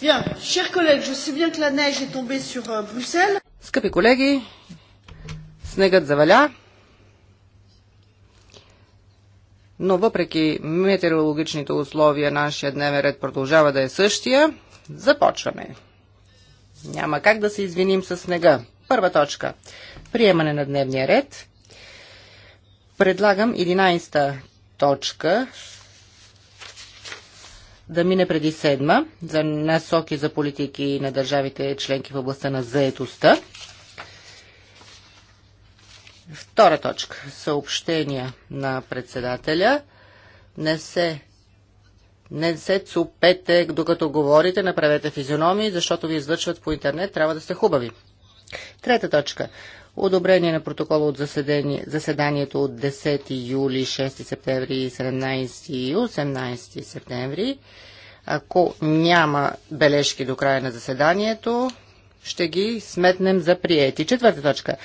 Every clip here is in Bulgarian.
Bien, chers collègues, je sais bien que la neige est tombée sur euh, Bruxelles. Скъпи колеги, снегът заваля, но въпреки метеорологичните условия, нашия дневен ред продължава да е същия. Започваме. Няма как да се извиним с снега. Първа точка. Приемане на дневния ред. Предлагам 11-та точка да мине преди седма за насоки за политики на държавите членки в областта на заетостта. Втора точка. Съобщения на председателя. Не се не се цупете, докато говорите, направете физиономии, защото ви излъчват по интернет, трябва да сте хубави. Трета точка одобрение на протокола от заседание, заседанието от 10 юли, 6 септември, 17 и 18 септември. Ако няма бележки до края на заседанието, ще ги сметнем за приети. Четвърта точка.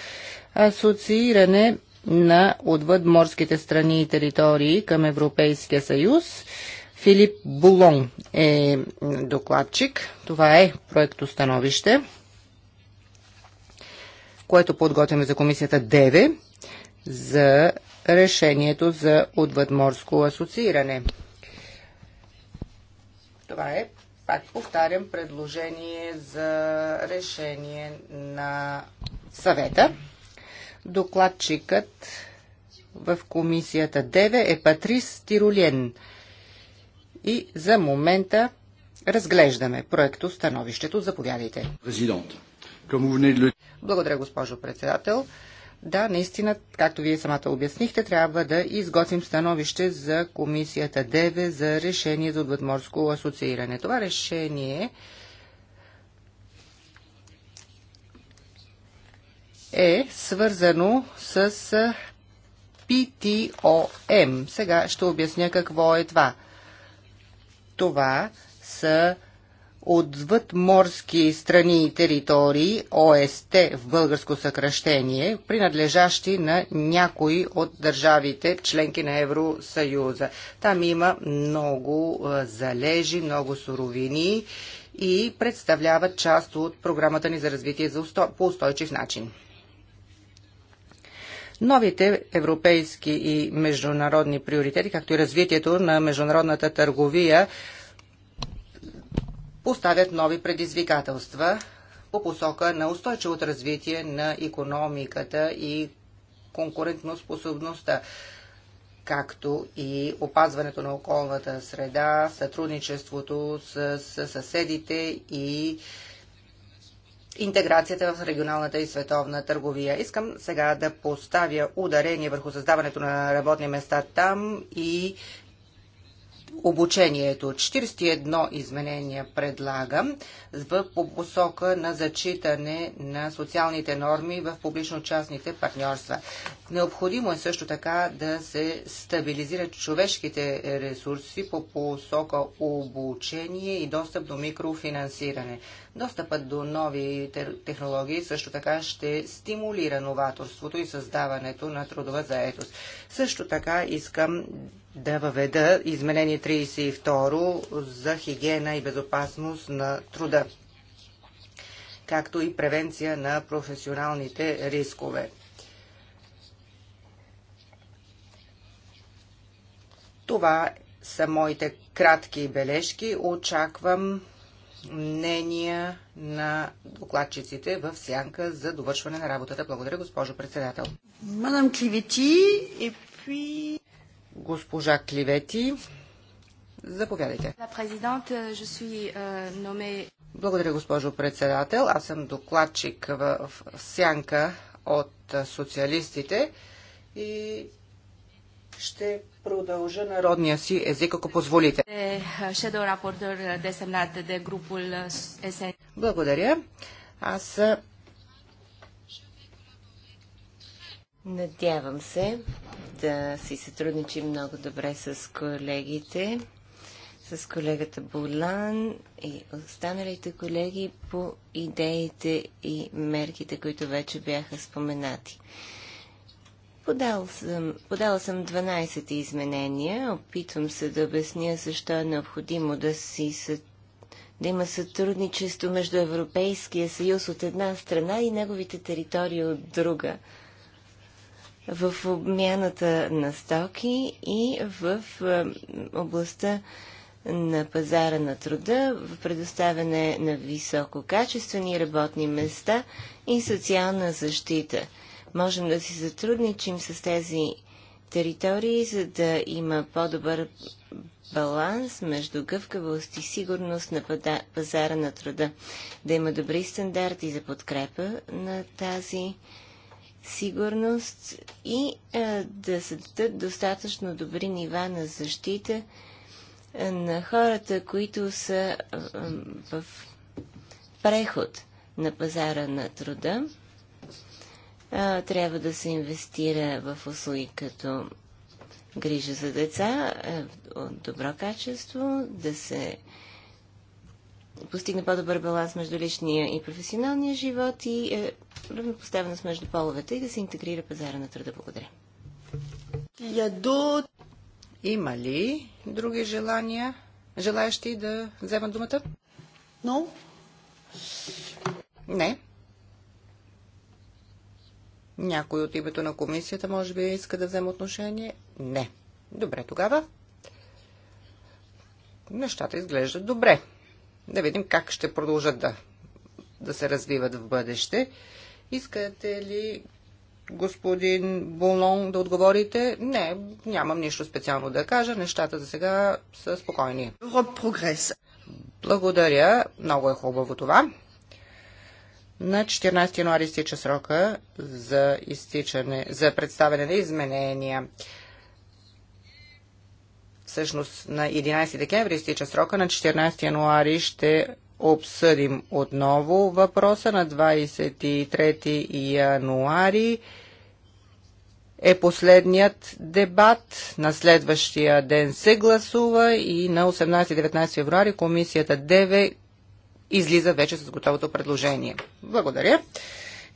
Асоцииране на отвъдморските страни и територии към Европейския съюз. Филип Булон е докладчик. Това е проектостановище. становище което подготвяме за комисията ДЕВЕ за решението за отвъдморско асоцииране. Това е, пак повтарям, предложение за решение на съвета. Докладчикът в комисията ДЕВЕ е Патрис Тиролен. И за момента разглеждаме проекто становището. Заповядайте. Президент, благодаря, госпожо председател. Да, наистина, както вие самата обяснихте, трябва да изготвим становище за комисията ДЕВЕ за решение за отвъдморско асоцииране. Това решение е свързано с PTOM. Сега ще обясня какво е това. Това са отвъд морски страни и територии, ОСТ в българско съкръщение, принадлежащи на някои от държавите членки на Евросъюза. Там има много залежи, много суровини и представляват част от програмата ни за развитие за усто... по устойчив начин. Новите европейски и международни приоритети, както и развитието на международната търговия, поставят нови предизвикателства по посока на устойчивото развитие на економиката и конкурентноспособността както и опазването на околната среда, сътрудничеството с, с съседите и интеграцията в регионалната и световна търговия. Искам сега да поставя ударение върху създаването на работни места там и обучението. 41 изменения предлагам в посока на зачитане на социалните норми в публично-частните партньорства. Необходимо е също така да се стабилизират човешките ресурси по посока обучение и достъп до микрофинансиране. Достъпът до нови технологии също така ще стимулира новаторството и създаването на трудова заетост. Също така искам да въведа изменение 32 за хигиена и безопасност на труда, както и превенция на професионалните рискове. Това са моите кратки бележки. Очаквам мнения на докладчиците в сянка за довършване на работата. Благодаря, госпожо председател. Мадам Кливети и пи... Госпожа Кливети, заповядайте. Euh, Благодаря, госпожо председател. Аз съм докладчик в сянка от социалистите и ще продължа народния си език, ако позволите. Е, е, Благодаря. Аз Надявам се да си сътрудничим много добре с колегите, с колегата Болан и останалите колеги по идеите и мерките, които вече бяха споменати. Подал съм, подала съм 12 изменения. Опитвам се да обясня защо е необходимо да, си, да има сътрудничество между Европейския съюз от една страна и неговите територии от друга. В обмяната на стоки и в областта на пазара на труда, в предоставяне на висококачествени работни места и социална защита – можем да си затрудничим с тези територии, за да има по-добър баланс между гъвкавост и сигурност на пазара на труда. Да има добри стандарти за подкрепа на тази сигурност и а, да се дадат достатъчно добри нива на защита на хората, които са а, в преход на пазара на труда трябва да се инвестира в услуги като грижа за деца е, от добро качество, да се постигне по-добър баланс между личния и професионалния живот и е, равнопоставеност между половете и да се интегрира пазара на труда. Благодаря. Яду, Има ли други желания, желаящи да вземат думата? Но? No. Не. Някой от името на комисията може би иска да вземе отношение? Не. Добре, тогава нещата изглеждат добре. Да видим как ще продължат да, да се развиват в бъдеще. Искате ли господин Болон да отговорите? Не, нямам нищо специално да кажа. Нещата за сега са спокойни. Благодаря. Много е хубаво това. На 14 януари изтича срока за, изтичане, за представяне на изменения. Всъщност на 11 декември изтича срока, на 14 януари ще обсъдим отново въпроса. На 23 януари е последният дебат. На следващия ден се гласува и на 18-19 февруари комисията 9 излиза вече с готовото предложение. Благодаря.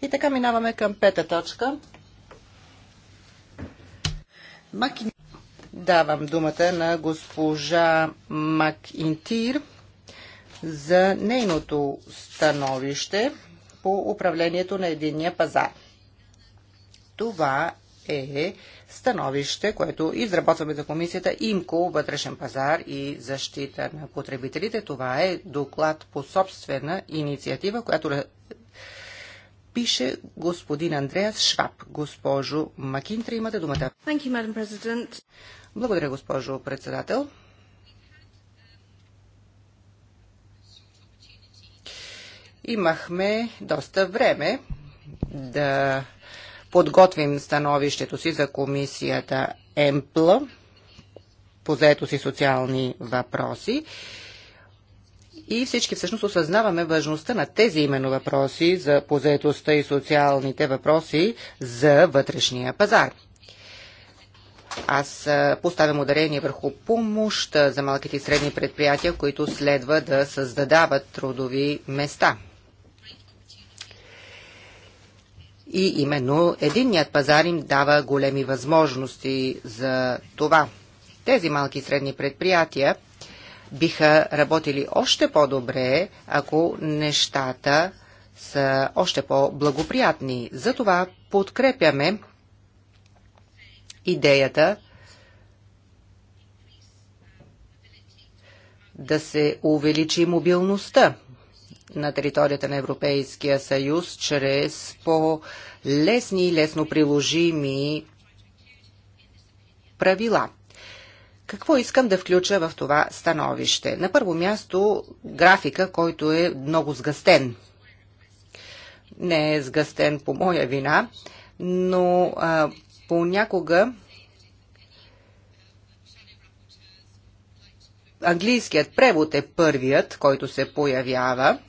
И така минаваме към пета точка. Макин... Давам думата на госпожа Макинтир за нейното становище по управлението на единния пазар. Това е становище, което изработваме за комисията ИМКО, вътрешен пазар и защита на потребителите. Това е доклад по собствена инициатива, която пише господин Андреас Шваб. Госпожо Макинтри, имате думата. Thank you, Madam President. Благодаря, госпожо председател. Имахме доста време да подготвим становището си за комисията ЕМПЛ по заето си социални въпроси. И всички всъщност осъзнаваме важността на тези именно въпроси за позетостта и социалните въпроси за вътрешния пазар. Аз поставям ударение върху помощта за малките и средни предприятия, които следва да създадават трудови места – И именно единният пазар им дава големи възможности за това. Тези малки и средни предприятия биха работили още по-добре, ако нещата са още по-благоприятни. Затова подкрепяме идеята да се увеличи мобилността на територията на Европейския съюз чрез по-лесни и лесно приложими правила. Какво искам да включа в това становище? На първо място графика, който е много сгъстен. Не е сгъстен по моя вина, но а, понякога английският превод е първият, който се появява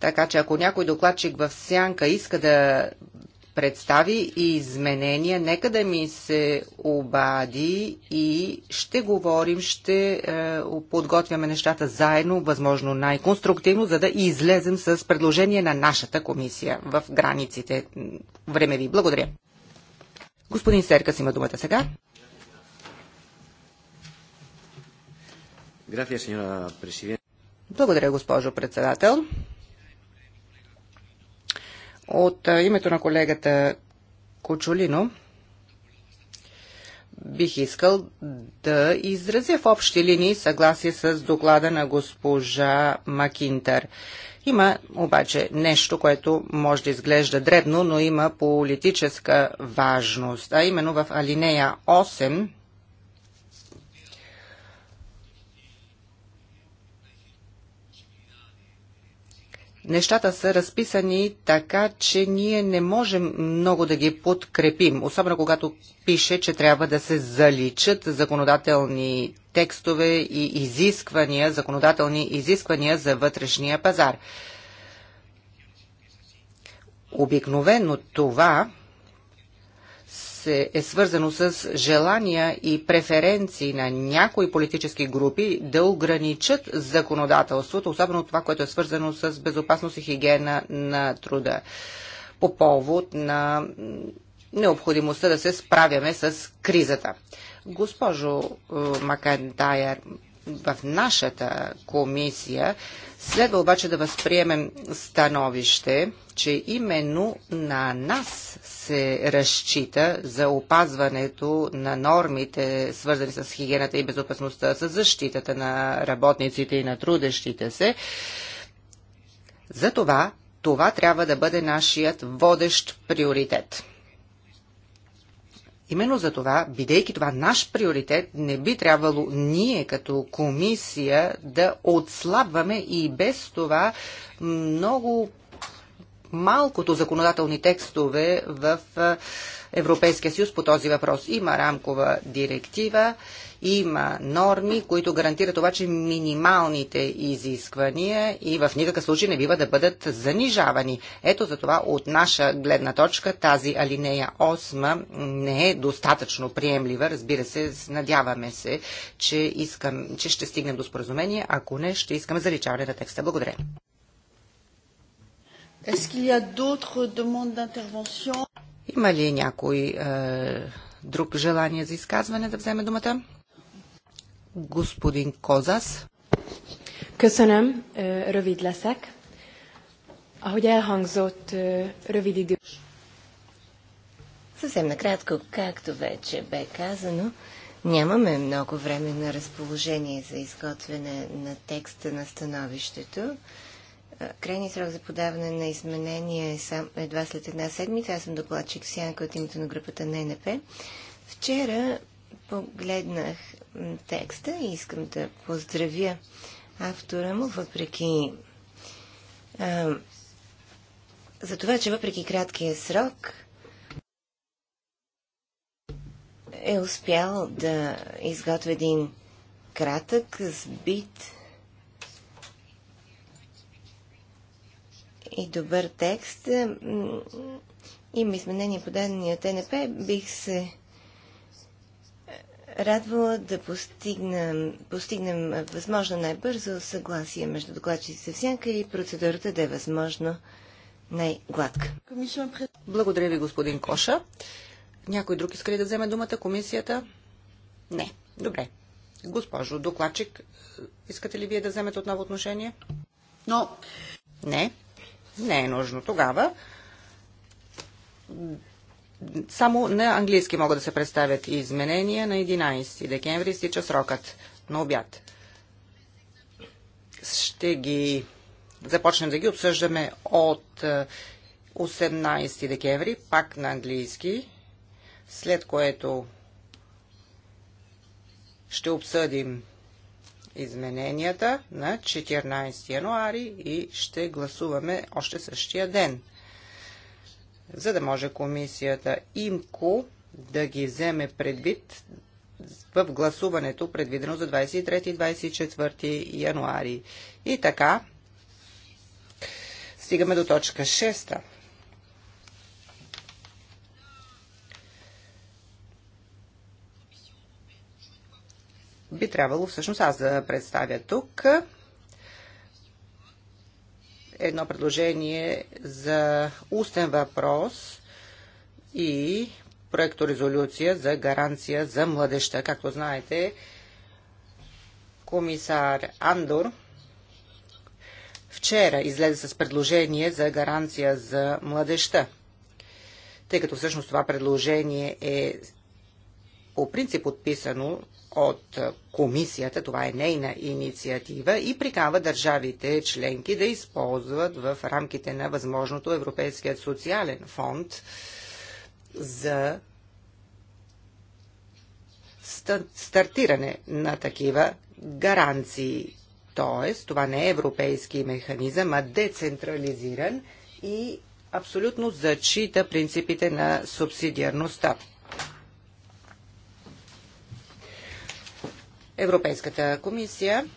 така че ако някой докладчик в сянка иска да представи и изменения, нека да ми се обади и ще говорим, ще е, подготвяме нещата заедно, възможно най-конструктивно, за да излезем с предложение на нашата комисия в границите време ви. Благодаря. Господин Серкас има думата сега. Благодаря, госпожо председател. От името на колегата Кочулино бих искал да изразя в общи линии съгласие с доклада на госпожа Макинтер. Има обаче нещо, което може да изглежда дребно, но има политическа важност, а именно в алинея 8 нещата са разписани така, че ние не можем много да ги подкрепим, особено когато пише, че трябва да се заличат законодателни текстове и изисквания, законодателни изисквания за вътрешния пазар. Обикновено това се е свързано с желания и преференции на някои политически групи да ограничат законодателството, особено това, което е свързано с безопасност и хигиена на труда по повод на необходимостта да се справяме с кризата. Госпожо е, Макентайер, в нашата комисия, следва обаче да възприемем становище, че именно на нас се разчита за опазването на нормите, свързани с хигиената и безопасността, с защитата на работниците и на трудещите се. Затова това трябва да бъде нашият водещ приоритет. Именно за това, бидейки това наш приоритет, не би трябвало ние като комисия да отслабваме и без това много малкото законодателни текстове в Европейския съюз по този въпрос. Има рамкова директива, има норми, които гарантират обаче минималните изисквания и в никакъв случай не бива да бъдат занижавани. Ето за това от наша гледна точка тази алинея 8 не е достатъчно приемлива. Разбира се, надяваме се, че, искам, че ще стигнем до споразумение. Ако не, ще искаме заличаване на текста. Благодаря. Има ли някой е, друг желание за изказване да вземе думата? Господин Козас. Köszönöm, rövid leszek. Ahogy elhangzott, rövid idő. Съвсем накратко, както вече бе казано, нямаме много време на разположение за изготвяне на текста на становището. Е, крайният срок за подаване на изменения е сам, едва след една седмица. Аз съм докладчик Сянка от името на групата на НП. Вчера погледнах текста и искам да поздравя автора му, въпреки а, за това, че въпреки краткия срок е успял да изготви един кратък, сбит и добър текст. Има изменения по данния от ТНП. Бих се радвала да постигнем, постигнем възможно най-бързо съгласие между докладчиците в сянка и процедурата да е възможно най-гладка. Благодаря ви, господин Коша. Някой друг иска ли да вземе думата? Комисията? Не. Добре. Госпожо докладчик, искате ли вие да вземете отново отношение? Но. Не. Не е нужно. Тогава само на английски могат да се представят изменения. На 11 декември стича срокът на обяд. Ще ги започнем да ги обсъждаме от 18 е, декември, пак на английски, след което ще обсъдим измененията на 14 януари и ще гласуваме още същия ден – за да може комисията ИМКО да ги вземе предвид в гласуването, предвидено за 23 и 24 януари. И така, стигаме до точка 6. Би трябвало всъщност аз да представя тук едно предложение за устен въпрос и проекторезолюция за гаранция за младеща. Както знаете, комисар Андор вчера излезе с предложение за гаранция за младеща. Тъй като всъщност това предложение е по принцип подписано от комисията, това е нейна инициатива и прикава държавите членки да използват в рамките на възможното Европейският социален фонд за стартиране на такива гаранции. Тоест, това не е европейски механизъм, а децентрализиран и абсолютно зачита принципите на субсидиарността. Европейската комисия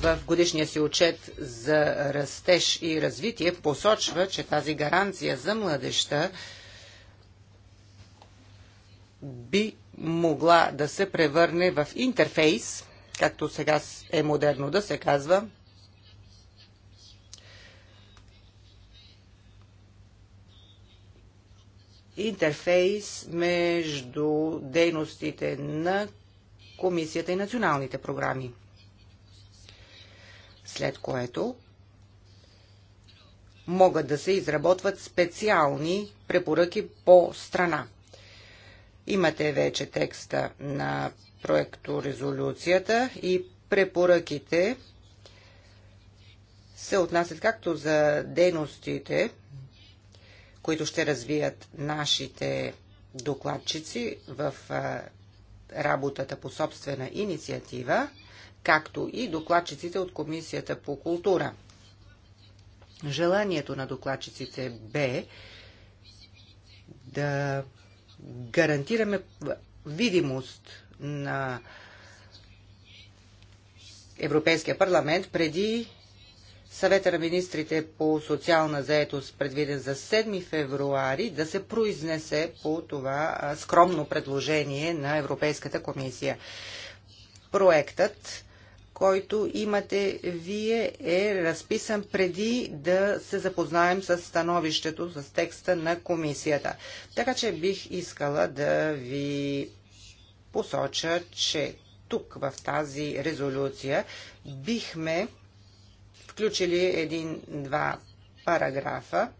в годишния си отчет за растеж и развитие посочва, че тази гаранция за младеща би могла да се превърне в интерфейс, както сега е модерно да се казва, интерфейс между дейностите на комисията и националните програми. След което могат да се изработват специални препоръки по страна. Имате вече текста на проекторезолюцията и препоръките се отнасят както за дейностите, които ще развият нашите докладчици в работата по собствена инициатива, както и докладчиците от Комисията по култура. Желанието на докладчиците бе да гарантираме видимост на Европейския парламент преди съвета на министрите по социална заетост, предвиден за 7 февруари, да се произнесе по това скромно предложение на Европейската комисия. Проектът който имате вие е разписан преди да се запознаем с становището, с текста на комисията. Така че бих искала да ви посоча, че тук в тази резолюция бихме включили един-два параграфа,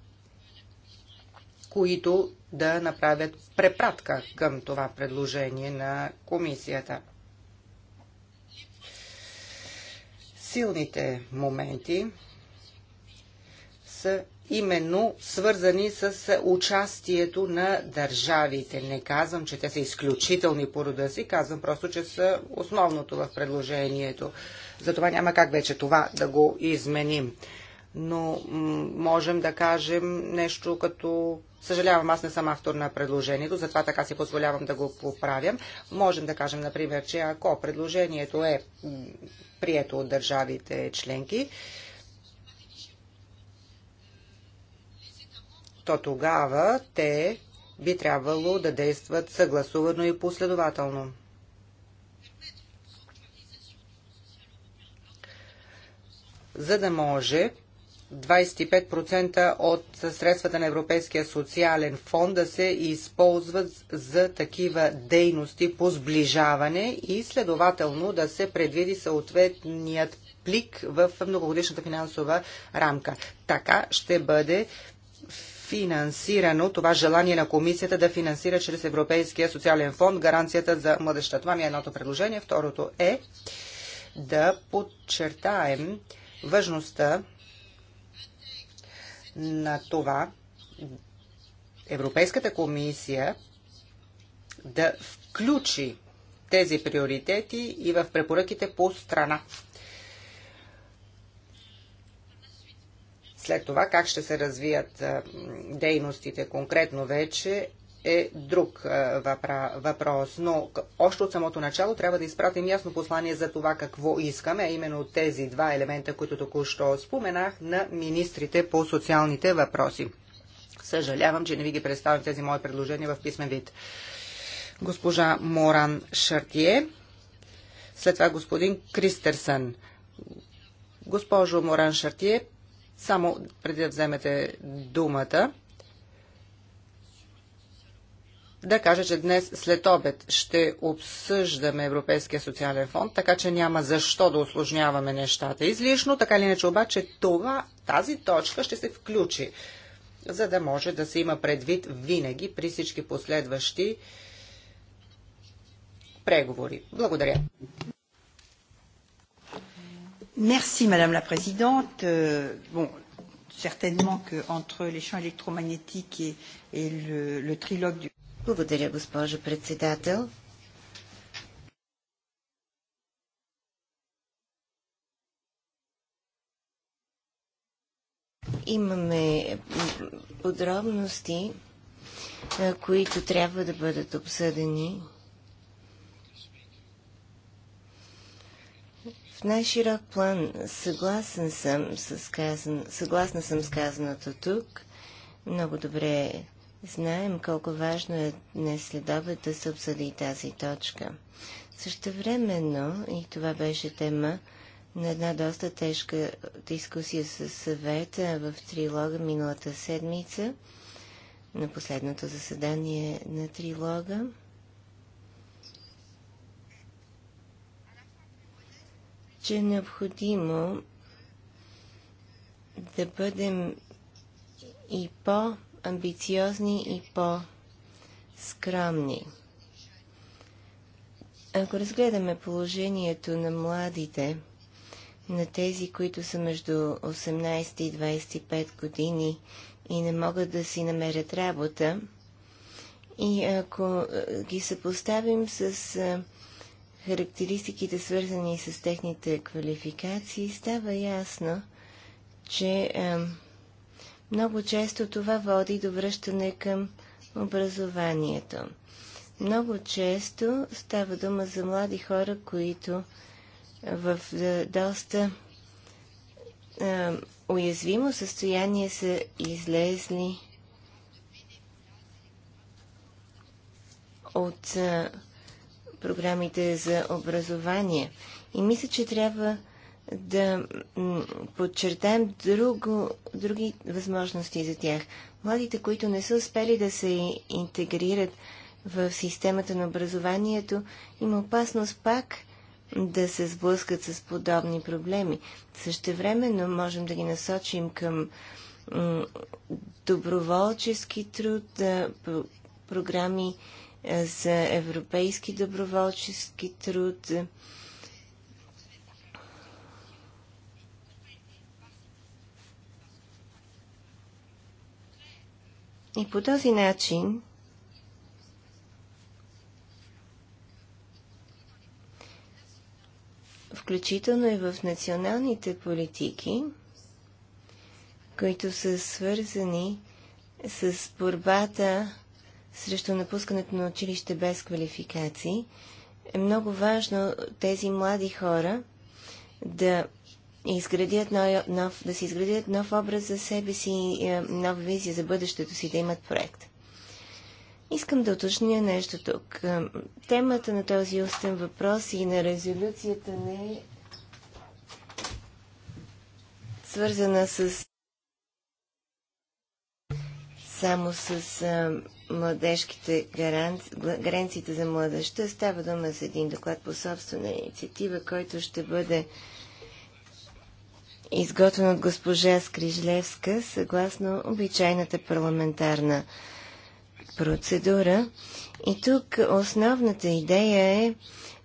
които да направят препратка към това предложение на комисията. Силните моменти са именно свързани с участието на държавите. Не казвам, че те са изключителни по рода си, казвам просто, че са основното в предложението. Затова няма как вече това да го изменим. Но можем да кажем нещо като... Съжалявам, аз не съм автор на предложението, затова така си позволявам да го поправям. Можем да кажем, например, че ако предложението е прието от държавите членки, то тогава те би трябвало да действат съгласувано и последователно. За да може 25% от средствата на Европейския социален фонд да се използват за такива дейности по сближаване и следователно да се предвиди съответният плик в многогодишната финансова рамка. Така ще бъде финансирано това желание на комисията да финансира чрез Европейския социален фонд гаранцията за младеща. Това ми е едното предложение. Второто е да подчертаем важността на това Европейската комисия да включи тези приоритети и в препоръките по страна. След това как ще се развият дейностите конкретно вече е друг въпрос. Но още от самото начало трябва да изпратим ясно послание за това какво искаме, а именно тези два елемента, които току-що споменах на министрите по социалните въпроси. Съжалявам, че не ви ги представям тези мои предложения в писмен вид. Госпожа Моран Шартие, след това господин Кристерсън. Госпожо Моран Шартие, само преди да вземете думата, да кажа, че днес след обед ще обсъждаме Европейския социален фонд, така че няма защо да осложняваме нещата излишно, така или иначе обаче това, тази точка ще се включи, за да може да се има предвид винаги при всички последващи преговори. Благодаря. Merci Madame la Présidente. Euh, bon, certainement qu'entre les champs électromagnétiques et, et le, le trilogue du... Благодаря, госпожо председател. Имаме подробности, които трябва да бъдат обсъдени. В най-широк план съгласен съм с казан... съгласна съм с казаното тук. Много добре знаем колко важно е днес след обед да се обсъди тази точка. Същевременно, и това беше тема на една доста тежка дискусия с съвета в трилога миналата седмица, на последното заседание на трилога, че е необходимо да бъдем и по-амбициозни и по-скромни. Ако разгледаме положението на младите, на тези, които са между 18 и 25 години и не могат да си намерят работа, и ако ги съпоставим с характеристиките, свързани с техните квалификации, става ясно, че е, много често това води до връщане към образованието. Много често става дума за млади хора, които в доста е, уязвимо състояние са излезли от е, програмите за образование. И мисля, че трябва да подчертаем друго, други възможности за тях. Младите, които не са успели да се интегрират в системата на образованието, има опасност пак да се сблъскат с подобни проблеми. Същевременно можем да ги насочим към доброволчески труд, програми за европейски доброволчески труд. И по този начин включително и в националните политики, които са свързани с борбата срещу напускането на училище без квалификации, е много важно тези млади хора да изградят нов, да си изградят нов образ за себе си, и е, нова визия за бъдещето си, да имат проект. Искам да уточня нещо тук. Е, темата на този устен въпрос и на резолюцията не е свързана с само с е, младежките гаранци... гаранциите за младеща. Става дума за един доклад по собствена инициатива, който ще бъде изготвен от госпожа Скрижлевска, съгласно обичайната парламентарна процедура. И тук основната идея е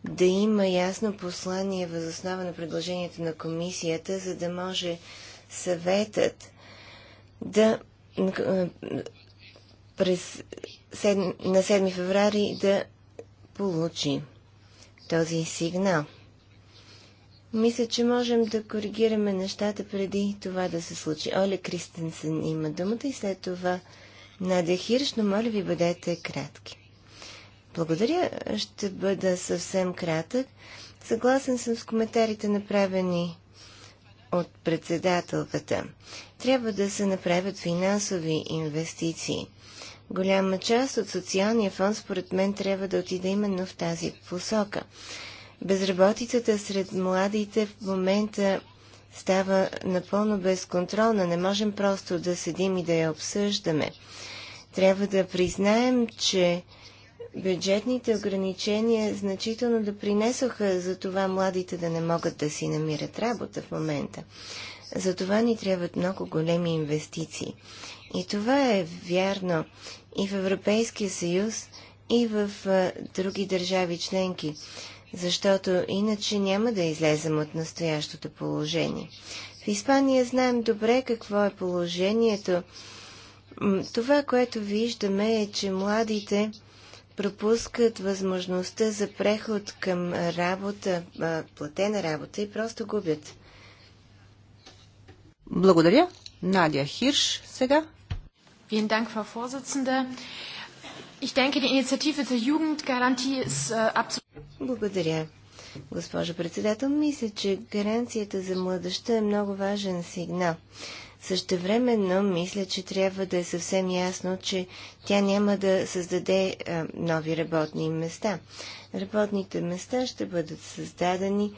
да има ясно послание възоснова на предложението на комисията, за да може съветът да през 7, на 7 феврари да получи този сигнал. Мисля, че можем да коригираме нещата преди това да се случи. Оля Кристенсен има думата и след това Надя Хирш, но моля ви бъдете кратки. Благодаря, ще бъда съвсем кратък. Съгласен съм с коментарите направени от председателката. Трябва да се направят финансови инвестиции. Голяма част от социалния фонд, според мен, трябва да отиде именно в тази посока. Безработицата сред младите в момента става напълно безконтролна. Не можем просто да седим и да я обсъждаме. Трябва да признаем, че бюджетните ограничения значително да принесоха за това младите да не могат да си намират работа в момента. За това ни трябват много големи инвестиции. И това е вярно и в Европейския съюз, и в други държави членки, защото иначе няма да излезем от настоящото положение. В Испания знаем добре какво е положението. Това, което виждаме е, че младите пропускат възможността за преход към работа, платена работа и просто губят. Благодаря. Надя Хирш сега. Vielen Dank, Frau Vorsitzende. Ich denke, die Initiative zur Jugendgarantie ist äh, absolut. Благодаря. Госпожо председател, мисля, че гаранцията за младеща е много важен сигнал. Същевременно, мисля, че трябва да е съвсем ясно, че тя няма да създаде а, нови работни места. Работните места ще бъдат създадени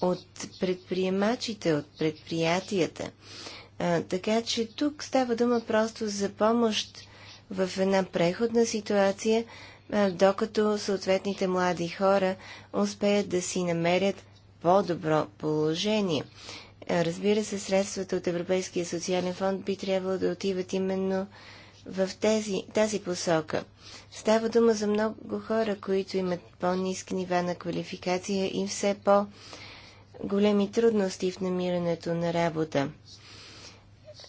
от предприемачите, от предприятията така че тук става дума просто за помощ в една преходна ситуация, а, докато съответните млади хора успеят да си намерят по-добро положение. А, разбира се, средствата от Европейския социален фонд би трябвало да отиват именно в тези, тази посока. Става дума за много хора, които имат по-низки нива на квалификация и все по- големи трудности в намирането на работа.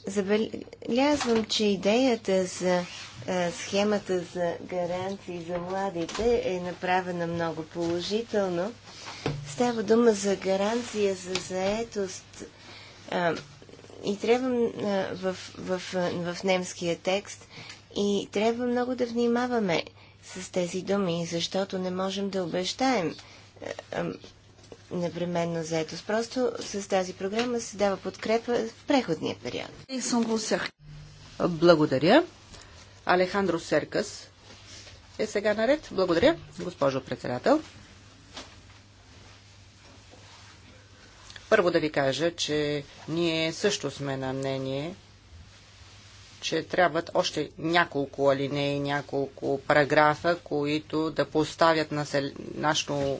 Забелязвам, че идеята за схемата за гаранции за младите е направена много положително. Става дума за гаранция за заетост и трябва в, в, в, в немския текст и трябва много да внимаваме с тези думи, защото не можем да обещаем непременно заетост. Просто с тази програма се дава подкрепа в преходния период. Благодаря. Алехандро Серкас е сега наред. Благодаря, госпожо председател. Първо да ви кажа, че ние също сме на мнение, че трябват още няколко алинеи, няколко параграфа, които да поставят нашето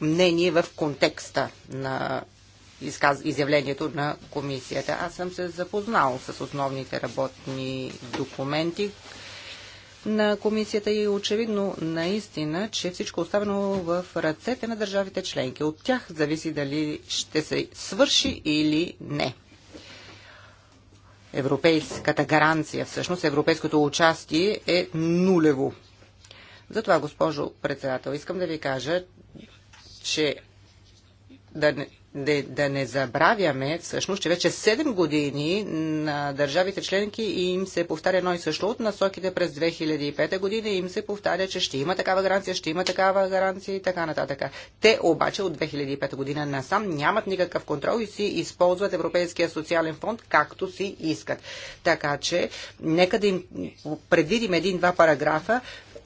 мнение в контекста на изказ... изявлението на комисията. Аз съм се запознал с основните работни документи на комисията и очевидно наистина, че всичко оставено в ръцете на държавите членки. От тях зависи дали ще се свърши или не европейската гаранция, всъщност европейското участие е нулево. Затова, госпожо председател, искам да ви кажа, че да не, да, да не забравяме всъщност, че вече 7 години на държавите членки им се повтаря едно и също от насоките през 2005 година им се повтаря, че ще има такава гаранция, ще има такава гаранция и така нататък. Те обаче от 2005 година насам нямат никакъв контрол и си използват Европейския социален фонд както си искат. Така че нека да им предвидим един-два параграфа,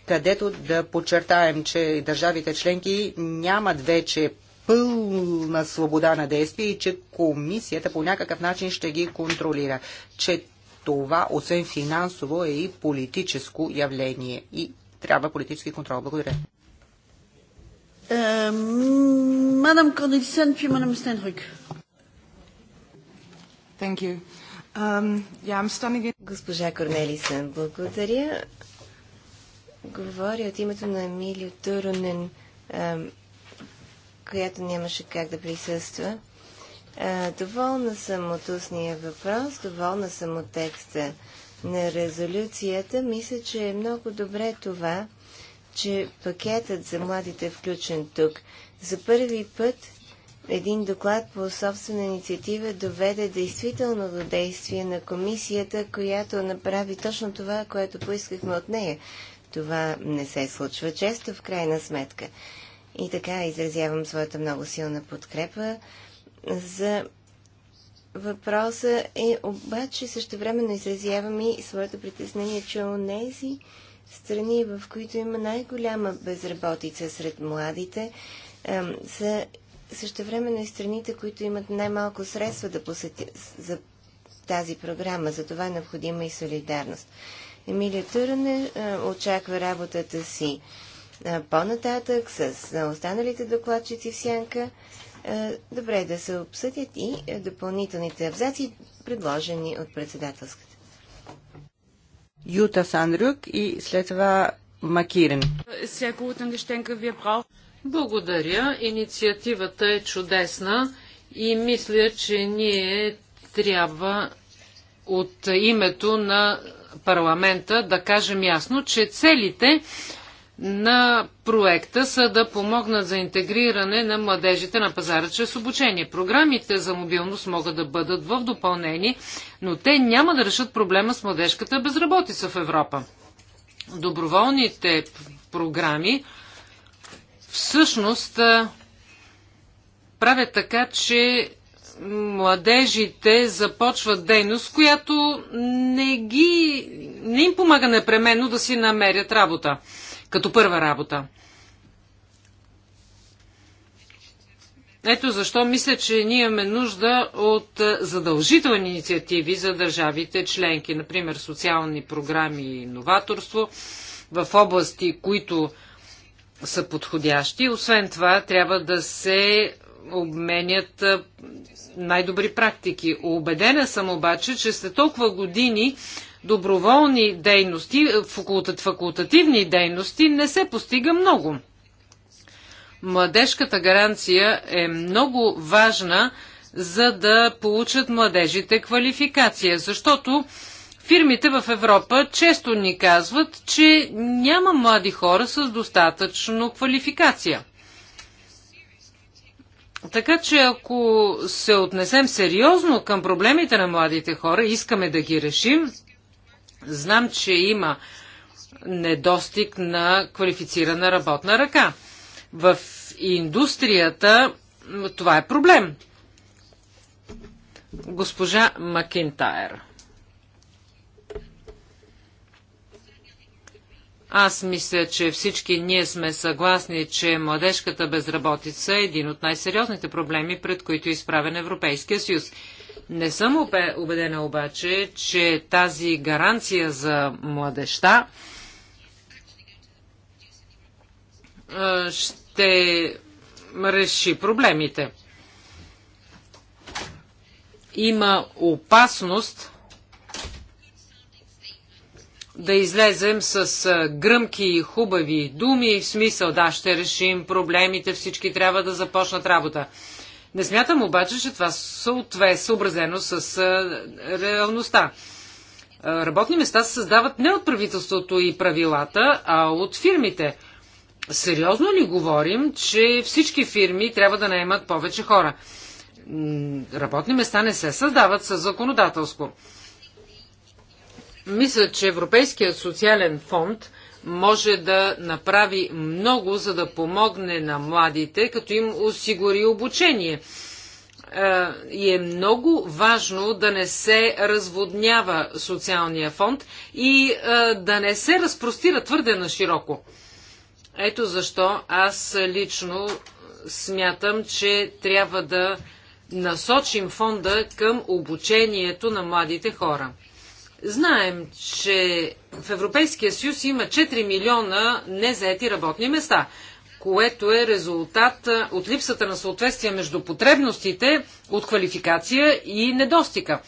където да подчертаем, че държавите членки нямат вече пълна свобода на действие и че комисията по някакъв начин ще ги контролира. Че това, освен финансово, е и политическо явление и трябва политически контрол. Благодаря. Е, мадам Корнелисен, puis мадам Thank you. Um, yeah, Госпожа Корнелисен, благодаря. Говоря от името на Емилио Турунен, която нямаше как да присъства. Доволна съм от устния въпрос, доволна съм от текста на резолюцията. Мисля, че е много добре това, че пакетът за младите е включен тук. За първи път един доклад по собствена инициатива доведе действително до действие на комисията, която направи точно това, което поискахме от нея. Това не се случва често в крайна сметка. И така изразявам своята много силна подкрепа за въпроса е, обаче също времено изразявам и своето притеснение, че у нези страни, в които има най-голяма безработица сред младите, е, са също времено и страните, които имат най-малко средства да посетят за тази програма. За това е необходима и солидарност. Емилия Търне очаква работата си по-нататък с останалите докладчици в сянка. Добре да се обсъдят и допълнителните абзаци, предложени от председателската. Юта Сандрюк и след това Макирен. Благодаря. Инициативата е чудесна и мисля, че ние трябва от името на парламента да кажем ясно, че целите на проекта са да помогнат за интегриране на младежите на пазара чрез обучение. Програмите за мобилност могат да бъдат в допълнение, но те няма да решат проблема с младежката безработица в Европа. Доброволните програми всъщност правят така, че младежите започват дейност, която не, ги, не им помага непременно да си намерят работа, като първа работа. Ето защо мисля, че ние имаме нужда от е, задължителни инициативи за държавите членки, например социални програми и новаторство в области, които са подходящи. Освен това, трябва да се обменят най-добри практики. Обедена съм обаче, че след толкова години доброволни дейности, факултативни дейности не се постига много. Младежката гаранция е много важна, за да получат младежите квалификация, защото фирмите в Европа често ни казват, че няма млади хора с достатъчно квалификация. Така че ако се отнесем сериозно към проблемите на младите хора, искаме да ги решим, знам, че има недостиг на квалифицирана работна ръка. В индустрията това е проблем. Госпожа Макинтайр. Аз мисля, че всички ние сме съгласни, че младежката безработица е един от най-сериозните проблеми, пред които е изправен Европейския съюз. Не съм убедена обаче, че тази гаранция за младеща ще реши проблемите. Има опасност да излезем с гръмки и хубави думи, в смисъл да, ще решим проблемите, всички трябва да започнат работа. Не смятам обаче, че това е съобразено с реалността. Работни места се създават не от правителството и правилата, а от фирмите. Сериозно ли говорим, че всички фирми трябва да наемат повече хора? Работни места не се създават с законодателство. Мисля, че Европейският социален фонд може да направи много, за да помогне на младите, като им осигури обучение. Е, и е много важно да не се разводнява социалния фонд и е, да не се разпростира твърде на широко. Ето защо аз лично смятам, че трябва да насочим фонда към обучението на младите хора. Знаем, че в Европейския съюз има 4 милиона незаети работни места, което е резултат от липсата на съответствие между потребностите от квалификация и недостига.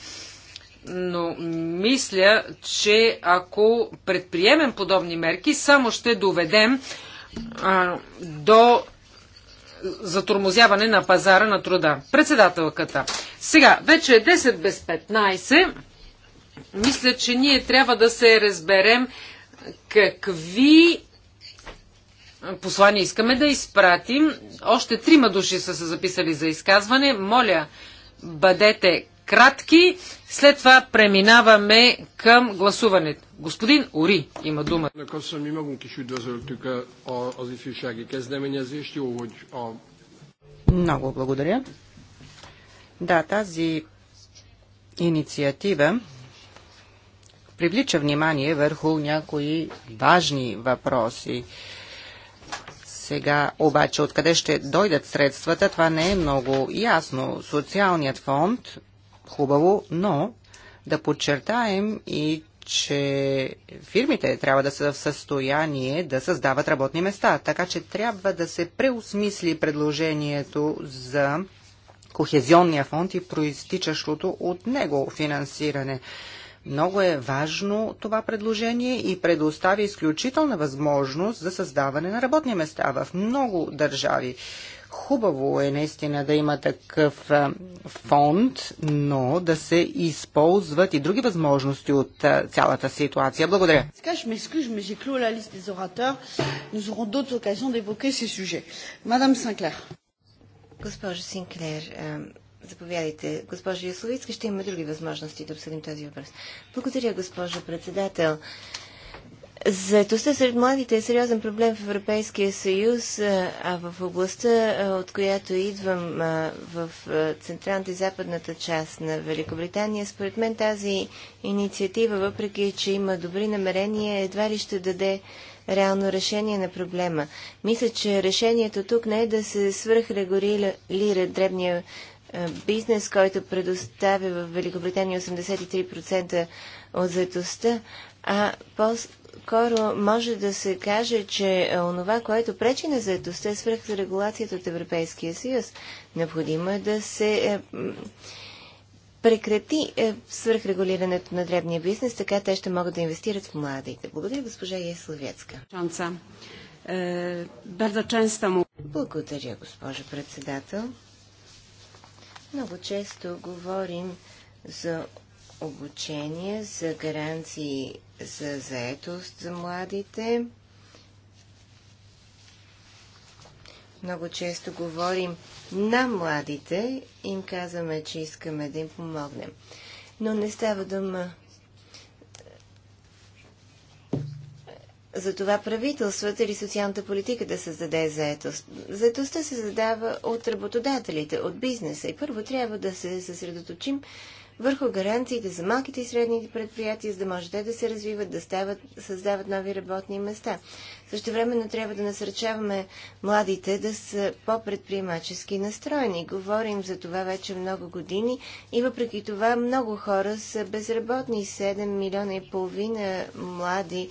Но мисля, че ако предприемем подобни мерки, само ще доведем а, до затормозяване на пазара на труда. Председателката. Сега, вече е 10 без 15. Мисля, че ние трябва да се разберем какви послания искаме да изпратим. Още трима души са се записали за изказване. Моля, бъдете кратки. След това преминаваме към гласуването. Господин Ори има дума. Много благодаря. Да, тази инициатива привлича внимание върху някои важни въпроси. Сега обаче откъде ще дойдат средствата, това не е много ясно. Социалният фонд, хубаво, но да подчертаем и че фирмите трябва да са в състояние да създават работни места. Така че трябва да се преосмисли предложението за Кохезионния фонд и проистичащото от него финансиране. Много е важно това предложение и предоставя изключителна възможност за създаване на работни места в много държави. Хубаво е наистина да има такъв фонд, но да се използват и други възможности от цялата ситуация. Благодаря. Госпожо Синклер, Заповядайте, госпожа Ясловицка. Ще има други възможности да обсъдим този въпрос. Благодаря, госпожо председател. Заетостта сред младите е сериозен проблем в Европейския съюз, а в областта, от която идвам, в централната и западната част на Великобритания, според мен тази инициатива, въпреки че има добри намерения, едва ли ще даде реално решение на проблема. Мисля, че решението тук не е да се свърхрегорира дребния е, бизнес, който предоставя в Великобритания 83% от заедостта, а по-скоро може да се каже, че е, онова, което пречи на заедостта е свръхрегулацията от Европейския съюз. Необходимо е да се е, прекрати свръхрегулирането на дребния бизнес, така те ще могат да инвестират в младите. Благодаря, госпожа Есловецка. Благодаря, госпожа председател. Много често говорим за обучение, за гаранции за заетост за младите. Много често говорим на младите, им казваме, че искаме да им помогнем. Но не става дума за това правителствата или социалната политика да създаде заетост. Заетостта се задава от работодателите, от бизнеса и първо трябва да се съсредоточим върху гаранциите за малките и средните предприятия, за да може те да се развиват, да стават, създават нови работни места. Също времено трябва да насърчаваме младите да са по-предприемачески настроени. Говорим за това вече много години и въпреки това много хора са безработни. 7 милиона и половина млади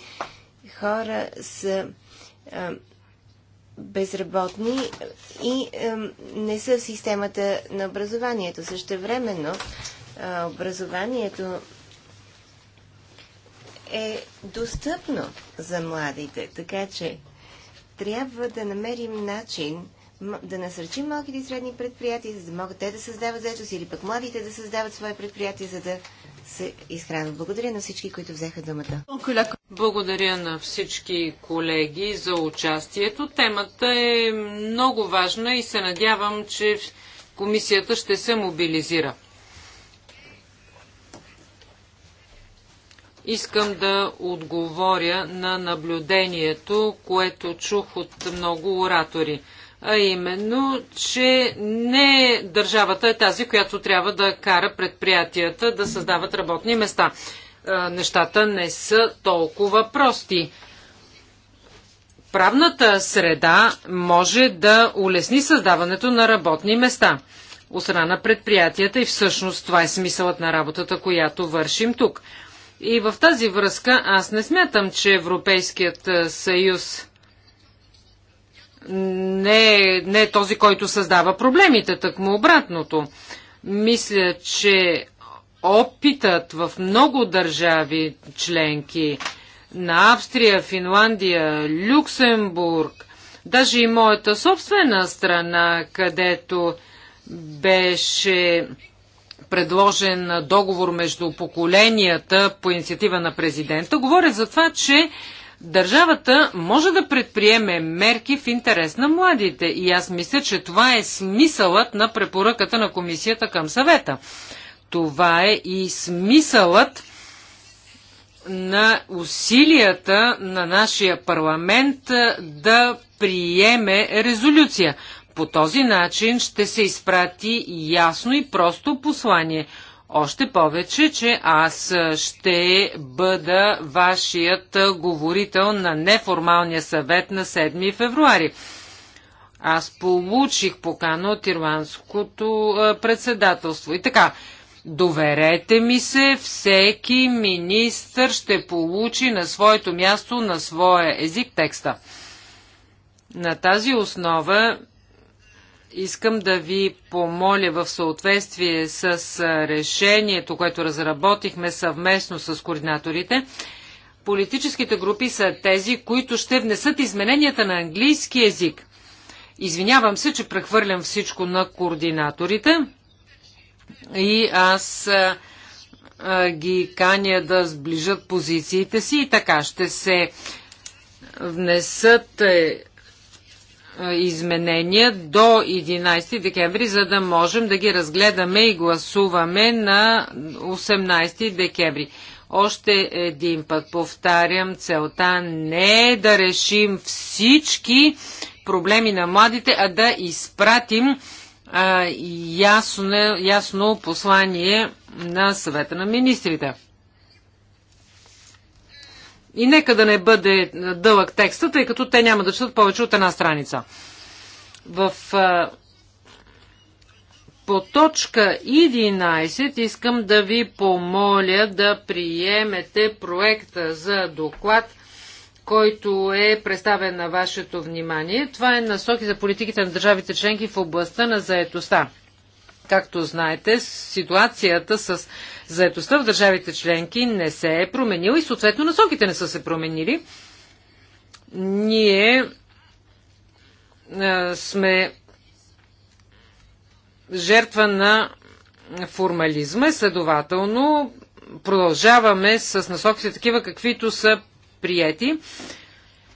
хора са а, безработни и а, не са в системата на образованието. Същевременно а, образованието е достъпно за младите, така че трябва да намерим начин да насърчим малките и средни предприятия, за да могат те да създават заедост или пък младите да създават свои предприятия, за да се изхранват. Благодаря на всички, които взеха думата. Благодаря на всички колеги за участието. Темата е много важна и се надявам, че комисията ще се мобилизира. Искам да отговоря на наблюдението, което чух от много оратори а именно, че не държавата е тази, която трябва да кара предприятията да създават работни места. Нещата не са толкова прости. Правната среда може да улесни създаването на работни места от страна на предприятията и всъщност това е смисълът на работата, която вършим тук. И в тази връзка аз не смятам, че Европейският съюз не, не е този, който създава проблемите, так му обратното. Мисля, че опитът в много държави членки на Австрия, Финландия, Люксембург, даже и моята собствена страна, където беше предложен договор между поколенията по инициатива на президента, говорят за това, че Държавата може да предприеме мерки в интерес на младите и аз мисля, че това е смисълът на препоръката на комисията към съвета. Това е и смисълът на усилията на нашия парламент да приеме резолюция. По този начин ще се изпрати ясно и просто послание – още повече, че аз ще бъда вашият говорител на неформалния съвет на 7 февруари. Аз получих покана от ирландското председателство. И така, доверете ми се, всеки министър ще получи на своето място, на своя език текста. На тази основа Искам да ви помоля в съответствие с решението, което разработихме съвместно с координаторите, политическите групи са тези, които ще внесат измененията на английски язик. Извинявам се, че прехвърлям всичко на координаторите и аз а, а, ги каня да сближат позициите си и така ще се внесат е, е, изменения до 11 декември, за да можем да ги разгледаме и гласуваме на 18 декември. Още един път повтарям, целта не е да решим всички проблеми на младите, а да изпратим а, е, ясно, ясно послание на съвета на министрите. И нека да не бъде дълъг текста, тъй като те няма да четат повече от една страница. В по точка 11 искам да ви помоля да приемете проекта за доклад, който е представен на вашето внимание. Това е насоки за политиките на държавите членки в областта на заетостта. Както знаете, ситуацията с заетостта в държавите членки не се е променила и съответно насоките не са се променили. Ние сме жертва на формализма и следователно продължаваме с насоките такива, каквито са приети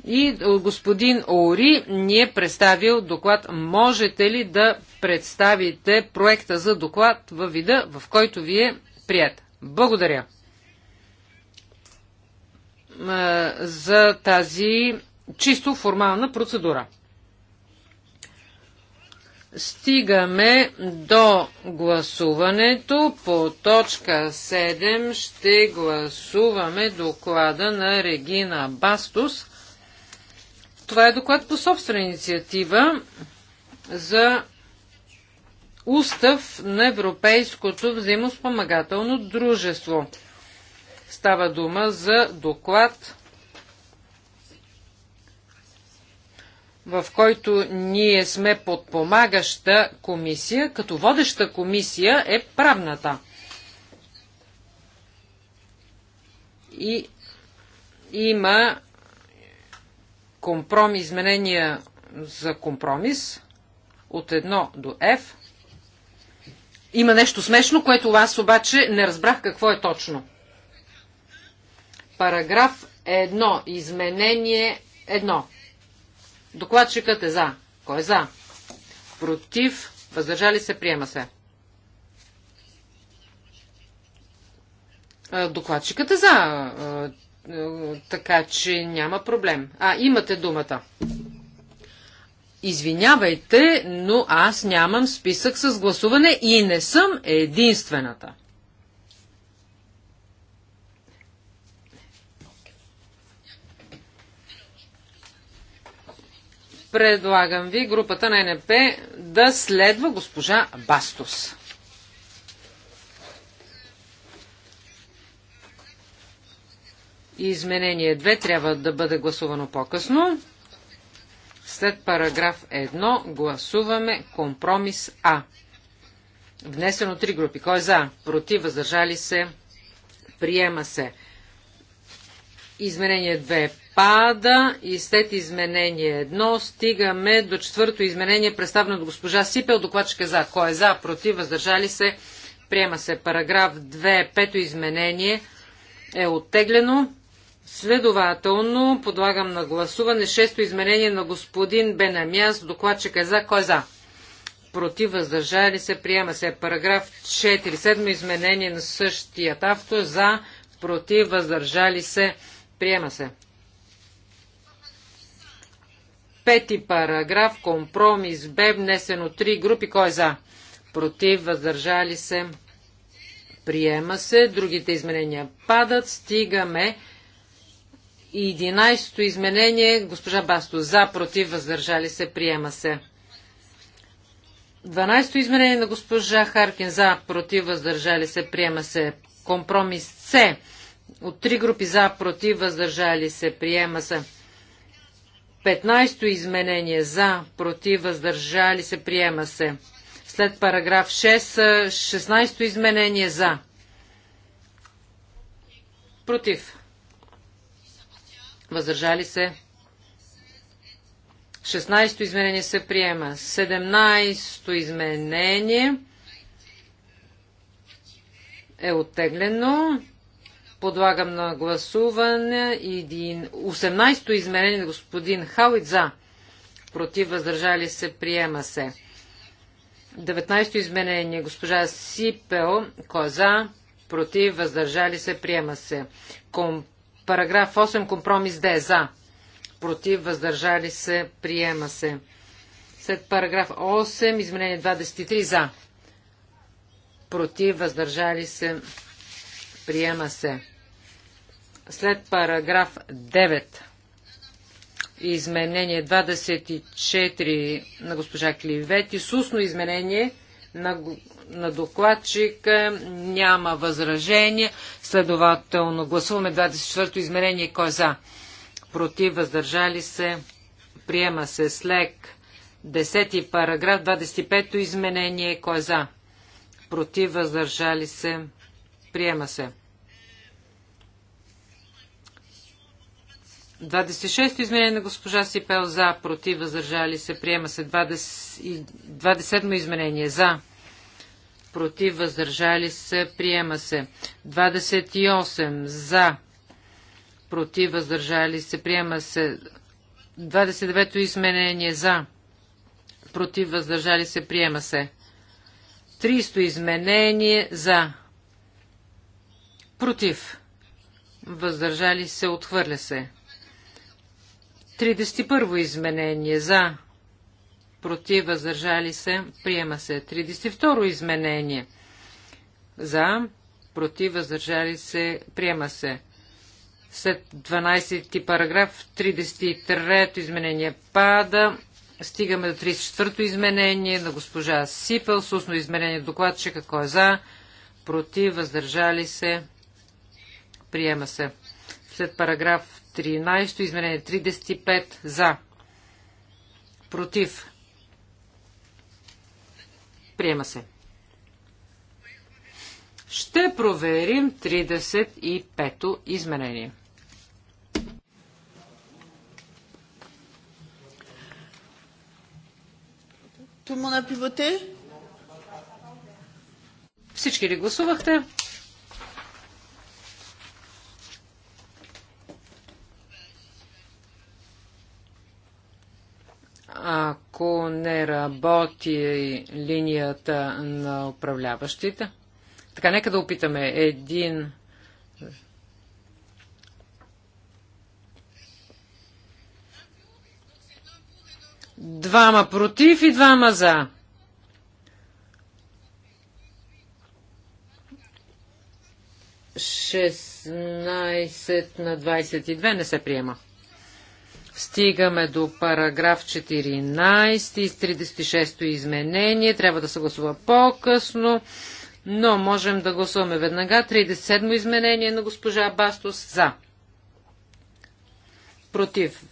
и е, господин Ори ни е представил доклад. Можете ли да представите проекта за доклад във вида, в който ви е прият? Благодаря е, за тази чисто формална процедура. Стигаме до гласуването. По точка 7 ще гласуваме доклада на Регина Бастус това е доклад по собствена инициатива за устав на Европейското взаимоспомагателно дружество. Става дума за доклад, в който ние сме подпомагаща комисия, като водеща комисия е правната. И има компромис, изменения за компромис от 1 до F. Има нещо смешно, което аз обаче не разбрах какво е точно. Параграф 1. Изменение 1. Докладчикът е за. Кой е за? Против. Въздържали се. Приема се. Е, докладчикът е за. Е, така че няма проблем. А, имате думата. Извинявайте, но аз нямам списък с гласуване и не съм единствената. Предлагам ви групата на НП да следва госпожа Бастос. Изменение 2 трябва да бъде гласувано по-късно. След параграф 1 гласуваме компромис А. Внесено от три групи. Кой е за? Против, въздържали се, приема се. Изменение 2 пада и след изменение 1 стигаме до четвърто изменение, представено от госпожа Сипел, докладчика е за. Кой е за? Против, въздържали се, приема се. Параграф 2, пето изменение е оттеглено. Следователно, подлагам на гласуване шесто изменение на господин Бенамяс, докладчик е за, кой е за? Против, въздържали се, приема се параграф 4, седмо изменение на същият автор, за, против, въздържали се, приема се. Пети параграф, компромис Б, внесен от три групи, кой е за? Против, въздържали се, приема се. Другите изменения падат, стигаме 11-то изменение, госпожа Басто, за, против, въздържали се, приема се. 12-то изменение на госпожа Харкин, за, против, въздържали се, приема се. Компромис С, от три групи за, против, въздържали се, приема се. 15-то изменение за, против, въздържали се, приема се. След параграф 6, 16-то изменение за. Против въздържали се. 16-то изменение се приема. 17-то изменение е оттеглено. Подлагам на гласуване 18-то изменение на господин Хауит за. Против въздържали се приема се. 19-то изменение госпожа Сипел Коза. Е Против въздържали се приема се. Комп Параграф 8. Компромис е За. Против. Въздържали се. Приема се. След параграф 8. Изменение 23. За. Против. Въздържали се. Приема се. След параграф 9. Изменение 24 на госпожа Кливет и сусно изменение – на, на докладчика, няма възражения, следователно гласуваме 24-то измерение, кой е за? Против, въздържали се, приема се слег 10-ти параграф, 25-то изменение, кой е за? Против, въздържали се, приема се. 26 изменение на госпожа Сипел за, против, въздържали се, приема се 27 изменение за, против, въздържали се, приема се 28 за, против, въздържали се, приема се 29-то изменение за, против, въздържали се, приема се 300 изменение за, против, въздържали се, отхвърля се. 31 изменение за, против, въздържали се, приема се. 32 изменение за, против, въздържали се, приема се. След 12 параграф 33 изменение пада. Стигаме до 34-то изменение на госпожа Сипел. Сусно изменение Докладче. Какво е за? Против, въздържали се, приема се. След параграф 13 то изменение 35 за. Против. Приема се. Ще проверим 35-то изменение. Всички ли гласувахте? ако не работи линията на управляващите? Така, нека да опитаме един. Двама против и двама за. Шестнайсет на двадесет и две не се приема. Стигаме до параграф 14 и 36 изменение. Трябва да се гласува по-късно, но можем да гласуваме веднага. 37 изменение на госпожа Бастос за. Против.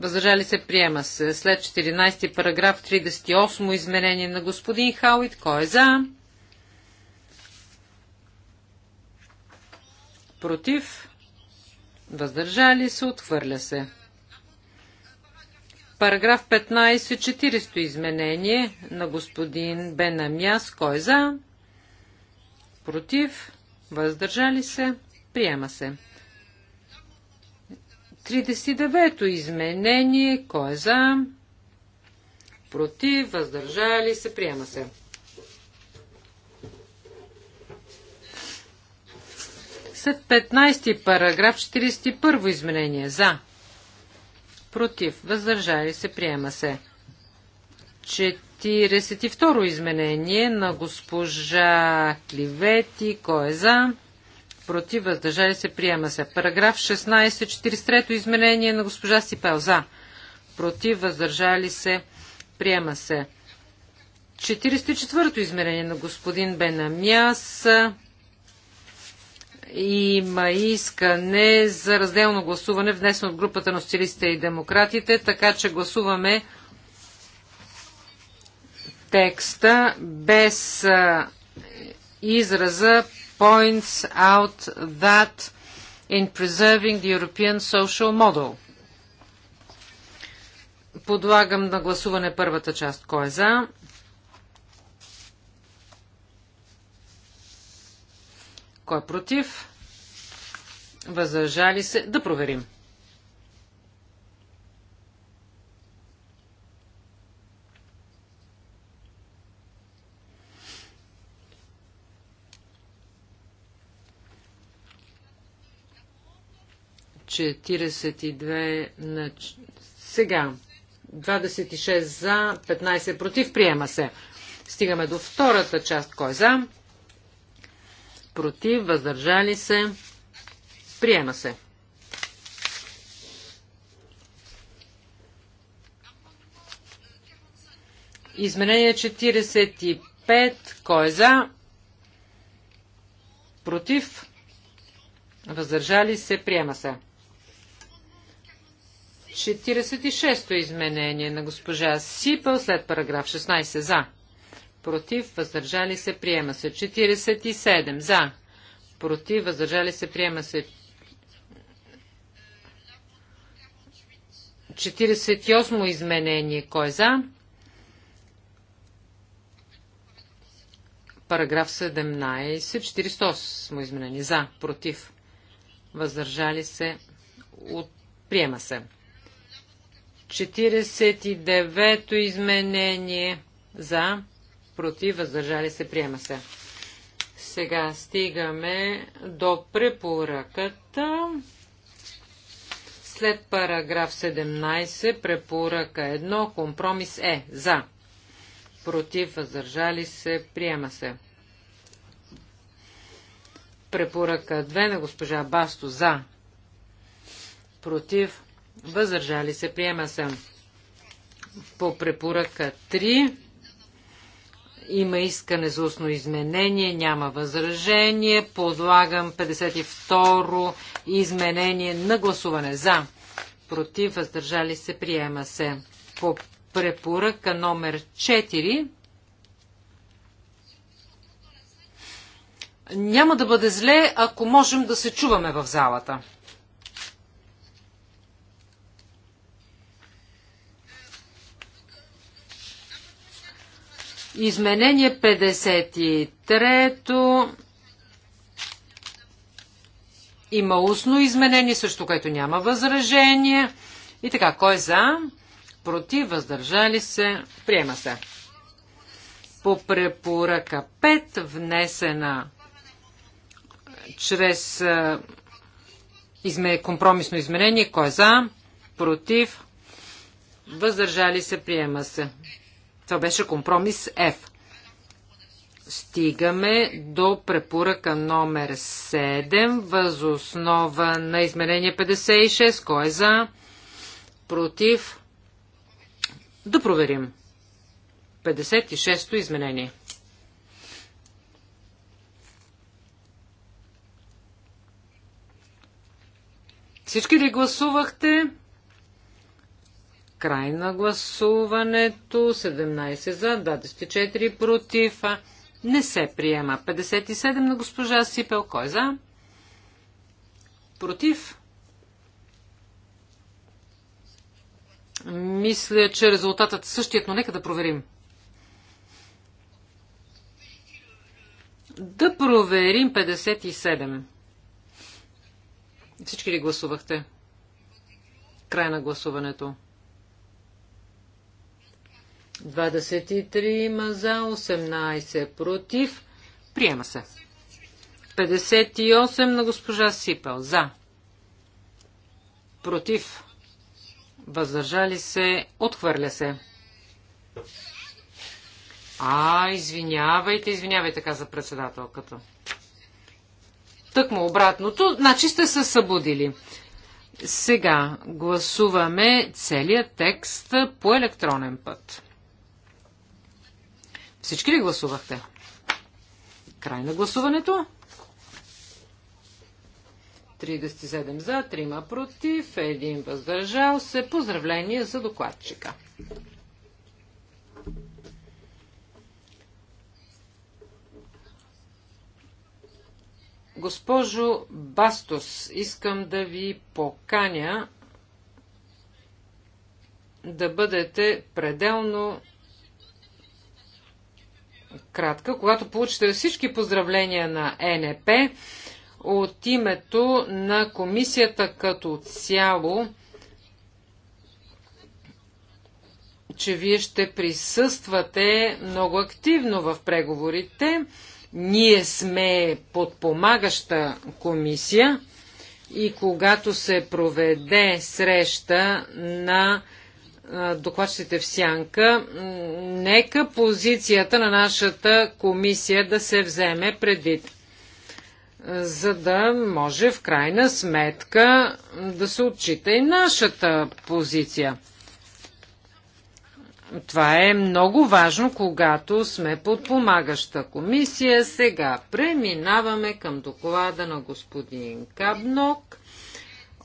Въздържали се приема се. След 14 параграф 38 изменение на господин Хауит. Кой е за? Против. Въздържали се. Отхвърля се. Параграф 15, 40 изменение на господин Бенамяс. Кой е за? Против? Въздържали се? Приема се. 39-то изменение. Кой е за? Против? Въздържали се? Приема се. След 15 параграф 41 изменение. За против, въздържали се, приема се. 42 изменение на госпожа Кливети, кой е за? Против, въздържали се, приема се. Параграф 16, 43 изменение на госпожа Сипел, за? Против, въздържали се, приема се. 44-то измерение на господин Бенамяс има искане за разделно гласуване, внесено от групата на социалистите и демократите, така че гласуваме текста без израза points out that in preserving the European social model. Подлагам на гласуване първата част. Кой е за? Кой е против? Въздържали се? Да проверим. Четиридесет на... Сега. 26 за, 15 против. Приема се. Стигаме до втората част. Кой е за? против, въздържали се, приема се. Изменение 45. Кой е за? Против? Въздържали се? Приема се. 46-то изменение на госпожа Сипъл след параграф 16. За против, въздържали се, приема се. 47 за, против, въздържали се, приема се. 48 изменение, кой е за? Параграф 17, 48 изменение, за, против, въздържали се, от... приема се. 49-то изменение за, против, въздържали се, приема се. Сега стигаме до препоръката. След параграф 17, препоръка 1, компромис е за. Против, въздържали се, приема се. Препоръка 2 на госпожа Басто за. Против, въздържали се, приема се. По препоръка 3 има искане за устно изменение, няма възражение. Подлагам 52 изменение на гласуване за. Против, въздържали се, приема се. По препоръка номер 4 няма да бъде зле, ако можем да се чуваме в залата. Изменение 53-то има устно изменение, също което няма възражение. И така, кой е за? Против, въздържали се, приема се. По препоръка 5, внесена чрез изме, компромисно изменение, кой е за? Против, въздържали се, приема се. Това беше компромис F. Стигаме до препоръка номер 7, възоснова на изменение 56. Кой е за? Против? Да проверим. 56-то изменение. Всички ли гласувахте? Край на гласуването. 17 за, 24 против. Не се приема. 57 на госпожа Сипел. Кой е за? Против. Мисля, че резултатът е същият, но нека да проверим. Да проверим 57. Всички ли гласувахте? Край на гласуването. 23 ма за, 18 против. Приема се. 58 на госпожа Сипел. За. Против. Въздържали се. Отхвърля се. А, извинявайте, извинявайте, каза председателката. Тъкмо обратното, значи сте се събудили. Сега гласуваме целият текст по електронен път. Всички ли гласувахте? Край на гласуването. 37 за, 3 против, 1 въздържал се. Поздравление за докладчика. Госпожо Бастос, искам да ви поканя да бъдете пределно кратка. Когато получите всички поздравления на ЕНП, от името на комисията като цяло, че вие ще присъствате много активно в преговорите. Ние сме подпомагаща комисия и когато се проведе среща на докладчиците в сянка, нека позицията на нашата комисия да се вземе предвид, за да може в крайна сметка да се отчита и нашата позиция. Това е много важно, когато сме подпомагаща комисия. Сега преминаваме към доклада на господин Кабнок.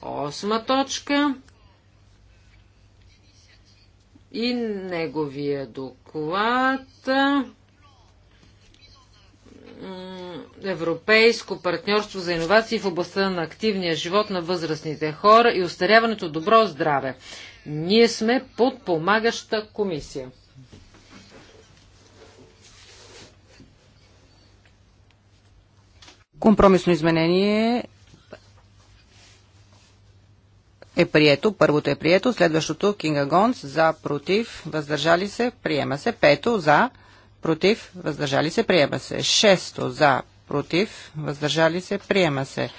Осма точка и неговия доклад. Европейско партньорство за иновации в областта на активния живот на възрастните хора и устаряването добро здраве. Ние сме подпомагаща комисия. Компромисно изменение е прието. Първото е прието. Следващото Кинга Гонс за против. Въздържали се. Приема се. Пето за против. Въздържали се. Приема се. Шесто за против. Въздържали се. Приема се.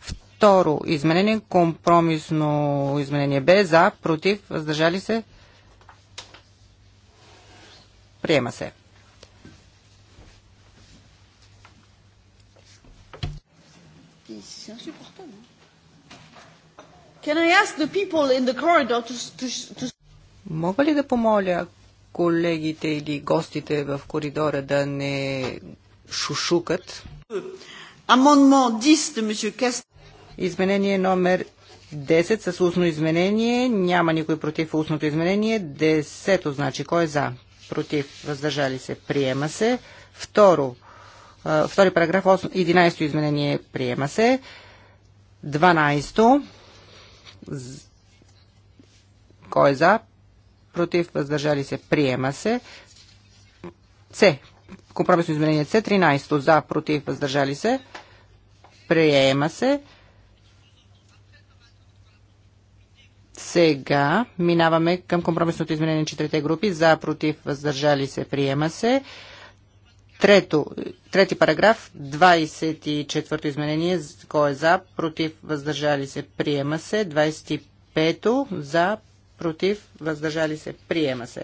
Второ изменение. Компромисно изменение Б за против. Въздържали се. Приема се. Can I ask the people in the corridor to, to, to... Мога ли да помоля колегите или гостите в коридора да не шушукат? 10 Изменение номер 10 с устно изменение. Няма никой против устното изменение. Десето значи кой е за? Против. Въздържали се. Приема се. Второ. Втори параграф. 11 изменение. Приема се. 12. Кой е за? Против? Въздържали се? Приема се. С. Компромисно изменение С. 13. За? Против? Въздържали се? Приема се. Сега минаваме към компромисното изменение на четирите групи. За, против, въздържали се, приема се. Трето, трети параграф, 24-то изменение, кой е за, против, въздържали се, приема се. 25-то, за, против, въздържали се, приема се.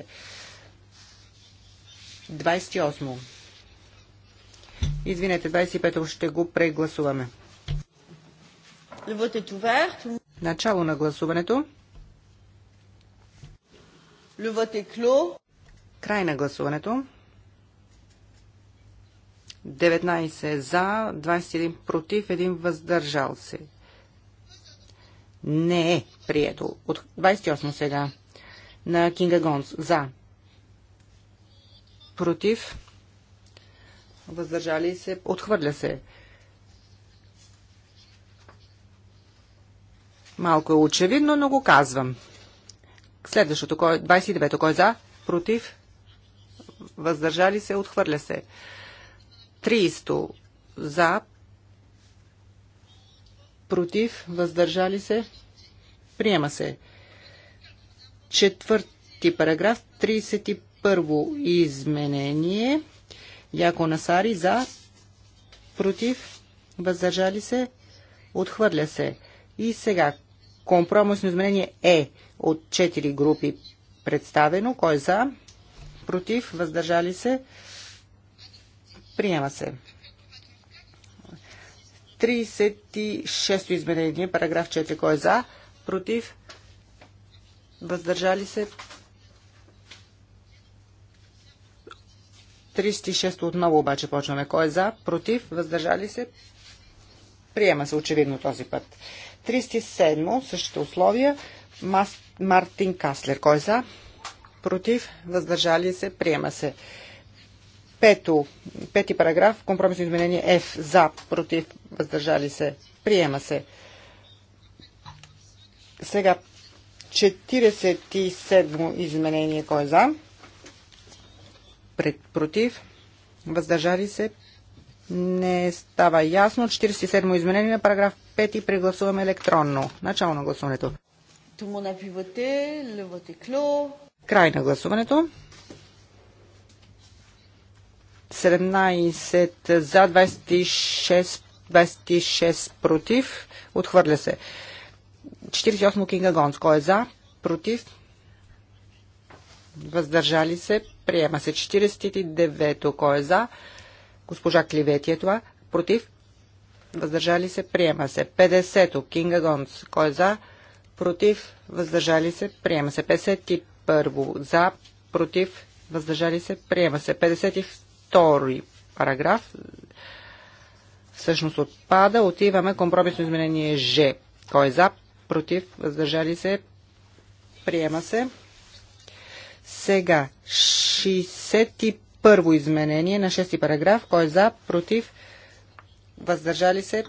28-о. Извинете, 25-то ще го прегласуваме. Начало на гласуването. Край на гласуването. 19 е за, 21 против, 1 въздържал се. Не е прието. От 28 сега на Кинга Гонс. За. Против. Въздържали се. Отхвърля се. Малко е очевидно, но го казвам. Следващото, кой, 29-то, кой е за? Против? Въздържали се, отхвърля се. 30 за, против, въздържали се, приема се. Четвърти параграф, 31 изменение. Яко Насари за, против, въздържали се, отхвърля се. И сега компромисно изменение е от 4 групи представено. Кой е за? Против? Въздържали се? Приема се. 36-то изменение, параграф 4. Кой е за? Против? Въздържали се? 36 отново обаче почваме. Кой е за? Против? Въздържали се? Приема се очевидно този път. 37 същите условия. Мас... Мартин Каслер. Кой е за? Против? Въздържали се? Приема се. Пето, пети параграф, компромисно изменение F за, против, въздържали се, приема се. Сега 47 изменение, кой е за? Пред, против, въздържали се, не става ясно. 47 изменение на параграф 5 и прегласуваме електронно. Начало на гласуването. Край на гласуването. 17 за, 26, 26 против. Отхвърля се. 48 Кинга Гонс. Кой е за? Против? Въздържали се. Приема се. 49-то. Кой е за? Госпожа Кливети е това. Против? Въздържали се. Приема се. 50-то. Кинга Гонс. Кой е за? Против? Въздържали се. Приема се. 51 за. Против? Въздържали се. Приема се. 52 втори параграф всъщност отпада. Отиваме компромисно изменение Ж. Кой е за? Против? Въздържали се? Приема се. Сега 61-во изменение на 6 параграф. Кой е за? Против? Въздържали се?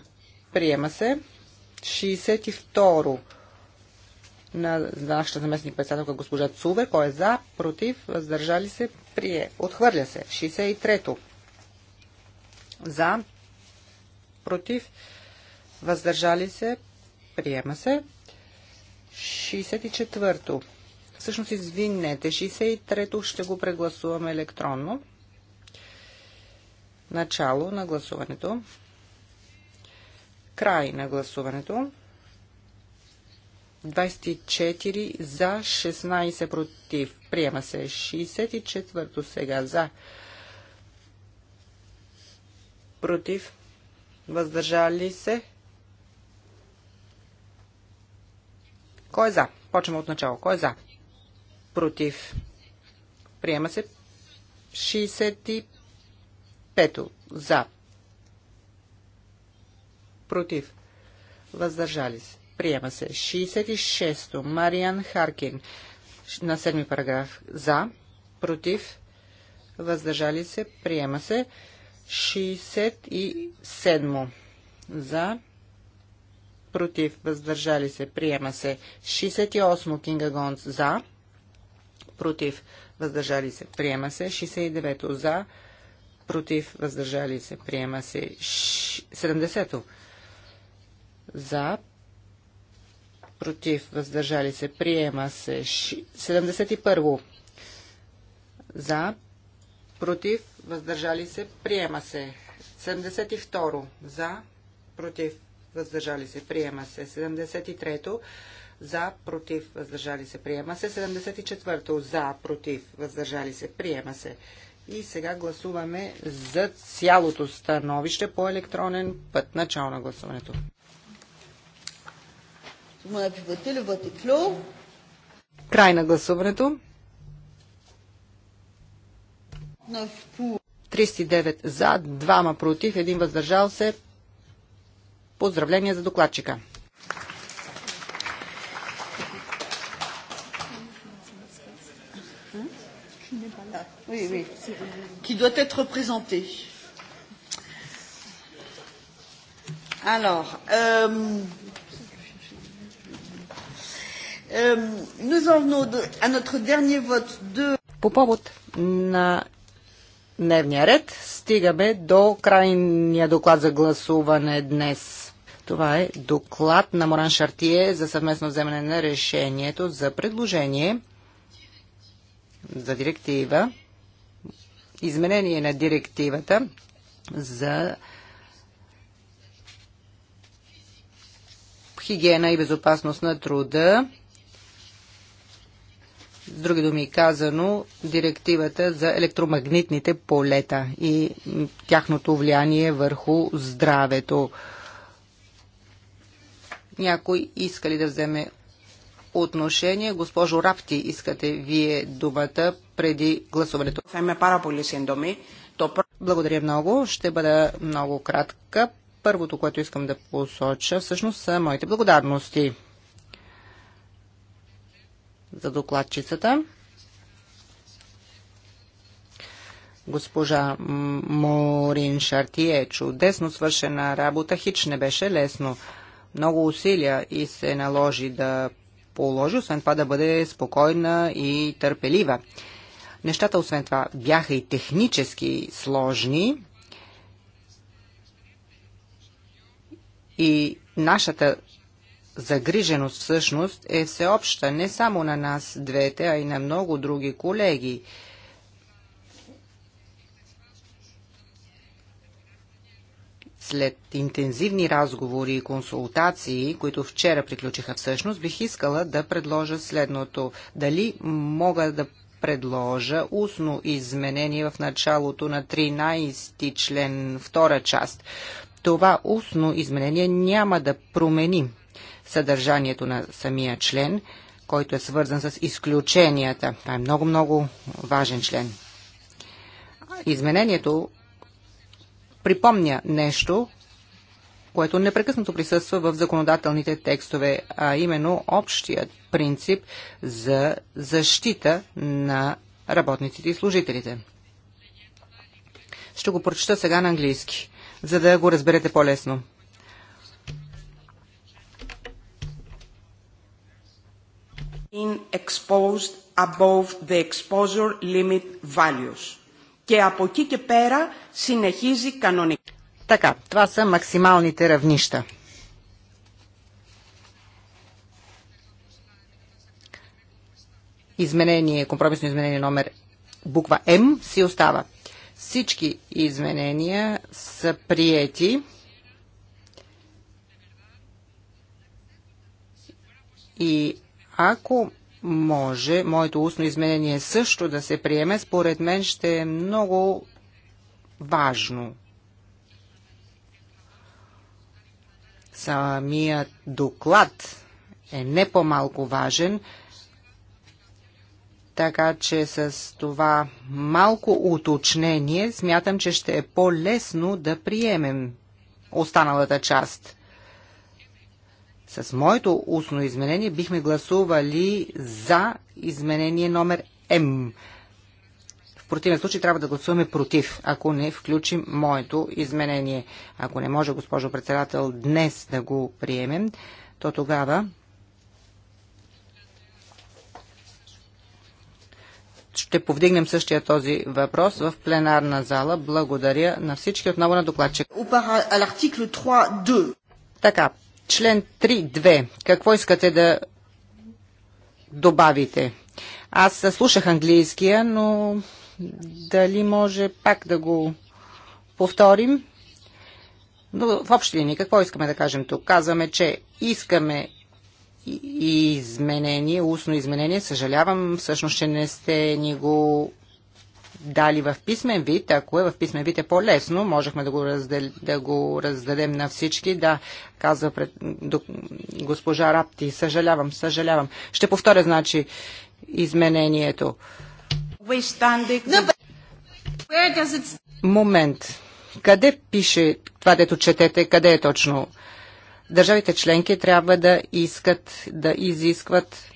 Приема се. 62-ро на нашата заместник председателка госпожа Цуве. Кой е за, против, въздържали се, прие. Отхвърля се. 63-то. За, против, въздържали се, приема се. 64-то. Всъщност, извинете, 63-то ще го прегласуваме електронно. Начало на гласуването. Край на гласуването. 24 за, 16 против. Приема се 64-то сега за. Против. Въздържали се. Кой е за? Почваме от начало. Кой е за? Против. Приема се 65-то за. Против. Въздържали се. Приема се. 66-то. Мариан Харкин. На седми параграф. За. Против. Въздържали се. Приема се. 67 то За. Против. Въздържали се. Приема се. 68 то Кинга Гонц. За. Против. Въздържали се. Приема се. 69-то. За. Против. Въздържали се. Приема се. 70-то. За против, въздържали се, приема се. 71 за, против, въздържали се, приема се. 72 за, против, въздържали се, приема се. 73 за, против, въздържали се, приема се. 74 за, против, въздържали се, приема се. И сега гласуваме за цялото становище по електронен път. Начало на гласуването. Tout le monde a pu voter, le vote est clos. Край на гласуването. 39 за, 2 против, 1 въздържал се. Поздравления за докладчика. Oui, oui. Qui doit être représenté. Alors, euh, Ehm, По повод на дневния ред стигаме до крайния доклад за гласуване днес. Това е доклад на Моран Шартие за съвместно вземане на решението за предложение за директива, изменение на директивата за хигиена и безопасност на труда с други думи казано, директивата за електромагнитните полета и тяхното влияние върху здравето. Някой иска ли да вземе отношение. Госпожо Рапти, искате вие думата преди гласуването. Благодаря много. Ще бъда много кратка. Първото, което искам да посоча, всъщност са моите благодарности за докладчицата. Госпожа Морин е чудесно свършена работа, хич не беше лесно. Много усилия и се наложи да положи, освен това да бъде спокойна и търпелива. Нещата, освен това, бяха и технически сложни и нашата загриженост всъщност е всеобща не само на нас двете, а и на много други колеги. След интензивни разговори и консултации, които вчера приключиха всъщност, бих искала да предложа следното. Дали мога да предложа устно изменение в началото на 13 член, втора част. Това устно изменение няма да промени съдържанието на самия член, който е свързан с изключенията. Това е много-много важен член. Изменението припомня нещо, което непрекъснато присъства в законодателните текстове, а именно общият принцип за защита на работниците и служителите. Ще го прочета сега на английски, за да го разберете по-лесно. in exposed above the exposure limit values. Και από εκεί και πέρα συνεχίζει κανονικά. Така, това са максималните равнища. Изменение, компромисно изменение номер буква М си остава. Всички изменения са приети. И ако може моето устно изменение също да се приеме, според мен ще е много важно. Самият доклад е не по-малко важен, така че с това малко уточнение смятам, че ще е по-лесно да приемем останалата част. С моето устно изменение бихме гласували за изменение номер М. В противен случай трябва да гласуваме против, ако не включим моето изменение. Ако не може, госпожо председател, днес да го приемем, то тогава ще повдигнем същия този въпрос в пленарна зала. Благодаря на всички отново на докладчик. Така, Член 3.2. Какво искате да добавите? Аз слушах английския, но дали може пак да го повторим? Но в общи линии, какво искаме да кажем тук? Казваме, че искаме изменение, устно изменение. Съжалявам, всъщност, че не сте ни го дали в писмен вид. Ако е в писмен вид е по-лесно, можехме да го, раздел, да го раздадем на всички. Да, казва пред до, госпожа Рапти. Съжалявам, съжалявам. Ще повторя, значи, изменението. Момент. Къде пише това, дето четете? Къде е точно? Държавите членки трябва да искат, да изискват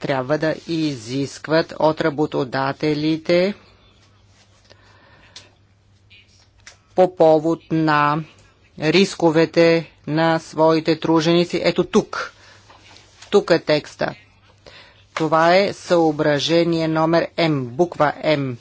трябва да изискват от работодателите по повод на рисковете на своите труженици. Ето тук. Тук е текста. Това е съображение номер М, буква М.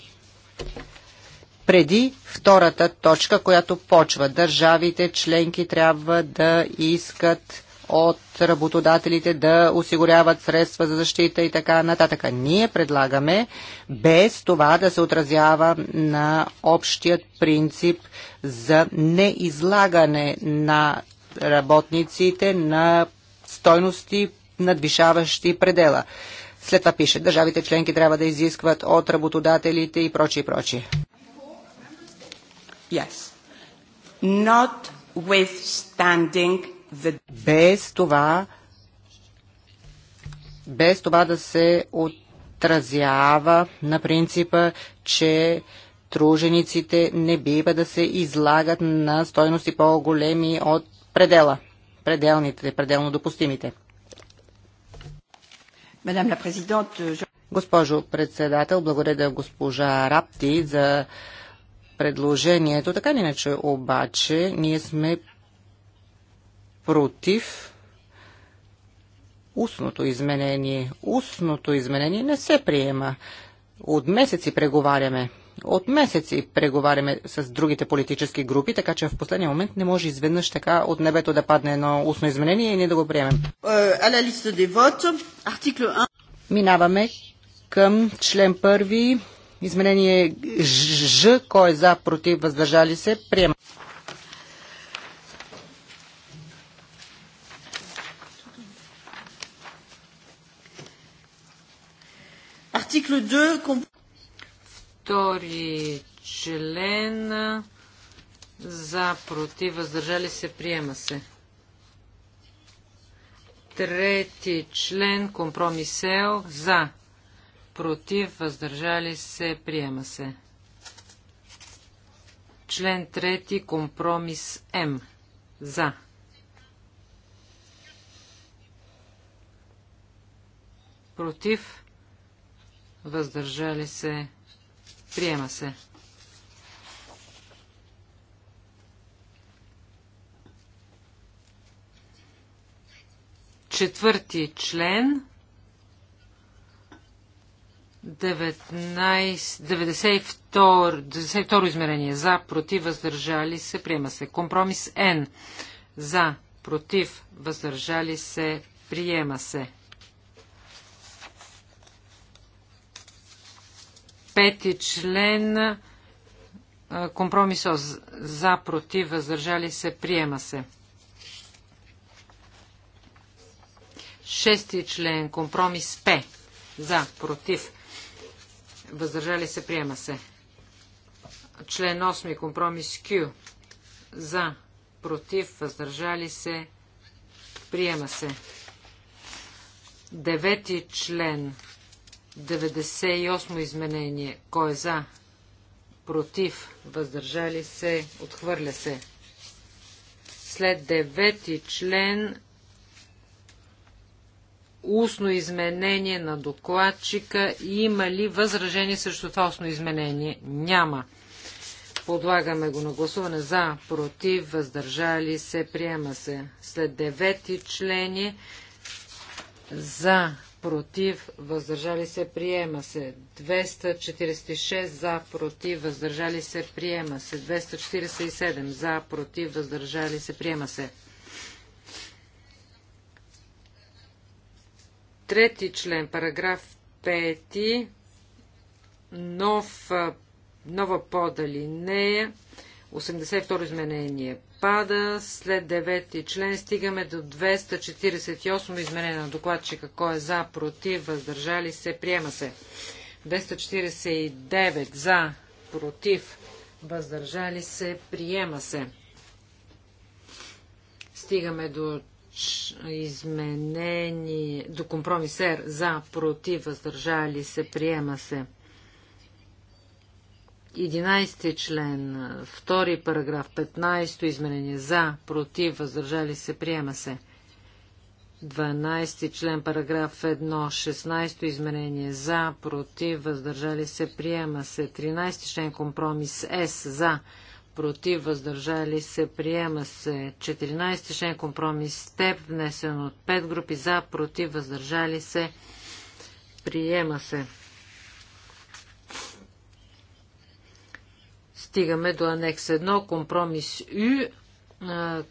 Преди втората точка, която почва, държавите членки трябва да искат от работодателите да осигуряват средства за защита и така нататък. Ние предлагаме без това да се отразява на общият принцип за неизлагане на работниците на стойности надвишаващи предела. След това пише, държавите членки трябва да изискват от работодателите и прочие, прочие. Yes. Notwithstanding без това без това да се отразява на принципа, че тружениците не бива да се излагат на стойности по-големи от предела, пределните, пределно допустимите. Госпожо председател, благодаря госпожа Рапти за предложението. Така ниначе иначе обаче, ние сме против устното изменение. Устното изменение не се приема. От месеци преговаряме. От месеци преговаряме с другите политически групи, така че в последния момент не може изведнъж така от небето да падне едно устно изменение и ние да го приемем. Е, Минаваме към член първи, изменение Ж, кой е за, против, въздържали се, приема. Артикъл 2. Комп... Втори член. За, против, въздържали се, приема се. Трети член, компромисел, за, против, въздържали се, приема се. Член трети, компромис М, за. Против, въздържали се, приема се. Четвърти член, 92, 92 измерение. За, против, въздържали се, приема се. Компромис Н. За, против, въздържали се, приема се. Пети член. Компромисо за, против, въздържали се, приема се. Шести член. Компромис П. За, против, въздържали се, приема се. Член 8. Компромис Q. За, против, въздържали се, приема се. Девети член. 98 изменение. Кой е за? Против. Въздържали се. Отхвърля се. След девети член устно изменение на докладчика. Има ли възражение срещу това устно изменение? Няма. Подлагаме го на гласуване за, против, въздържали се, приема се. След девети члени е за, против, въздържали се, приема се. 246 за, против, въздържали се, приема се. 247 за, против, въздържали се, приема се. Трети член, параграф 5, нов, нова подали не 82 изменение отпада. След 9 член стигаме до 248 изменение на докладчика. Кой е за, против, въздържали се, приема се. 249 за, против, въздържали се, приема се. Стигаме до изменени до компромисер за, против, въздържали се, приема се. 11 член, втори параграф, 15 изменение за, против, въздържали се, приема се. 12 член, параграф 1, 16 изменение за, против, въздържали се, приема се. 13 член, компромис С за, против, въздържали се, приема се. 14 член, компромис ТЕП, внесен от 5 групи за, против, въздържали се, приема се. Стигаме до анекс 1, компромис Ю.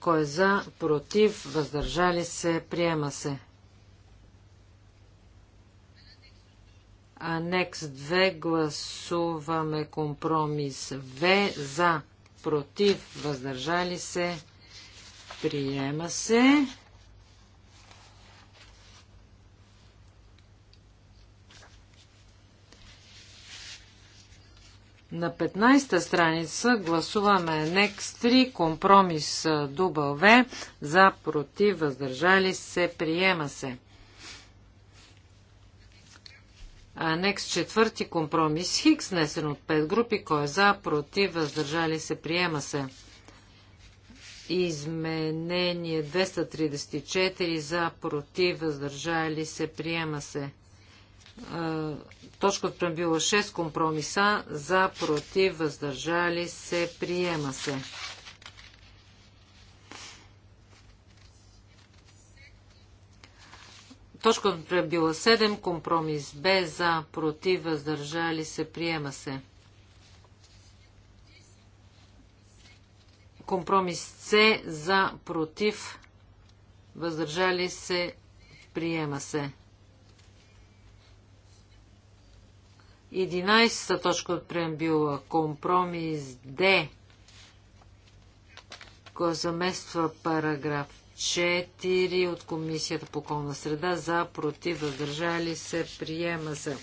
Кой е за, против, въздържали се, приема се. Анекс 2 гласуваме компромис В за, против, въздържали се, приема се. На 15-та страница гласуваме Next 3, компромис W, за, против, въздържали се, приема се. Анекс четвърти компромис Хикс, внесен от 5 групи, кой е за, против, въздържали се, приема се. Изменение 234 за, против, въздържали се, приема се. Точка от 6. Компромиса за, против, въздържали се, приема се. Точка от преамбюла 7. Компромис Б за, против, въздържали се, приема се. Компромис С за, против, въздържали се, приема се. 11-та точка от преамбюла. Компромис Д. Кой замества параграф 4 от Комисията по околна среда за против въздържали се приема се.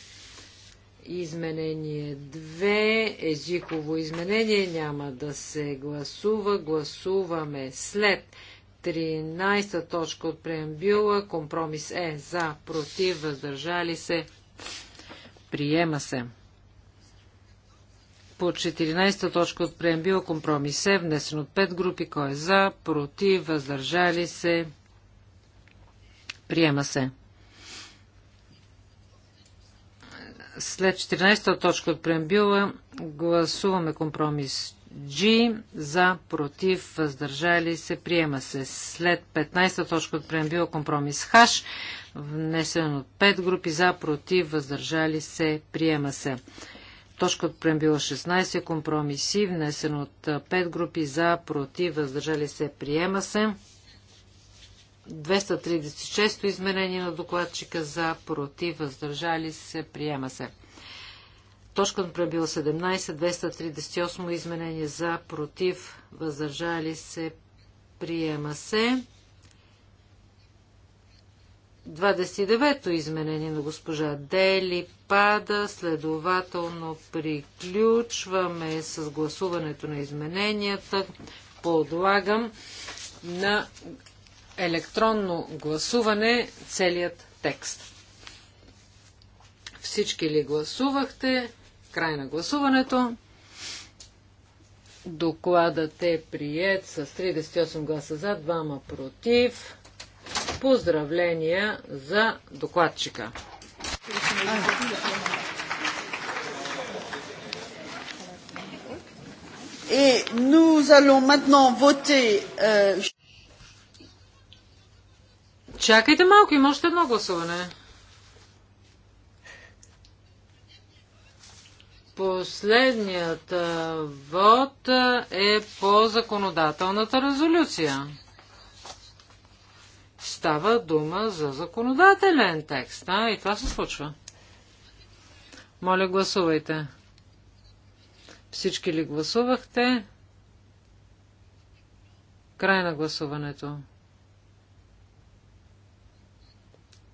Изменение 2. Езиково изменение няма да се гласува. Гласуваме след 13-та точка от преамбюла. Компромис Е за против въздържали се. Приема се. По 14-та точка от преембила компромис е внесен от 5 групи. Кой е за, против, въздържали се. Приема се. След 14-та точка от преембила, гласуваме компромис G за против въздържали се приема се. След 15 точка от преамбила компромис ХАш, внесен от 5 групи за против въздържали се приема се. Точка от преамбила 16 компромиси, внесен от 5 групи за против въздържали се приема се. 236 изменение на докладчика за против въздържали се приема се. Точка на била 17, 238 изменение за, против, въздържали се, приема се. 29-то изменение на госпожа Дели пада, следователно приключваме с гласуването на измененията. Подлагам на електронно гласуване целият текст. Всички ли гласувахте? Край на гласуването. Докладът е прият с 38 гласа за, 2 против. Поздравления за докладчика. И nous allons maintenant voter. Euh, Чакайте малко, има още едно гласуване. Последният вод е по законодателната резолюция. Става дума за законодателен текст, а и това се случва. Моля, гласувайте. Всички ли гласувахте? Край на гласуването.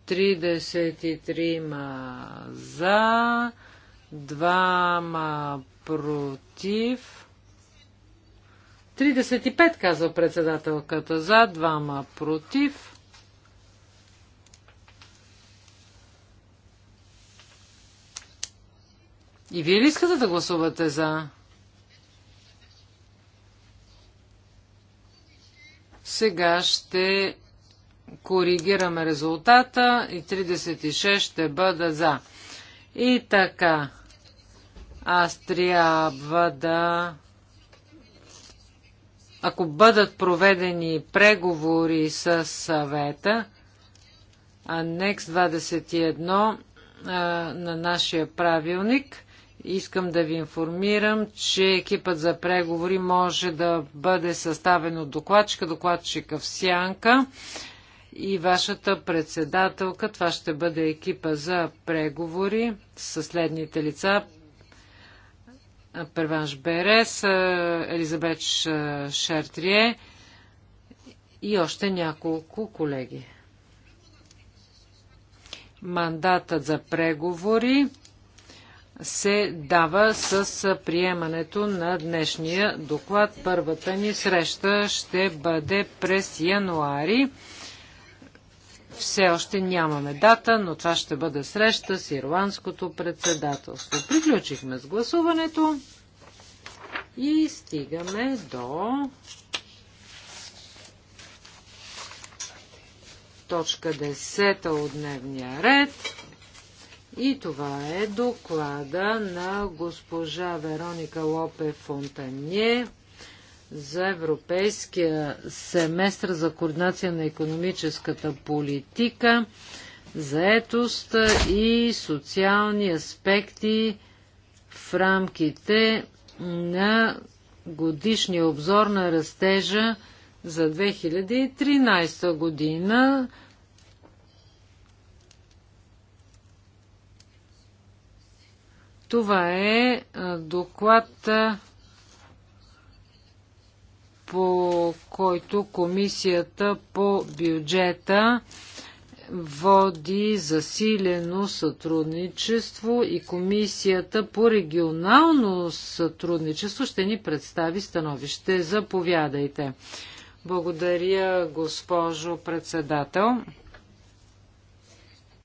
33 за, Двама против. 35, казва председателката. За, двама против. И вие ли искате да гласувате за? Сега ще коригираме резултата и 36 ще бъда за. И така, аз трябва да. Ако бъдат проведени преговори с съвета, анекс 21 а, на нашия правилник, искам да ви информирам, че екипът за преговори може да бъде съставен от докладчика, докладчика в сянка и вашата председателка. Това ще бъде екипа за преговори с следните лица. Перванш Берес, Елизабет Шертрие и още няколко колеги. Мандатът за преговори се дава с приемането на днешния доклад. Първата ни среща ще бъде през януари. Все още нямаме дата, но това ще бъде среща с ирландското председателство. Приключихме с гласуването и стигаме до точка 10 от дневния ред. И това е доклада на госпожа Вероника Лопе Фонтанье за Европейския семестър за координация на економическата политика, заетост и социални аспекти в рамките на годишния обзор на растежа за 2013 година. Това е доклад по който комисията по бюджета води засилено сътрудничество и комисията по регионално сътрудничество ще ни представи становище. Заповядайте. Благодаря, госпожо председател.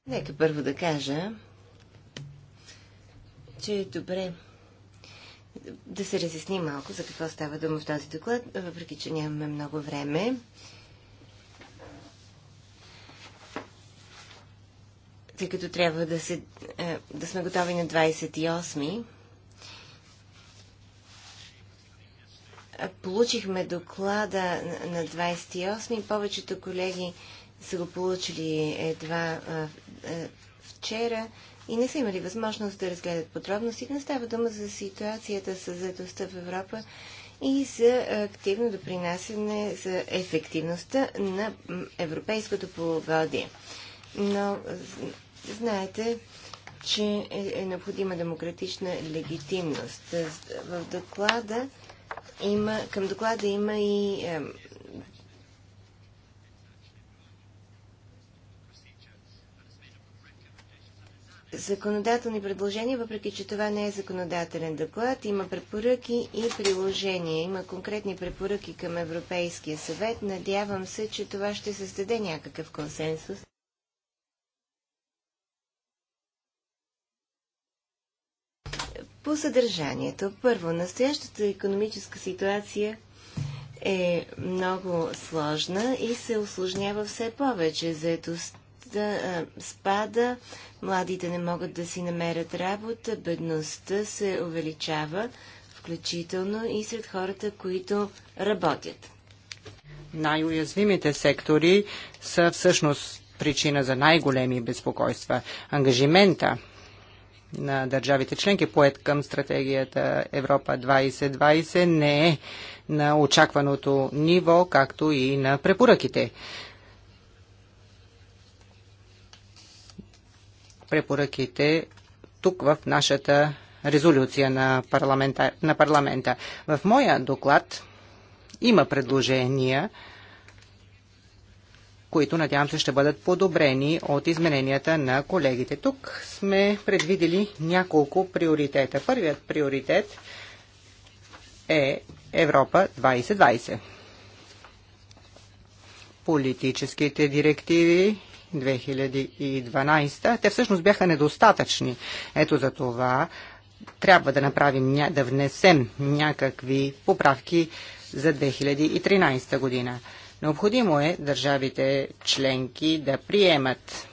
Нека първо да кажа, че е добре да се разясни малко за какво става дума в този доклад, въпреки че нямаме много време. Тъй като трябва да, се, е, да сме готови на 28-ми. Получихме доклада на 28-ми. Повечето колеги са го получили едва е, е, вчера и не са имали възможност да разгледат подробности. Не става дума за ситуацията с заедостта в Европа и за активно допринасяне за ефективността на европейското полугодие. Но знаете, че е, е необходима демократична легитимност. В доклада има, към доклада има и е, законодателни предложения, въпреки че това не е законодателен доклад. Има препоръки и приложения. Има конкретни препоръки към Европейския съвет. Надявам се, че това ще създаде някакъв консенсус. По съдържанието. Първо, настоящата економическа ситуация е много сложна и се осложнява все повече. Заетост е, е, спада, младите не могат да си намерят работа, бедността се увеличава, включително и сред хората, които работят. Най-уязвимите сектори са всъщност причина за най-големи безпокойства. Ангажимента на държавите членки, поет към стратегията Европа 2020, не е на очакваното ниво, както и на препоръките. препоръките тук в нашата резолюция на парламента. На парламента. В моя доклад има предложения, които надявам се ще бъдат подобрени от измененията на колегите. Тук сме предвидели няколко приоритета. Първият приоритет е Европа 2020. Политическите директиви 2012, те всъщност бяха недостатъчни. Ето за това трябва да направим, да внесем някакви поправки за 2013 година. Необходимо е държавите членки да приемат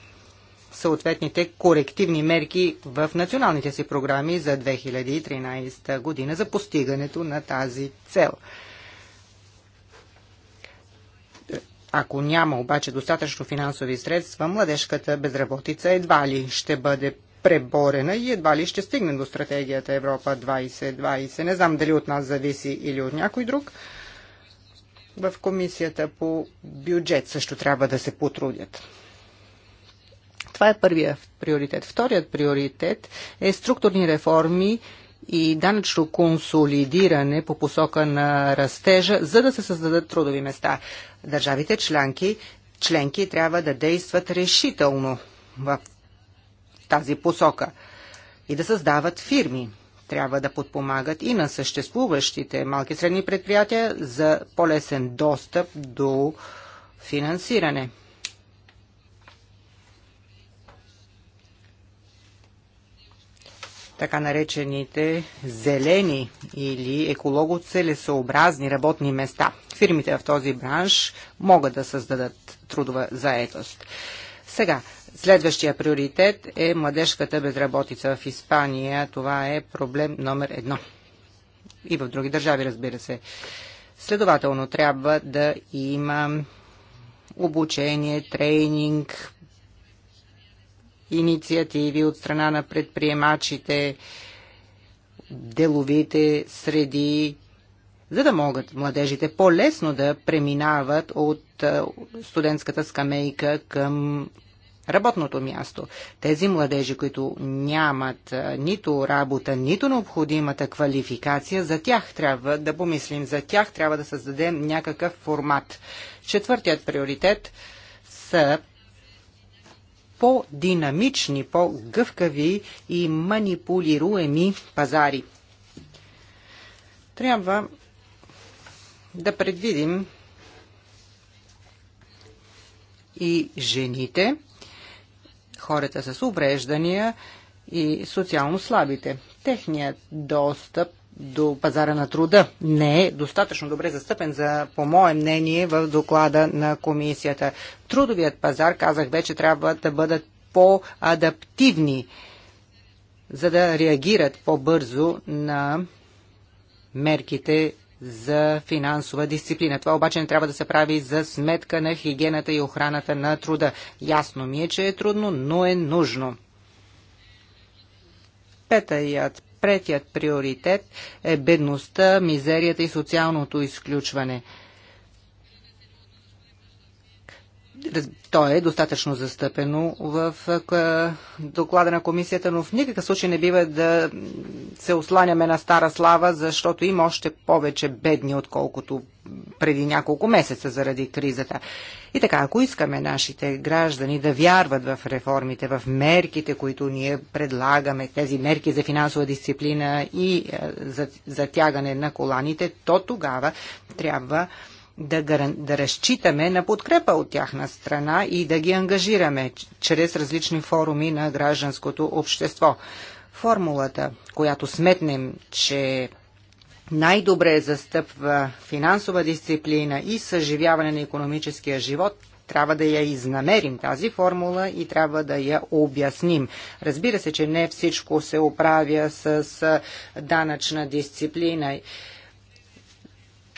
съответните корективни мерки в националните си програми за 2013 година за постигането на тази цел. Ако няма обаче достатъчно финансови средства, младежката безработица едва ли ще бъде преборена и едва ли ще стигне до стратегията Европа 2020. Не знам дали от нас зависи или от някой друг. В комисията по бюджет също трябва да се потрудят. Това е първият приоритет. Вторият приоритет е структурни реформи и данъчно консолидиране по посока на растежа, за да се създадат трудови места. Държавите членки, членки трябва да действат решително в тази посока и да създават фирми. Трябва да подпомагат и на съществуващите малки и средни предприятия за по-лесен достъп до финансиране. така наречените зелени или екологоцелесообразни работни места. Фирмите в този бранш могат да създадат трудова заетост. Сега, следващия приоритет е младежката безработица в Испания. Това е проблем номер едно. И в други държави, разбира се. Следователно, трябва да има обучение, тренинг, инициативи от страна на предприемачите, деловите среди, за да могат младежите по-лесно да преминават от студентската скамейка към работното място. Тези младежи, които нямат нито работа, нито необходимата квалификация, за тях трябва да помислим, за тях трябва да създадем някакъв формат. Четвъртият приоритет са по-динамични, по-гъвкави и манипулируеми пазари. Трябва да предвидим и жените, хората с увреждания и социално слабите. Техният достъп до пазара на труда не е достатъчно добре застъпен за, по мое мнение, в доклада на комисията. Трудовият пазар, казах вече, трябва да бъдат по-адаптивни, за да реагират по-бързо на мерките за финансова дисциплина. Това обаче не трябва да се прави за сметка на хигиената и охраната на труда. Ясно ми е, че е трудно, но е нужно. Петаят Третият приоритет е бедността, мизерията и социалното изключване – то е достатъчно застъпено в доклада на комисията, но в никакъв случай не бива да се осланяме на стара слава, защото има още повече бедни, отколкото преди няколко месеца заради кризата. И така, ако искаме нашите граждани да вярват в реформите, в мерките, които ние предлагаме, тези мерки за финансова дисциплина и затягане на коланите, то тогава трябва да, да разчитаме на подкрепа от тяхна страна и да ги ангажираме чрез различни форуми на гражданското общество. Формулата, която сметнем, че най-добре застъпва финансова дисциплина и съживяване на економическия живот, трябва да я изнамерим тази формула и трябва да я обясним. Разбира се, че не всичко се оправя с данъчна дисциплина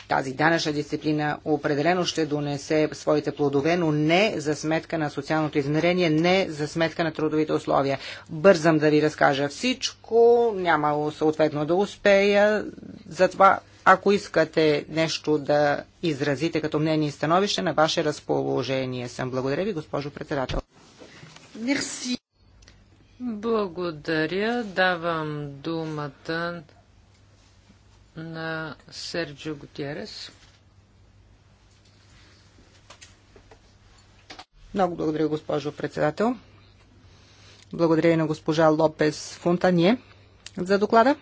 тази данъчна дисциплина определено ще донесе своите плодове, но не за сметка на социалното измерение, не за сметка на трудовите условия. Бързам да ви разкажа всичко, няма съответно да успея, затова ако искате нещо да изразите като мнение и становище, на ваше разположение съм. Благодаря ви, госпожо председател. Мерси. Благодаря. Давам думата на Серджо Гутиерес. Много благодаря, госпожо председател. Благодаря и на госпожа Лопес Фунтание за доклада.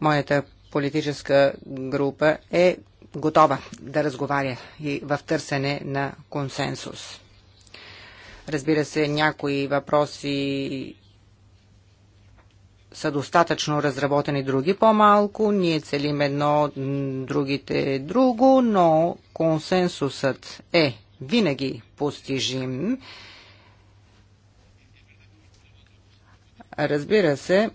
Моята политическа група е готова да разговаря и в търсене на консенсус. Разбира се, някои въпроси са достатъчно разработени други по-малко, ние целим едно, другите друго, но консенсусът е винаги постижим. Разбира се,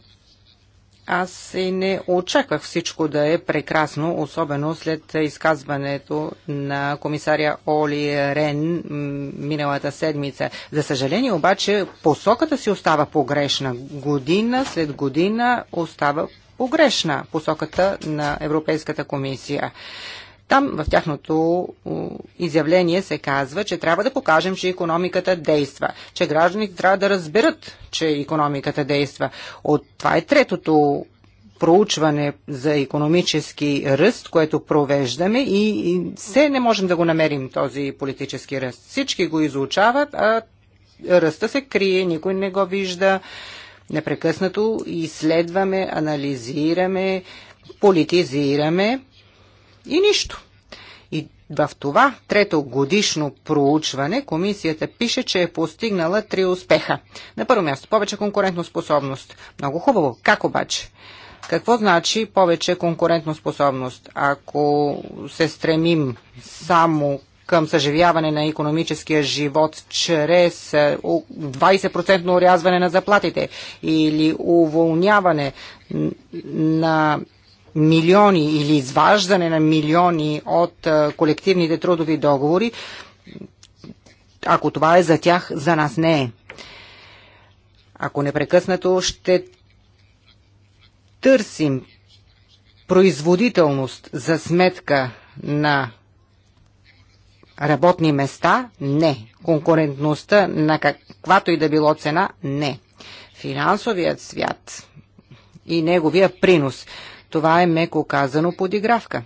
аз и не очаквах всичко да е прекрасно, особено след изказването на комисаря Оли Рен миналата седмица. За съжаление обаче посоката си остава погрешна. Година след година остава погрешна посоката на Европейската комисия. Там в тяхното изявление се казва, че трябва да покажем, че економиката действа, че гражданите трябва да разберат, че економиката действа. От това е третото проучване за економически ръст, което провеждаме и, и все не можем да го намерим този политически ръст. Всички го изучават, а ръста се крие, никой не го вижда. Непрекъснато изследваме, анализираме, политизираме и нищо. И в това трето годишно проучване комисията пише, че е постигнала три успеха. На първо място повече способност. Много хубаво. Как обаче? Какво значи повече конкурентоспособност? Ако се стремим само към съживяване на економическия живот чрез 20% е, урязване на заплатите или уволняване на милиони или изваждане на милиони от колективните трудови договори, ако това е за тях, за нас не е. Ако непрекъснато ще търсим производителност за сметка на работни места, не. Конкурентността на каквато и да било цена, не. Финансовият свят и неговия принос – това е меко казано подигравка.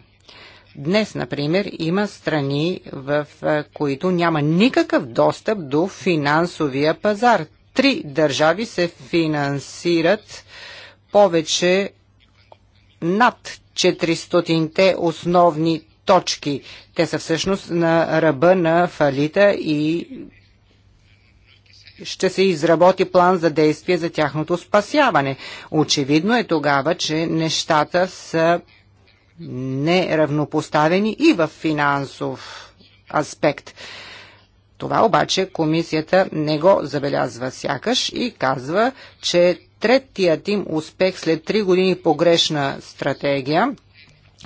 Днес, например, има страни, в които няма никакъв достъп до финансовия пазар. Три държави се финансират повече над 400-те основни точки. Те са всъщност на ръба на фалита и ще се изработи план за действие за тяхното спасяване. Очевидно е тогава, че нещата са неравнопоставени и в финансов аспект. Това обаче комисията не го забелязва сякаш и казва, че третият им успех след три години погрешна стратегия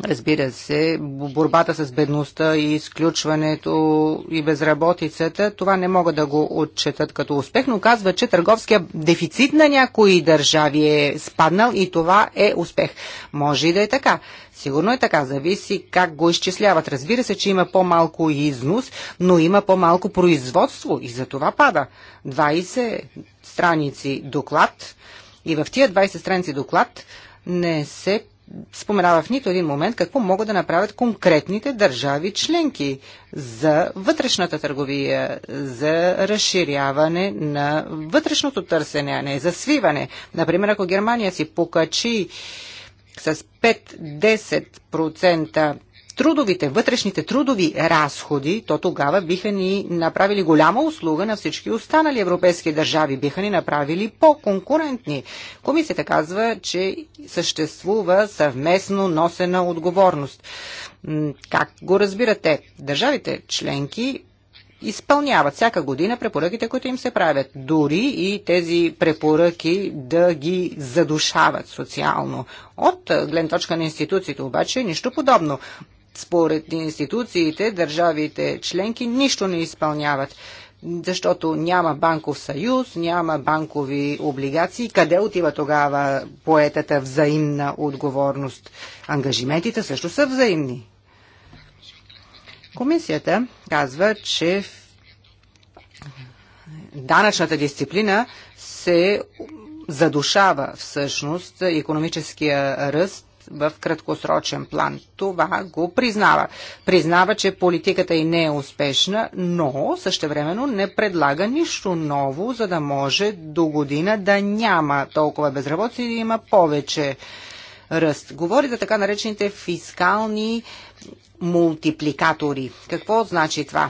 Разбира се, борбата с бедността и изключването и безработицата, това не могат да го отчетат като успех, но казва, че търговския дефицит на някои държави е спаднал и това е успех. Може и да е така. Сигурно е така, зависи как го изчисляват. Разбира се, че има по-малко износ, но има по-малко производство и за това пада. 20 страници доклад и в тия 20 страници доклад не се споменава в нито един момент какво могат да направят конкретните държави членки за вътрешната търговия, за разширяване на вътрешното търсене, а не за свиване. Например, ако Германия си покачи с 5-10% трудовите, вътрешните трудови разходи, то тогава биха ни направили голяма услуга на всички останали европейски държави, биха ни направили по-конкурентни. Комисията казва, че съществува съвместно носена отговорност. Как го разбирате? Държавите членки изпълняват всяка година препоръките, които им се правят. Дори и тези препоръки да ги задушават социално. От гледна точка на институциите обаче е нищо подобно според институциите, държавите членки нищо не изпълняват защото няма банков съюз, няма банкови облигации. Къде отива тогава поетата взаимна отговорност? Ангажиментите също са взаимни. Комисията казва, че данъчната дисциплина се задушава всъщност економическия ръст в краткосрочен план. Това го признава. Признава, че политиката и не е успешна, но същевременно не предлага нищо ново, за да може до година да няма толкова безработици и да има повече ръст. Говори за така наречените фискални мултипликатори. Какво значи това?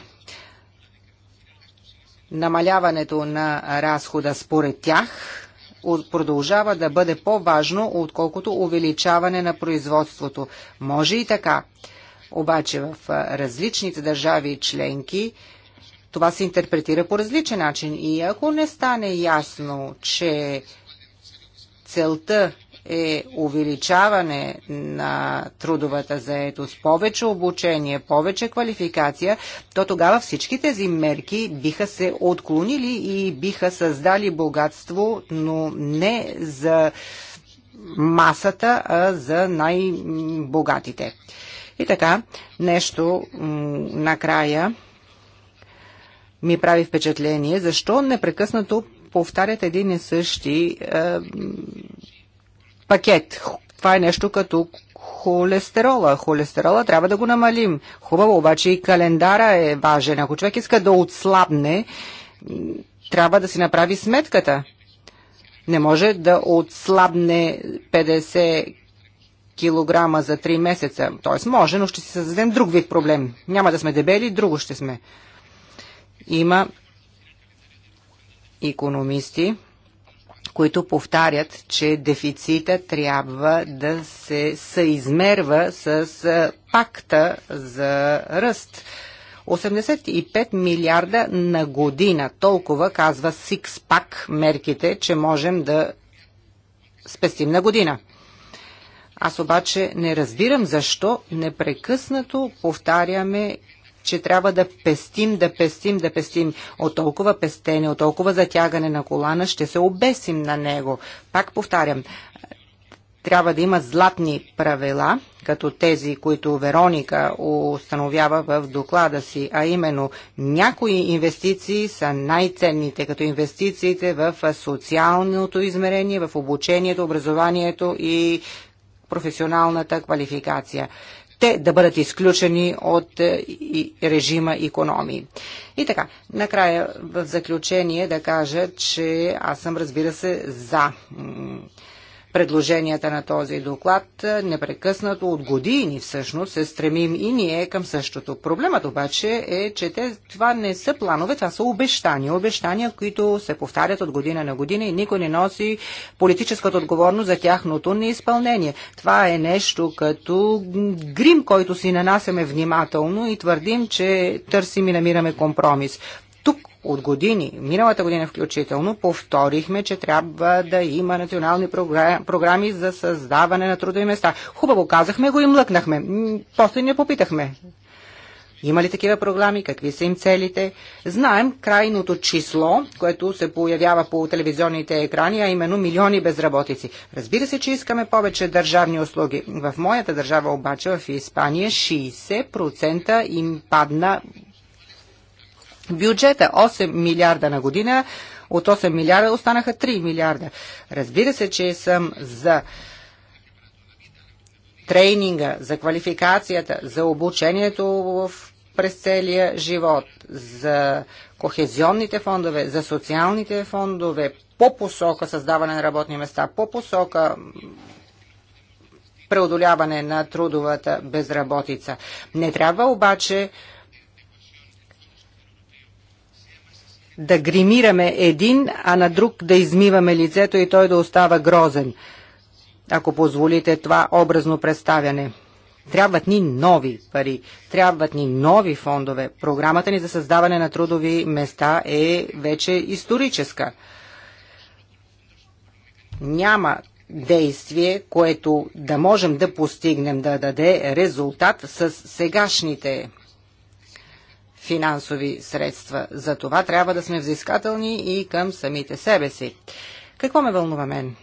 Намаляването на разхода според тях – продължава да бъде по-важно, отколкото увеличаване на производството. Може и така. Обаче в различните държави и членки това се интерпретира по различен начин. И ако не стане ясно, че целта е увеличаване на трудовата заетост, повече обучение, повече квалификация, то тогава всички тези мерки биха се отклонили и биха създали богатство, но не за масата, а за най-богатите. И така, нещо накрая ми прави впечатление, защо непрекъснато повтарят един и същи е, пакет. Това е нещо като холестерола. Холестерола трябва да го намалим. Хубаво, обаче и календара е важен. Ако човек иска да отслабне, трябва да си направи сметката. Не може да отслабне 50 килограма за 3 месеца. Тоест може, но ще си създадем друг вид проблем. Няма да сме дебели, друго ще сме. Има економисти, които повтарят, че дефицита трябва да се съизмерва с пакта за ръст. 85 милиарда на година. Толкова казва Сикспак мерките, че можем да спестим на година. Аз обаче не разбирам защо непрекъснато повтаряме че трябва да пестим, да пестим, да пестим. От толкова пестене, от толкова затягане на колана ще се обесим на него. Пак повтарям, трябва да има златни правила, като тези, които Вероника установява в доклада си, а именно някои инвестиции са най-ценните, като инвестициите в социалното измерение, в обучението, образованието и професионалната квалификация те да бъдат изключени от е, режима економии. И така, накрая в заключение да кажа, че аз съм разбира се за предложенията на този доклад. Е, непрекъснато от години всъщност се стремим и ние към същото. Проблемът обаче е, че те, това не са планове, това са обещания. Обещания, които се повтарят от година на година и никой не носи политическата отговорност за тяхното неизпълнение. Това е нещо като грим, който си нанасяме внимателно и твърдим, че търсим и намираме компромис от години, миналата година включително, повторихме, че трябва да има национални програми за създаване на трудови места. Хубаво казахме го и млъкнахме. После не попитахме. Има ли такива програми? Какви са им целите? Знаем крайното число, което се появява по телевизионните екрани, а именно милиони безработици. Разбира се, че искаме повече държавни услуги. В моята държава обаче, в Испания, 60% им падна бюджета 8 милиарда на година, от 8 милиарда останаха 3 милиарда. Разбира се, че съм за тренинга, за квалификацията, за обучението в през целия живот, за кохезионните фондове, за социалните фондове, по посока създаване на работни места, по посока преодоляване на трудовата безработица. Не трябва обаче да гримираме един, а на друг да измиваме лицето и той да остава грозен. Ако позволите това образно представяне. Трябват ни нови пари, трябват ни нови фондове. Програмата ни за създаване на трудови места е вече историческа. Няма действие, което да можем да постигнем да даде резултат с сегашните финансови средства. За това трябва да сме взискателни и към самите себе си. Какво ме вълнува мен?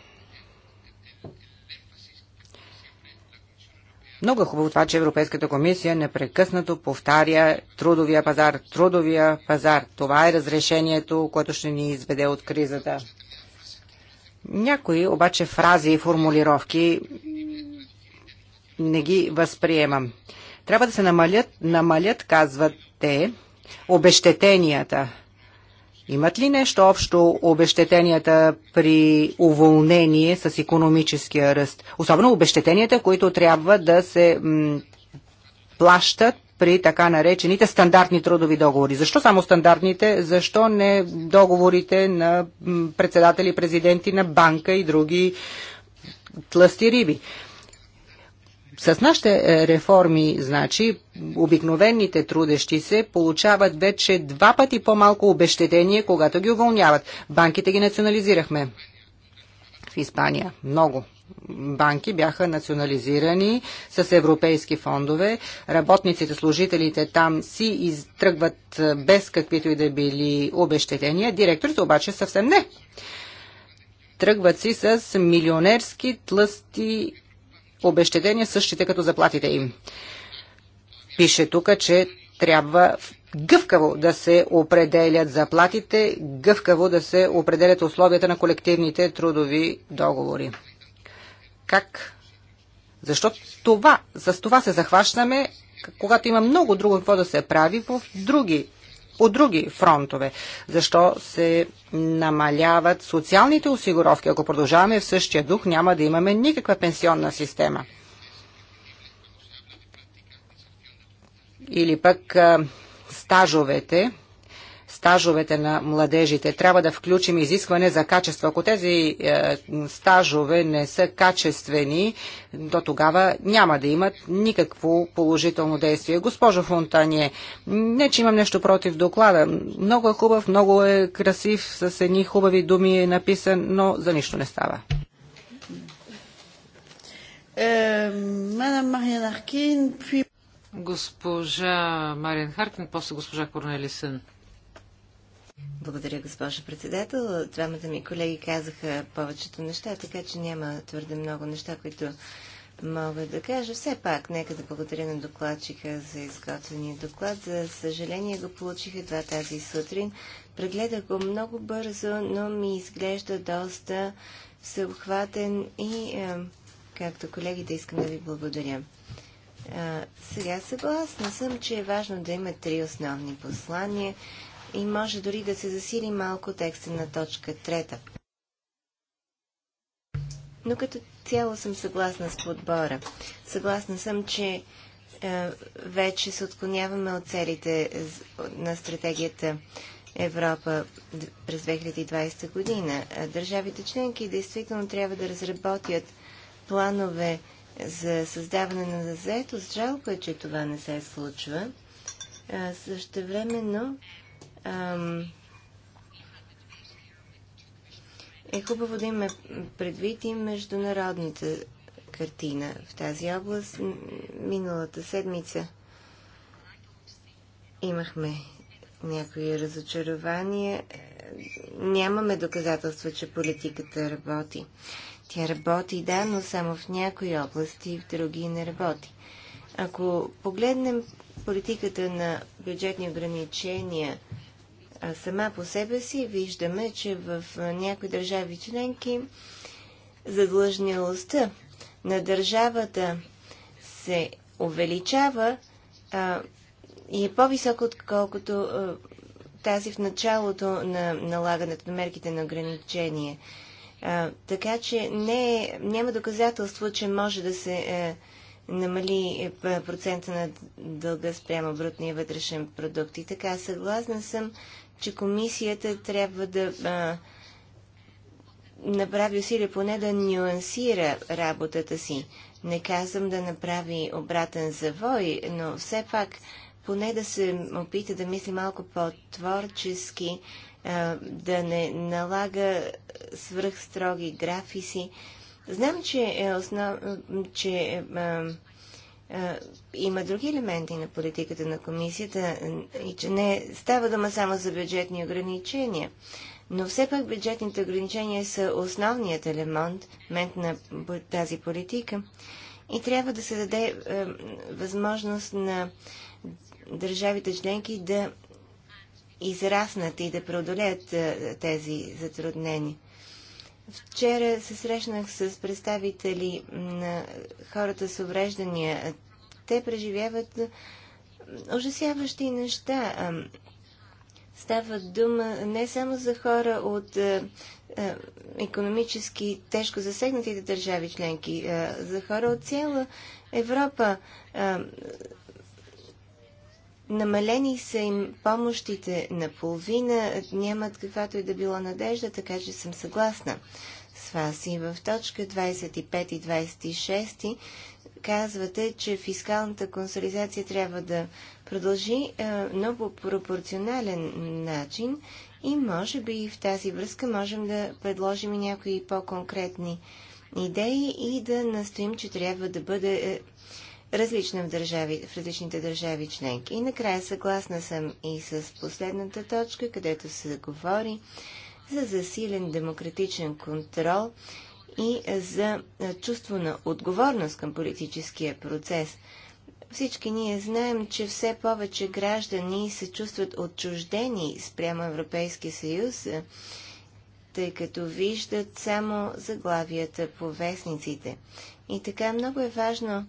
Много е хубаво това, че Европейската комисия непрекъснато повтаря трудовия пазар, трудовия пазар. Това е разрешението, което ще ни изведе от кризата. Някои обаче фрази и формулировки не ги възприемам. Трябва да се намалят, намалят, казват те, обещетенията. Имат ли нещо общо обещетенията при уволнение с економическия ръст? Особено обещетенията, които трябва да се плащат при така наречените стандартни трудови договори. Защо само стандартните? Защо не договорите на председатели, президенти на банка и други тлъсти риби? С нашите е, реформи, значи, обикновените трудещи се получават вече два пъти по-малко обещетение, когато ги уволняват. Банките ги национализирахме в Испания. Много банки бяха национализирани с европейски фондове. Работниците, служителите там си изтръгват е, без каквито и да били обещетения. Директорите обаче съвсем не. Тръгват си с милионерски тлъсти обещедения, същите като заплатите им. Пише тук, че трябва гъвкаво да се определят заплатите, гъвкаво да се определят условията на колективните трудови договори. Как? Защо това, с това се захващаме, когато има много друго какво да се прави в други по други фронтове? Защо се намаляват социалните осигуровки? Ако продължаваме в същия дух, няма да имаме никаква пенсионна система. Или пък стажовете, стажовете на младежите. Трябва да включим изискване за качество. Ако тези е, стажове не са качествени, то тогава няма да имат никакво положително действие. Госпожо Фонтание, не, че имам нещо против доклада. Много е хубав, много е красив, с едни хубави думи е написан, но за нищо не става. Е, мадам Мариан Аркин, госпожа Мариан Харкин, после госпожа Корнелисън. Благодаря, госпожа председател. Двамата ми колеги казаха повечето неща, така че няма твърде много неща, които мога да кажа. Все пак, нека да благодаря на докладчика за изготвения доклад. За съжаление го получиха два тази сутрин. Прегледах го много бързо, но ми изглежда доста всеобхватен и, е, както колегите, искам да ви благодаря. Е, сега съгласна съм, че е важно да има три основни послания – и може дори да се засили малко текста на точка трета. Но като цяло съм съгласна с подбора. Съгласна съм, че е, вече се отклоняваме от целите на стратегията Европа през 2020 година. Е, държавите членки действително трябва да разработят планове за създаване на заетост. Жалко е, че това не се случва. Е, Също времено ам, е хубаво да има предвид и международната картина в тази област. Миналата седмица имахме някои разочарования. Нямаме доказателства, че политиката работи. Тя работи, да, но само в някои области, в други не работи. Ако погледнем политиката на бюджетни ограничения сама по себе си виждаме, че в някои държави членки задлъжнялостта на държавата се увеличава а, и е по-висока, отколкото а, тази в началото на налагането на мерките на ограничение. А, така че не, е, няма доказателство, че може да се а, е, намали е, процента на дълга спрямо брутния вътрешен продукт. И така, съгласна съм че комисията трябва да а, направи усилия поне да нюансира работата си. Не казвам да направи обратен завой, но все пак поне да се опита да мисли малко по-творчески, да не налага свръхстроги графиси. Знам, че, е основ... че е, има други елементи на политиката на комисията и че не става дума само за бюджетни ограничения. Но все пак бюджетните ограничения са основният елемент на тази политика и трябва да се даде е, възможност на държавите членки да израснат и да преодолеят е, тези затруднения. Вчера се срещнах с представители на хората с увреждания те преживяват ужасяващи неща. Става дума не само за хора от економически тежко засегнатите държави членки, за хора от цяла Европа. Намалени са им помощите наполовина, нямат каквато и да било надежда, така че съм съгласна с вас. И в точка 25 и 26 казвате, че фискалната консолидация трябва да продължи, е, но по пропорционален начин и може би в тази връзка можем да предложим и някои по-конкретни идеи и да настоим, че трябва да бъде е, различна в, държави, в различните държави членки. И накрая съгласна съм и с последната точка, където се говори за засилен демократичен контрол и за е, чувство на отговорност към политическия процес. Всички ние знаем, че все повече граждани се чувстват отчуждени спрямо Европейския съюз, е, тъй като виждат само заглавията по вестниците. И така много е важно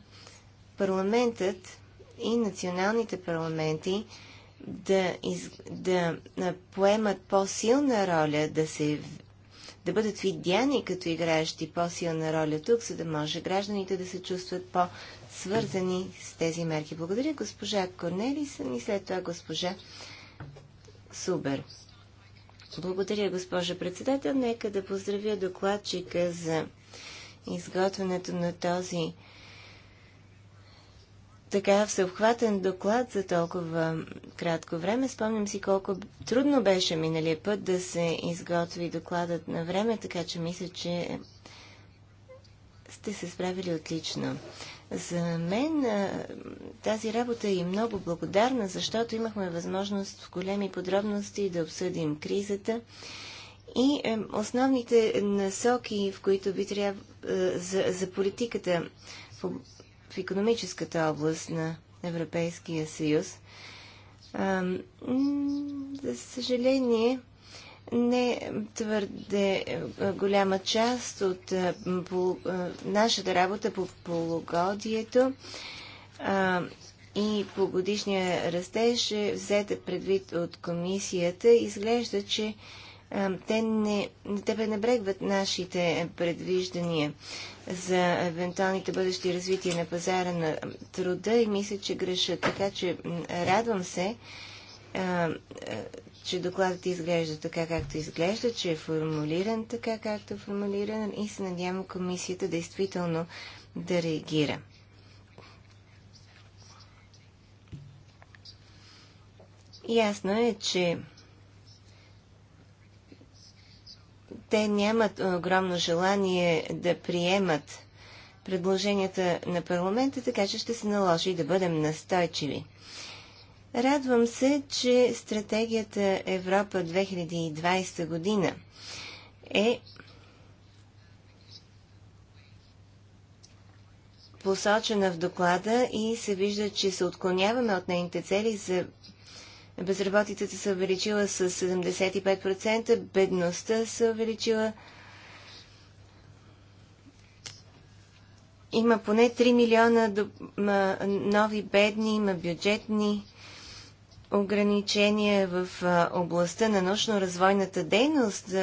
парламентът и националните парламенти да, из, да е, поемат по-силна роля, да се да бъдат видяни като играещи по-силна роля тук, за да може гражданите да се чувстват по-свързани с тези мерки. Благодаря госпожа Корнелисън и след това госпожа Субер. Благодаря, госпожа председател. Нека да поздравя докладчика за изготвянето на този така всеобхватен доклад за толкова кратко време. Спомням си колко трудно беше миналия път да се изготви докладът на време, така че мисля, че сте се справили отлично. За мен тази работа е много благодарна, защото имахме възможност в големи подробности да обсъдим кризата и е, основните насоки, в които би трябвало е, за, за политиката в економическата област на Европейския съюз. А, за съжаление, не твърде голяма част от по, нашата работа по полугодието а, и по годишния растеж е взета предвид от комисията. Изглежда, че те не те пренебрегват нашите предвиждания за евентуалните бъдещи развития на пазара на труда и мисля, че грешат. Така че радвам се, че докладът изглежда така, както изглежда, че е формулиран така, както е формулиран и се надявам комисията действително да реагира. Ясно е, че те нямат огромно желание да приемат предложенията на парламента, така че ще се наложи да бъдем настойчиви. Радвам се, че стратегията Европа 2020 година е посочена в доклада и се вижда, че се отклоняваме от нейните цели за безработицата се увеличила с 75%, бедността се увеличила. Има поне 3 милиона нови бедни, има бюджетни ограничения в областта на научно-развойната дейност,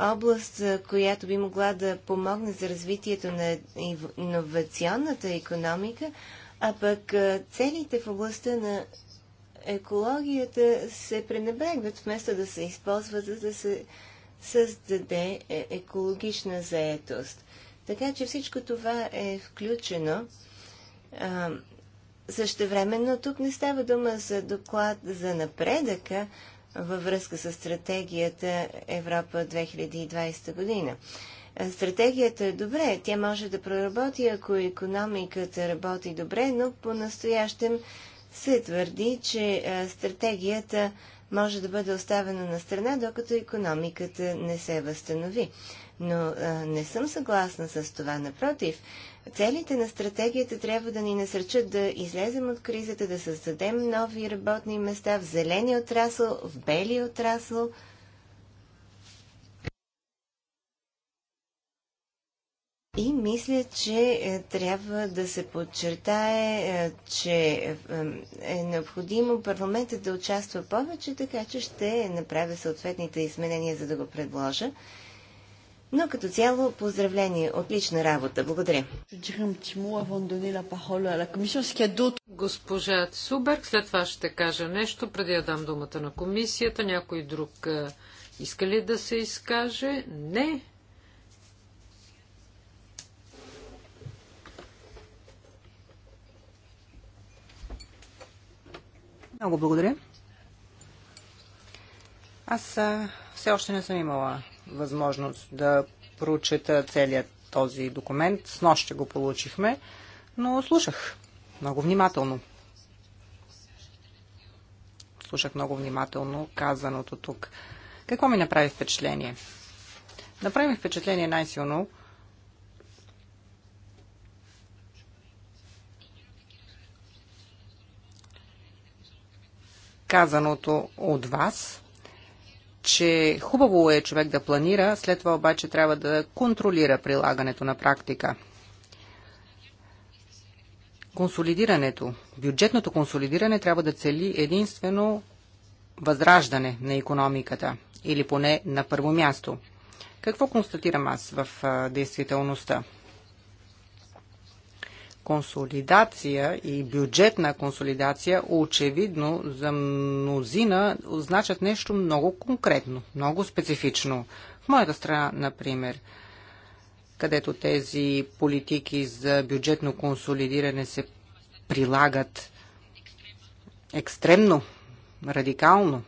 област, която би могла да помогне за развитието на иновационната економика, а пък целите в областта на екологията се пренебрегват, вместо да се използват, за да се създаде е, екологична заетост. Така че всичко това е включено. А, същевременно тук не става дума за доклад за напредъка във връзка с стратегията Европа 2020 година. Стратегията е добре, тя може да проработи, ако економиката работи добре, но по-настоящем се твърди, че стратегията може да бъде оставена на страна, докато економиката не се възстанови. Но не съм съгласна с това. Напротив, целите на стратегията трябва да ни насърчат да излезем от кризата, да създадем нови работни места в зелени отрасъл, в бели отрасъл – И мисля, че е, трябва да се подчертае, е, че е, е необходимо парламентът да участва повече, така че ще направя съответните изменения, за да го предложа. Но като цяло, поздравление, отлична работа. Благодаря. Госпожа Суберг, след това ще кажа нещо, преди да дам думата на комисията. Някой друг иска ли да се изкаже? Не. Много благодаря. Аз все още не съм имала възможност да прочета целият този документ. С нощ ще го получихме, но слушах много внимателно. Слушах много внимателно казаното тук. Какво ми направи впечатление? Направи ми впечатление най-силно казаното от вас, че хубаво е човек да планира, след това обаче трябва да контролира прилагането на практика. Консолидирането, бюджетното консолидиране трябва да цели единствено възраждане на економиката или поне на първо място. Какво констатирам аз в действителността? консолидация и бюджетна консолидация очевидно за мнозина означат нещо много конкретно, много специфично. В моята страна, например, където тези политики за бюджетно консолидиране се прилагат екстремно, радикално,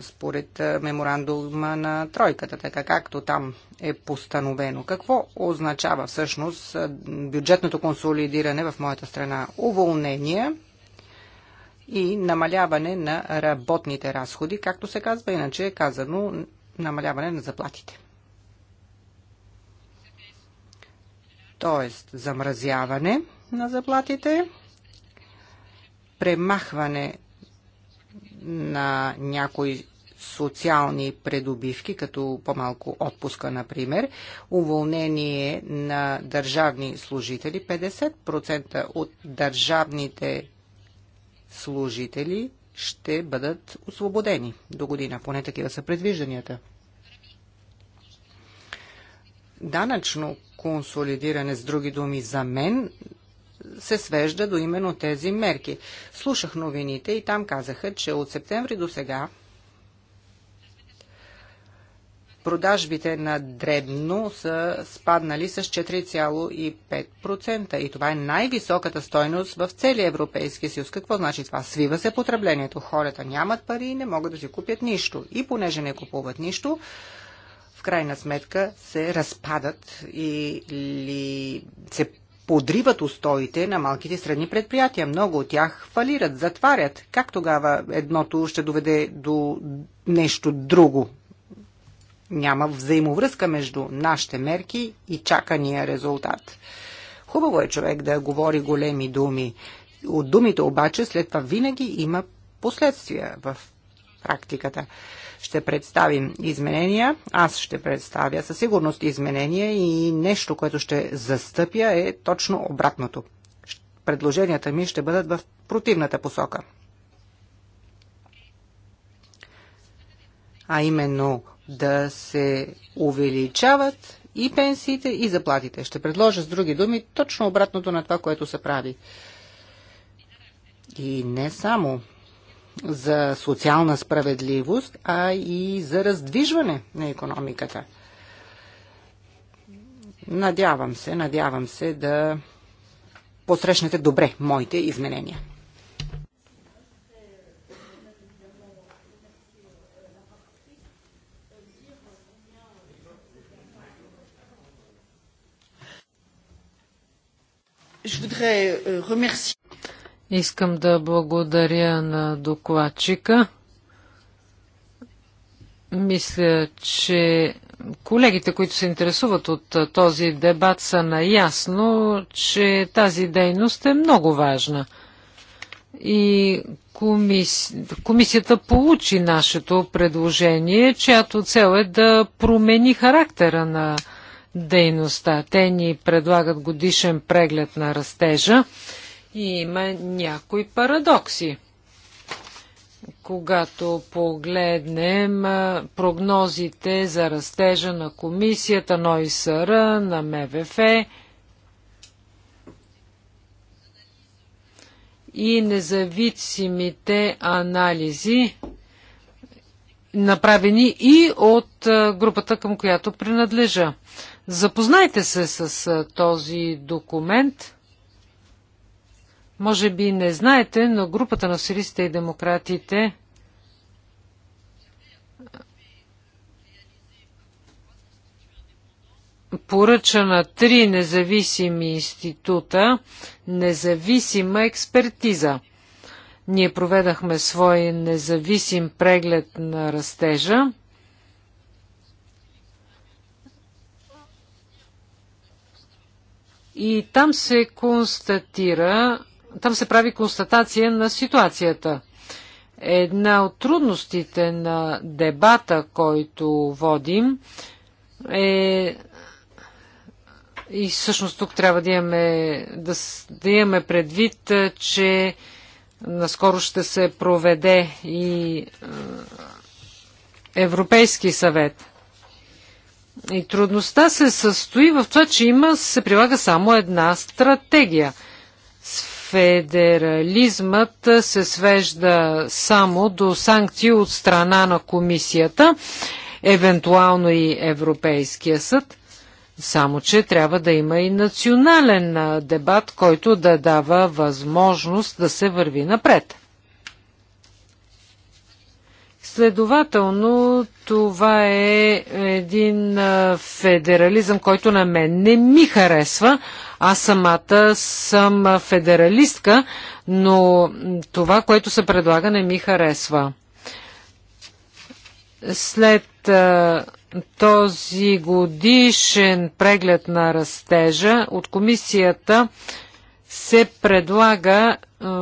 според меморандума на тройката, така както там е постановено. Какво означава всъщност бюджетното консолидиране в моята страна? Уволнение и намаляване на работните разходи, както се казва, иначе е казано намаляване на заплатите. Тоест замразяване на заплатите, премахване на някои социални предобивки, като по-малко отпуска, например, уволнение на държавни служители. 50% от държавните служители ще бъдат освободени до година. Поне такива са предвижданията. Данъчно консолидиране, с други думи, за мен се свежда до именно тези мерки. Слушах новините и там казаха, че от септември до сега продажбите на дребно са спаднали с 4,5%. И това е най-високата стойност в целия Европейски съюз. Какво значи това? Свива се потреблението. Хората нямат пари и не могат да си купят нищо. И понеже не купуват нищо, в крайна сметка се разпадат или се подриват устоите на малките и средни предприятия. Много от тях фалират, затварят. Как тогава едното ще доведе до нещо друго? Няма взаимовръзка между нашите мерки и чакания резултат. Хубаво е човек да говори големи думи. От думите обаче след това винаги има последствия в практиката. Ще представим изменения. Аз ще представя със сигурност изменения и нещо, което ще застъпя е точно обратното. Предложенията ми ще бъдат в противната посока. А именно да се увеличават и пенсиите, и заплатите. Ще предложа с други думи точно обратното на това, което се прави. И не само за социална справедливост, а и за раздвижване на економиката. Надявам се, надявам се да посрещнете добре моите изменения. Je voudrais euh, remercier Искам да благодаря на докладчика. Мисля, че колегите, които се интересуват от този дебат, са наясно, че тази дейност е много важна. И комис... комисията получи нашето предложение, чиято цел е да промени характера на дейността. Те ни предлагат годишен преглед на растежа и има някои парадокси. Когато погледнем прогнозите за растежа на комисията, на ОИСР, на МВФ, и независимите анализи, направени и от групата, към която принадлежа. Запознайте се с този документ. Може би не знаете, но групата на сирийците и демократите поръча на три независими института независима експертиза. Ние проведахме свой независим преглед на растежа. И там се констатира, там се прави констатация на ситуацията. Една от трудностите на дебата, който водим, е и всъщност тук трябва да имаме, да, да имаме предвид, е, че наскоро ще се проведе и е, Европейски съвет. И трудността се състои в това, че има, се прилага само една стратегия – федерализмът се свежда само до санкции от страна на комисията, евентуално и Европейския съд. Само, че трябва да има и национален дебат, който да дава възможност да се върви напред. Следователно, това е един федерализъм, който на мен не ми харесва. Аз самата съм федералистка, но това, което се предлага, не ми харесва. След този годишен преглед на растежа от комисията се предлага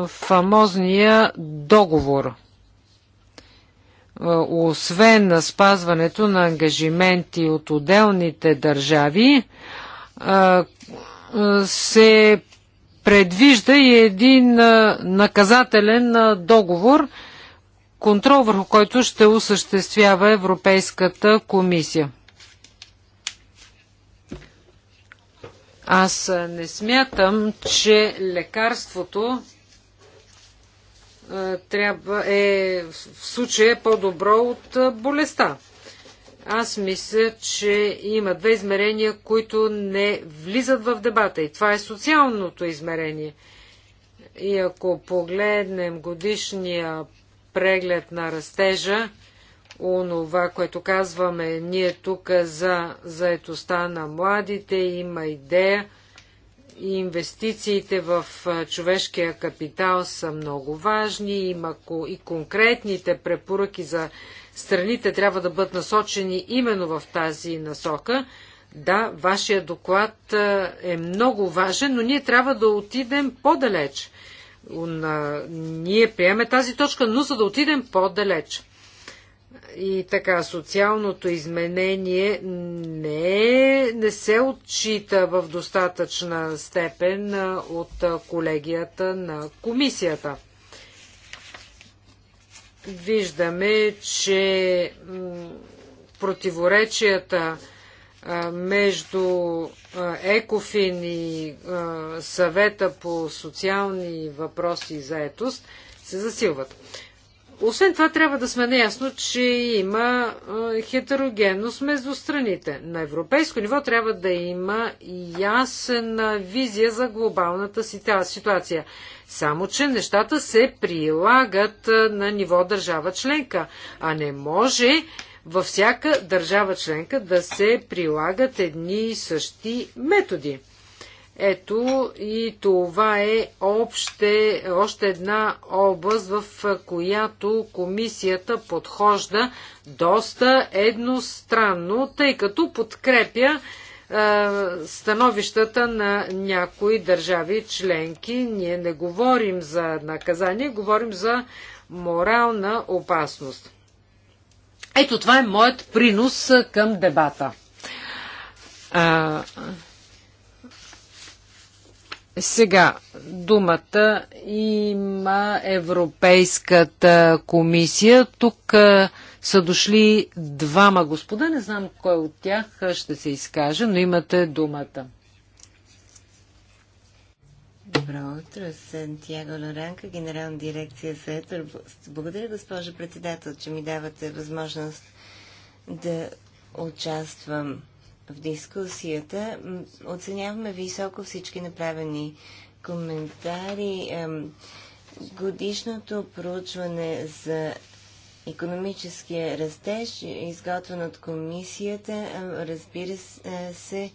фамозния договор – е, освен на спазването на ангажименти от отделните държави, е, се предвижда и един е, наказателен договор, контрол върху който ще осъществява Европейската комисия. Аз не смятам, че лекарството трябва, е в случая по-добро от болестта. Аз мисля, че има две измерения, които не влизат в дебата. И това е социалното измерение. И ако погледнем годишния преглед на растежа, онова, което казваме ние тук за заетостта на младите, има идея – инвестициите в човешкия капитал са много важни. Има и конкретните препоръки за страните трябва да бъдат насочени именно в тази насока. Да, вашия доклад е много важен, но ние трябва да отидем по-далеч. Ние приеме тази точка, но за да отидем по-далеч. И така, социалното изменение не, не се отчита в достатъчна степен от колегията на комисията. Виждаме, че противоречията между Екофин и съвета по социални въпроси и заетост се засилват. Освен това, трябва да сме наясно, че има хетерогенност между страните. На европейско ниво трябва да има ясна визия за глобалната ситуация. Само, че нещата се прилагат на ниво държава членка, а не може във всяка държава членка да се прилагат едни и същи методи. Ето и това е още, още една област, в която комисията подхожда доста едностранно, тъй като подкрепя е, становищата на някои държави членки. Ние не говорим за наказание, говорим за морална опасност. Ето това е моят принос към дебата. А, сега думата има Европейската комисия. Тук са дошли двама господа. Не знам кой от тях ще се изкаже, но имате думата. Добро утро, Сантьяго Лоранка, генерална дирекция Сетър. Благодаря, госпожа председател, че ми давате възможност да участвам в дискусията. Оценяваме високо всички направени коментари. Годишното проучване за економическия растеж, изготвен от комисията, разбира се,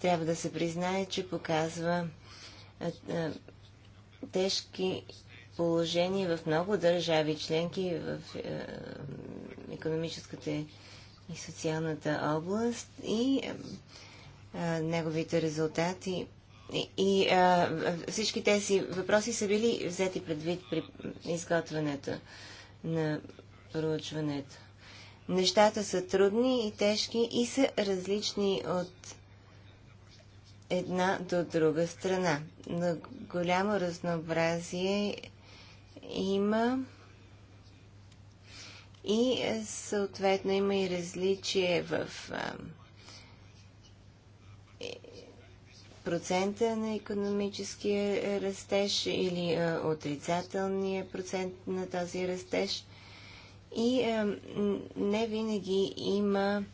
трябва да се признае, че показва тежки положения в много държави членки в економическата и социалната област и а, неговите резултати. И, и а, всички тези въпроси са били взети предвид при изготвянето на проучването. Нещата са трудни и тежки и са различни от една до друга страна. На голямо разнообразие има и е, съответно има и различие в е, процента на економическия растеж или а, отрицателния процент на този растеж. И а, не винаги има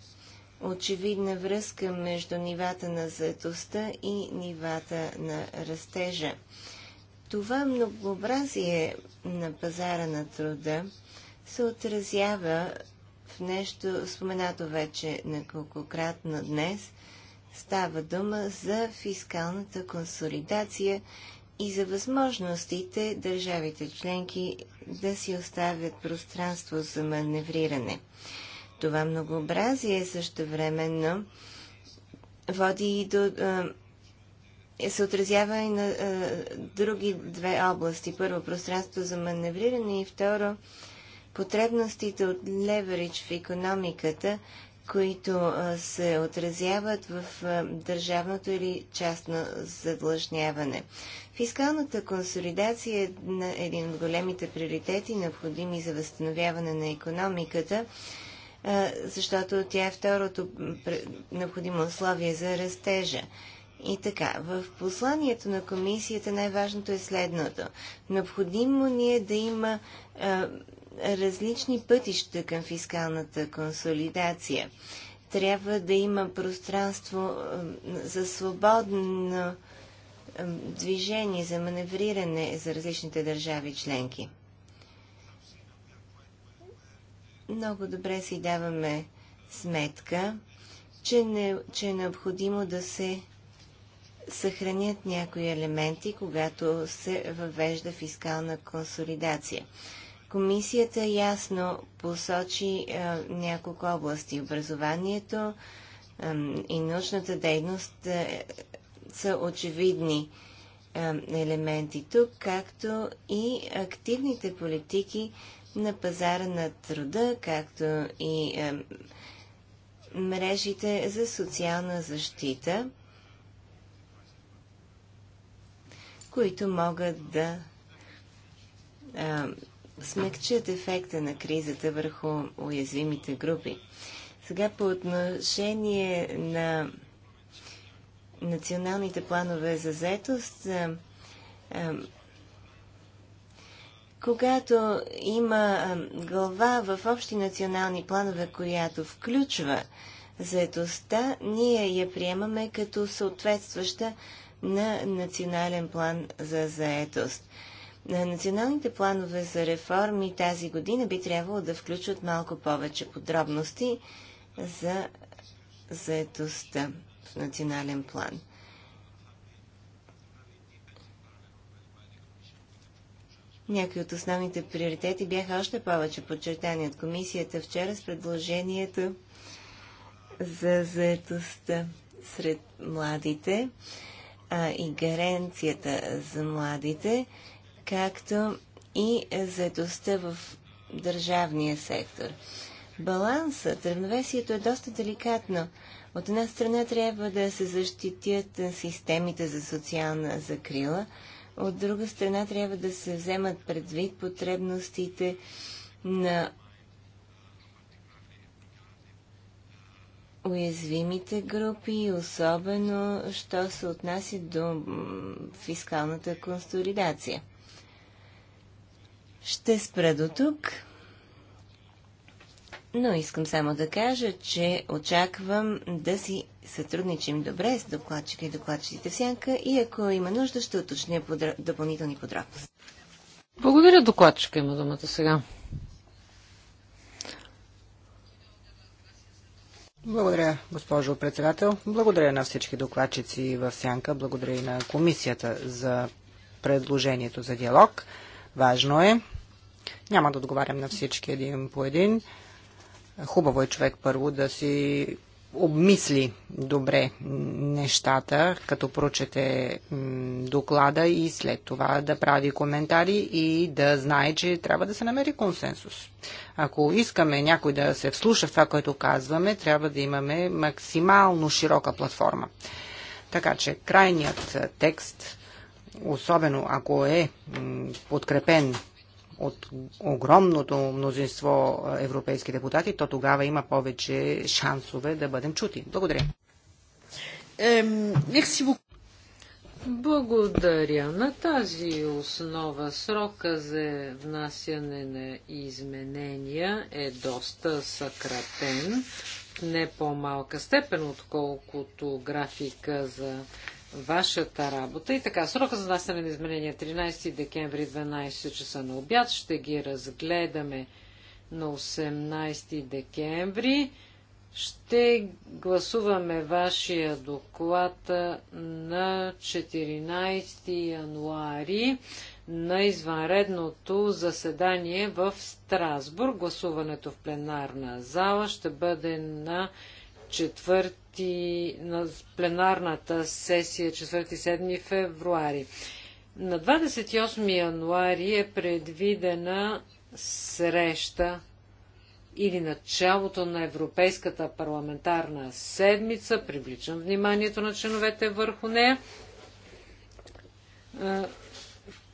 очевидна връзка между нивата на заетостта и нивата на растежа. Това многообразие на пазара на труда се отразява в нещо споменато вече неколкократно днес. Става дума за фискалната консолидация и за възможностите държавите членки да си оставят пространство за маневриране. Това многообразие също времено води и до. се отразява и на други две области. Първо, пространство за маневриране и второ, потребностите от леверидж в економиката, които се отразяват в държавното или частно задлъжняване. Фискалната консолидация е един от големите приоритети, необходими за възстановяване на економиката, защото тя е второто необходимо условие за растежа. И така, в посланието на комисията най-важното е следното. Необходимо ни е да има различни пътища към фискалната консолидация. Трябва да има пространство за свободно движение, за маневриране за различните държави членки. Много добре си даваме сметка, че, не, че е необходимо да се съхранят някои елементи, когато се въвежда фискална консолидация. Комисията ясно посочи а, е, няколко области. Образованието а, и научната дейност а, е, са очевидни а, елементи тук, както и активните политики на пазара на труда, както и а, мрежите за социална защита, които могат да а, смекчат ефекта на кризата върху уязвимите групи. Сега по отношение на националните планове за заетост, когато има глава в общи национални планове, която включва заетостта, ние я приемаме като съответстваща на национален план за заетост. Националните планове за реформи тази година би трябвало да включват малко повече подробности за заетостта в национален план. Някои от основните приоритети бяха още повече подчертани от комисията вчера с предложението за заетостта сред младите а, и гаренцията за младите както и заедостта в държавния сектор. Балансът, равновесието е доста деликатно. От една страна трябва да се защитят системите за социална закрила, от друга страна трябва да се вземат предвид потребностите на уязвимите групи, особено що се отнася до фискалната консолидация. Ще спра до тук, но искам само да кажа, че очаквам да си сътрудничим добре с докладчика и докладчиците в сянка и ако има нужда, ще уточня подра... допълнителни подробности. Благодаря, докладчика има думата сега. Благодаря, госпожо председател. Благодаря на всички докладчици в Сянка. Благодаря и на комисията за предложението за диалог. Важно е няма да отговарям на всички един по един. Хубаво е човек първо да си обмисли добре нещата, като прочете доклада и след това да прави коментари и да знае, че трябва да се намери консенсус. Ако искаме някой да се вслуша в това, което казваме, трябва да имаме максимално широка платформа. Така че крайният текст, особено ако е подкрепен от огромното мнозинство европейски депутати, то тогава има повече шансове да бъдем чути. Благодаря. Благодаря. На тази основа срока за внасяне на изменения е доста съкратен, не по-малка степен, отколкото графика за вашата работа. И така, срока за внасяне на изменения 13 е декември 12 часа на обяд. Ще ги разгледаме на 18 декември. Ще гласуваме вашия доклад на 14 януари на извънредното заседание в Страсбург. Гласуването в пленарна зала ще бъде на четвърти, на пленарната сесия 4-7 февруари. На 28 януари е предвидена среща или началото на Европейската парламентарна седмица. Привличам вниманието на членовете върху нея.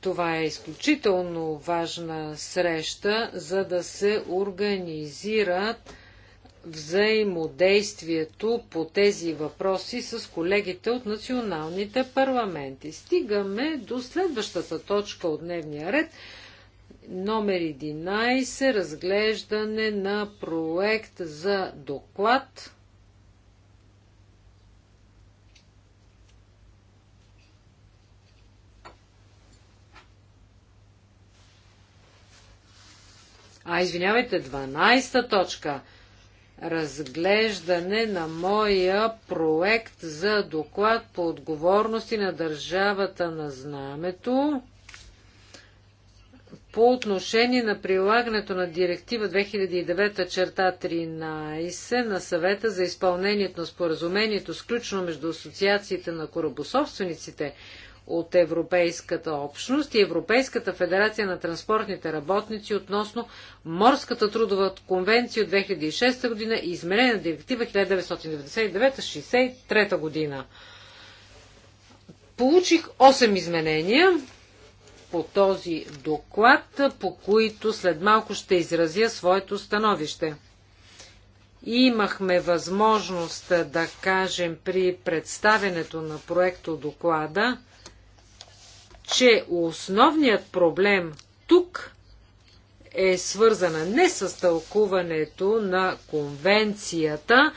Това е изключително важна среща, за да се организират взаимодействието по тези въпроси с колегите от националните парламенти. Стигаме до следващата точка от дневния ред, номер 11, разглеждане на проект за доклад. А, извинявайте, 12-та точка – разглеждане на моя проект за доклад по отговорности на държавата на знамето по отношение на прилагането на директива 2009 черта 13 на съвета за изпълнението на споразумението, сключено между асоциациите на корабособствениците от Европейската общност и Европейската федерация на транспортните работници относно Морската трудова конвенция от 2006 година и изменение на директива 1999-63 година. Получих 8 изменения по този доклад, по които след малко ще изразя своето становище имахме възможност да кажем при представенето на проекто доклада че основният проблем тук е свързана не с тълкуването на конвенцията,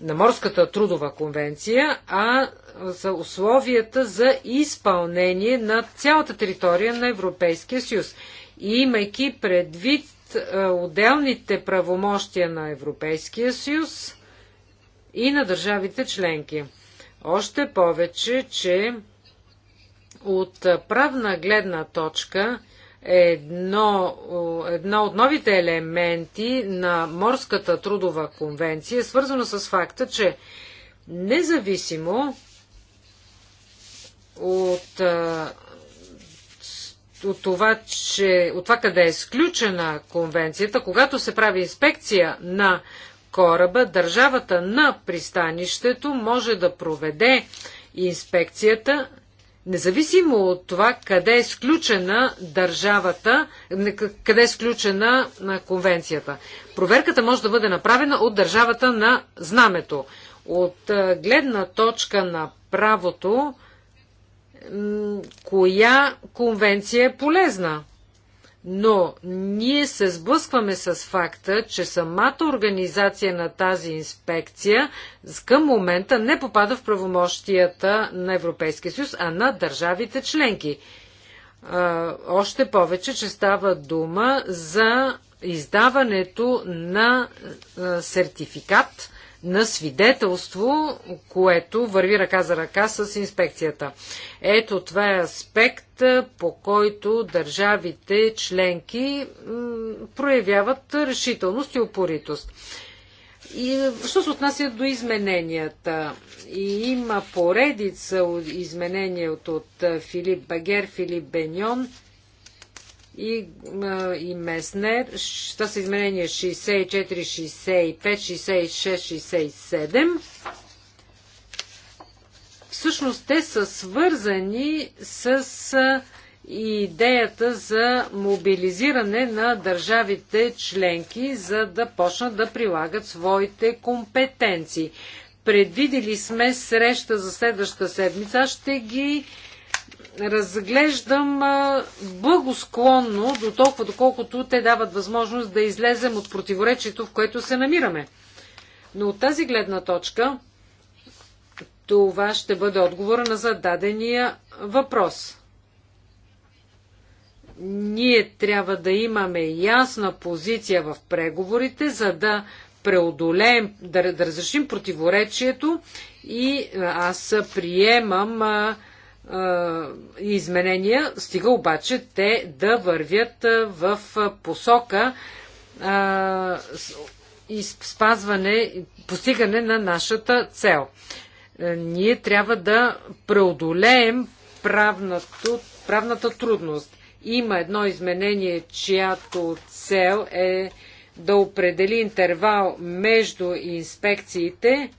на морската трудова конвенция, а за условията за изпълнение на цялата територия на Европейския съюз. И имайки предвид е, отделните правомощия на Европейския съюз и на държавите членки. Още повече, че от правна гледна точка, едно, едно от новите елементи на Морската трудова конвенция е свързано с факта, че независимо от, от това, че, от това къде е изключена конвенцията, когато се прави инспекция на кораба, държавата на пристанището може да проведе инспекцията Независимо от това къде е сключена държавата, къде е сключена на конвенцията. Проверката може да бъде направена от държавата на знамето. От гледна точка на правото, коя конвенция е полезна? Но ние се сблъскваме с факта, че самата организация на тази инспекция към момента не попада в правомощията на Европейския съюз, а на държавите членки. Още повече, че става дума за издаването на сертификат на свидетелство, което върви ръка за ръка с инспекцията. Ето това е аспект, по който държавите членки проявяват решителност и упоритост. И що се отнася до измененията? И има поредица от изменения от, от Филип Багер, Филип Беньон, и, и Меснер. Това са изменения 64, 65, 66, 67. Всъщност те са свързани с идеята за мобилизиране на държавите членки, за да почнат да прилагат своите компетенции. Предвидели сме среща за следващата седмица. Ще ги разглеждам благосклонно до толкова, доколкото те дават възможност да излезем от противоречието, в което се намираме. Но от тази гледна точка, това ще бъде отговора на зададения въпрос. Ние трябва да имаме ясна позиция в преговорите, за да преодолеем, да, да разрешим противоречието и аз приемам и изменения, стига обаче те да вървят в посока и спазване, постигане на нашата цел. Е, ние трябва да преодолеем правнато, правната трудност. Има едно изменение, чиято цел е да определи интервал между инспекциите.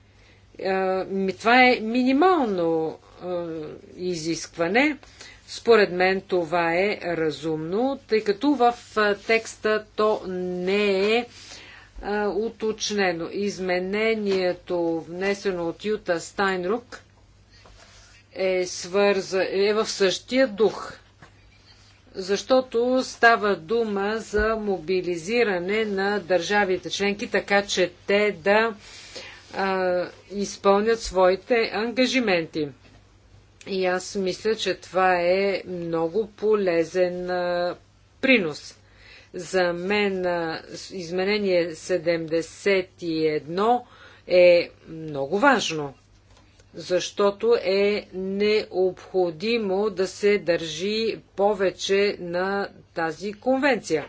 Е, това е минимално е, изискване. Според мен това е разумно, тъй като в е, текста то не е, е уточнено. Изменението, внесено от Юта Стайнрук, е, свърза, е в същия дух, защото става дума за мобилизиране на държавите членки, така че те да а, изпълнят своите ангажименти. И аз мисля, че това е много полезен а, принос. За мен а, изменение 71 е много важно, защото е необходимо да се държи повече на тази конвенция.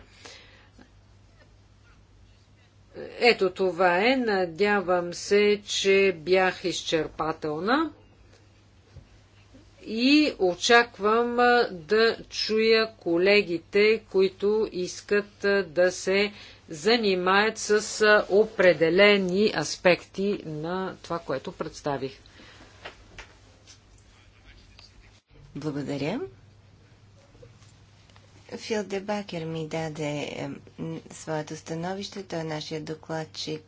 Ето това е. Надявам се, че бях изчерпателна и очаквам да чуя колегите, които искат да се занимаят с определени аспекти на това, което представих. Благодаря. Фил Дебакер ми даде своето становище. Той е нашия докладчик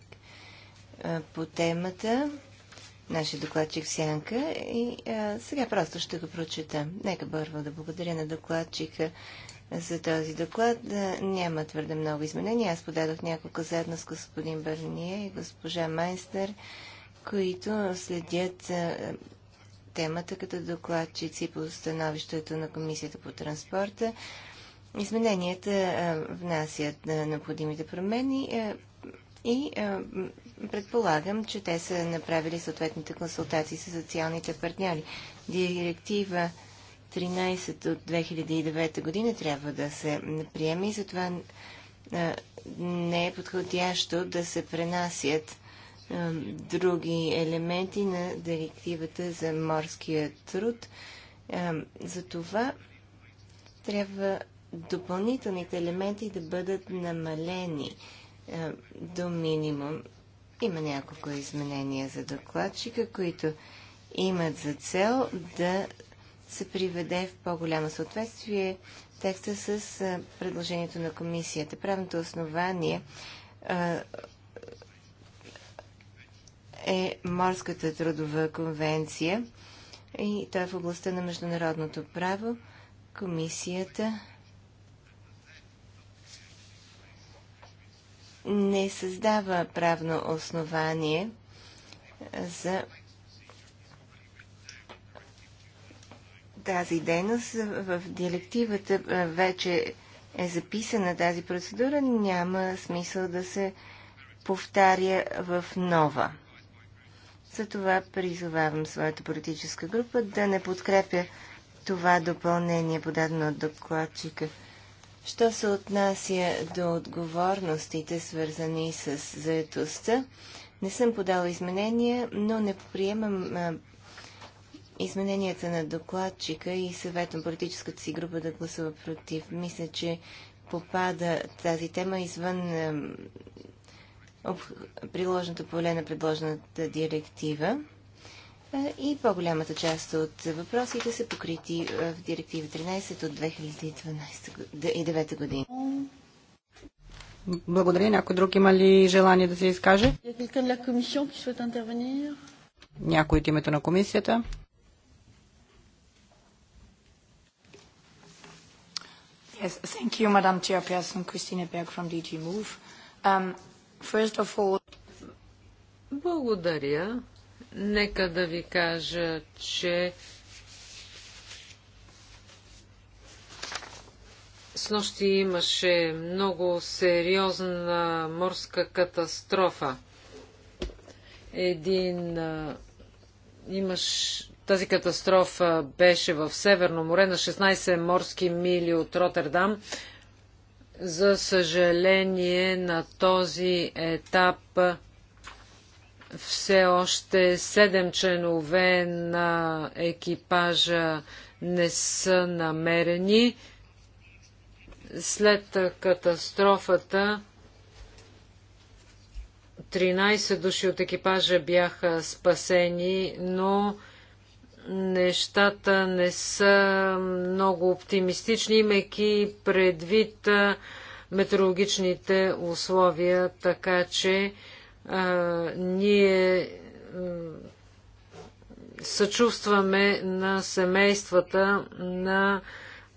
по темата нашия докладчик Сянка и а, сега просто ще го прочета. Нека бърва да благодаря на докладчика за този доклад. Да, няма твърде много изменения. Аз подадох няколко заедно с господин Бърния и госпожа Майстер, които следят а, темата като докладчици по становището на Комисията по транспорта. Измененията а, внасят а, необходимите промени а, и а, предполагам, че те са направили съответните консултации с социалните партньори. Директива 13 от 2009 година трябва да се приеме и затова не е подходящо да се пренасят други елементи на директивата за морския труд. затова трябва допълнителните елементи да бъдат намалени до минимум, има няколко изменения за докладчика, които имат за цел да се приведе в по-голямо съответствие текста с предложението на комисията. Правното основание е Морската трудова конвенция и той е в областта на международното право. Комисията не създава правно основание за тази дейност. В директивата вече е записана тази процедура, няма смисъл да се повтаря в нова. Затова призовавам своята политическа група да не подкрепя това допълнение, подадено от докладчика. Що се отнася до отговорностите, свързани с заедостта, не съм подала изменения, но не приемам измененията на докладчика и съветвам политическата си група да гласува против. Мисля, че попада тази тема извън а, приложното поле на предложената директива. Е, и по-голямата част от въпросите са покрити е, в директива 13 от 2009 година. Благодаря. Някой друг има ли желание да се изкаже? Някой от името на комисията? Yes, thank you, Madam Chairperson Christina Berg from DG Move. Um, first of all... Благодаря. Нека да ви кажа, че с нощи имаше много сериозна морска катастрофа. Един имаш... Тази катастрофа беше в Северно море на 16 морски мили от Роттердам. За съжаление на този етап все още седем членове на екипажа не са намерени. След катастрофата 13 души от екипажа бяха спасени, но нещата не са много оптимистични, имайки предвид метеорологичните условия, така че ние съчувстваме на семействата на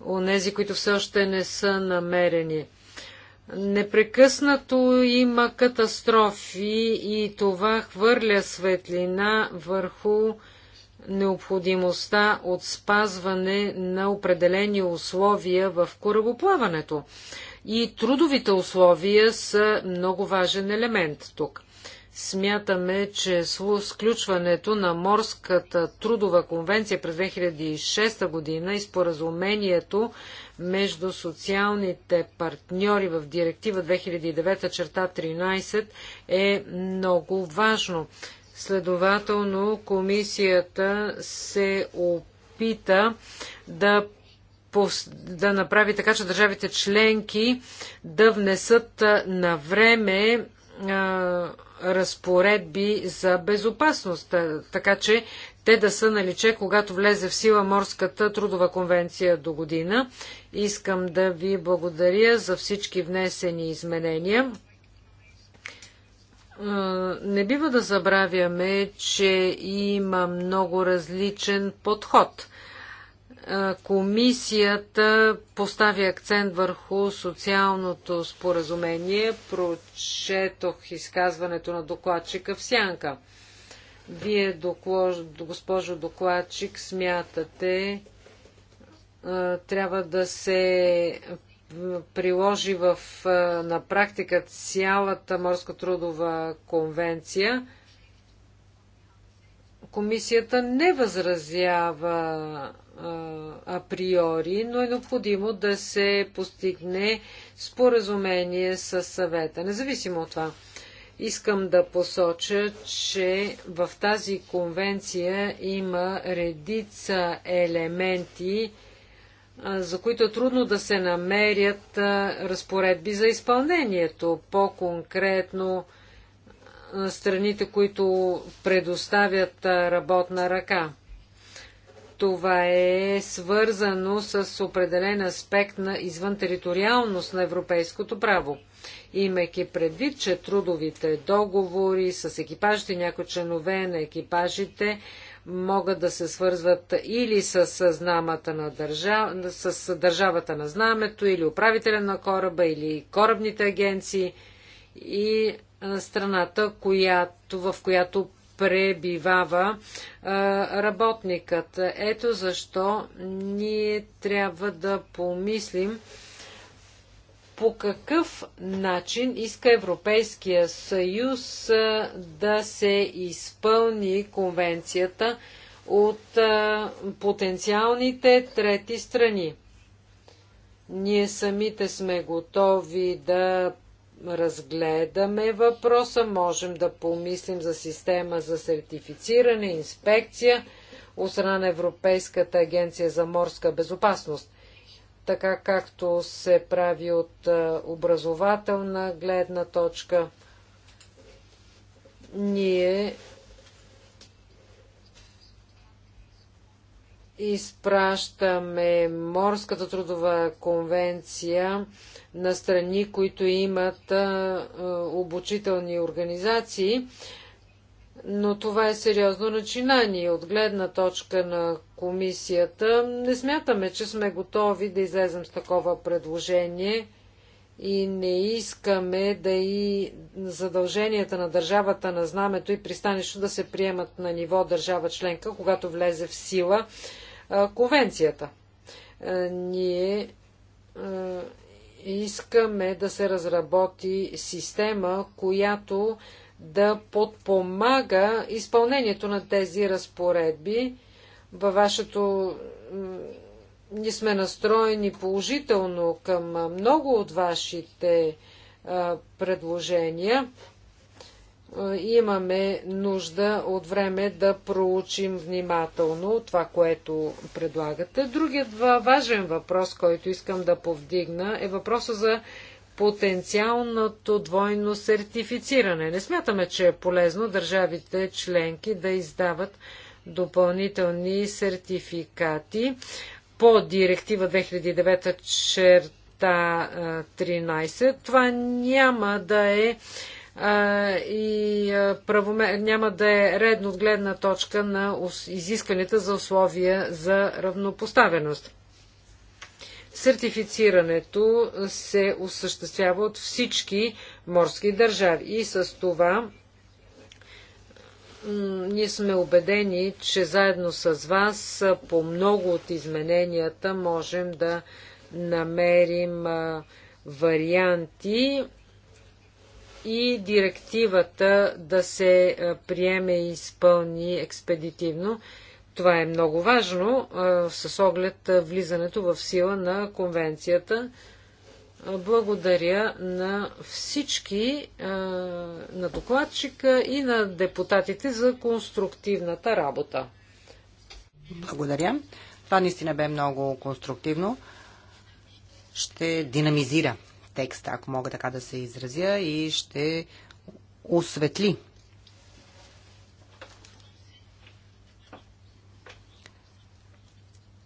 онези, които все още не са намерени. Непрекъснато има катастрофи и това хвърля светлина върху необходимостта от спазване на определени условия в корабоплаването. И трудовите условия са много важен елемент тук. Смятаме, че сключването на Морската трудова конвенция през 2006 година и споразумението между социалните партньори в директива 2009 черта 13 е много важно. Следователно, комисията се опита да да направи така, че държавите членки да внесат на време разпоредби за безопасност, така че те да са наличе, когато влезе в сила Морската трудова конвенция до година. Искам да ви благодаря за всички внесени изменения. Не бива да забравяме, че има много различен подход – Комисията постави акцент върху социалното споразумение. Прочетох изказването на докладчика в Сянка. Вие, госпожо докладчик, смятате, трябва да се приложи в, на практика цялата морска трудова конвенция. Комисията не възразява априори, но е необходимо да се постигне споразумение с съвета. Независимо от това, искам да посоча, че в тази конвенция има редица елементи, за които е трудно да се намерят разпоредби за изпълнението. По-конкретно, страните, които предоставят работна ръка това е свързано с определен аспект на извънтериториалност на европейското право. Имайки предвид, че трудовите договори с екипажите, някои членове на екипажите могат да се свързват или с, знамата на държа... с държавата на знамето, или управителя на кораба, или корабните агенции и страната, която, в която пребивава работникът. Ето защо ние трябва да помислим по какъв начин иска Европейския съюз да се изпълни конвенцията от потенциалните трети страни. Ние самите сме готови да разгледаме въпроса, можем да помислим за система за сертифициране, инспекция от страна на Европейската агенция за морска безопасност, така както се прави от образователна гледна точка. Ние изпращаме морската трудова конвенция на страни, които имат обучителни организации, но това е сериозно начинание. От гледна точка на комисията не смятаме, че сме готови да излезем с такова предложение и не искаме да и задълженията на държавата на знамето и пристанището да се приемат на ниво държава членка, когато влезе в сила конвенцията. Ние искаме да се разработи система, която да подпомага изпълнението на тези разпоредби. Във вашето ние сме настроени положително към много от вашите предложения. Е, имаме нужда от време да проучим внимателно това, което предлагате. Другият важен въпрос, който искам да повдигна, е въпроса за потенциалното двойно сертифициране. Не смятаме, че е полезно държавите членки да издават допълнителни сертификати по директива 2009 черта 13. Това няма да е и правомер... няма да е редно от гледна точка на изискванията за условия за равнопоставеност. Сертифицирането се осъществява от всички морски държави и с това ние сме убедени, че заедно с вас по много от измененията можем да намерим варианти и директивата да се приеме и изпълни експедитивно. Това е много важно с оглед влизането в сила на конвенцията. Благодаря на всички, на докладчика и на депутатите за конструктивната работа. Благодаря. Това наистина бе много конструктивно. Ще динамизира текста, ако мога така да се изразя, и ще осветли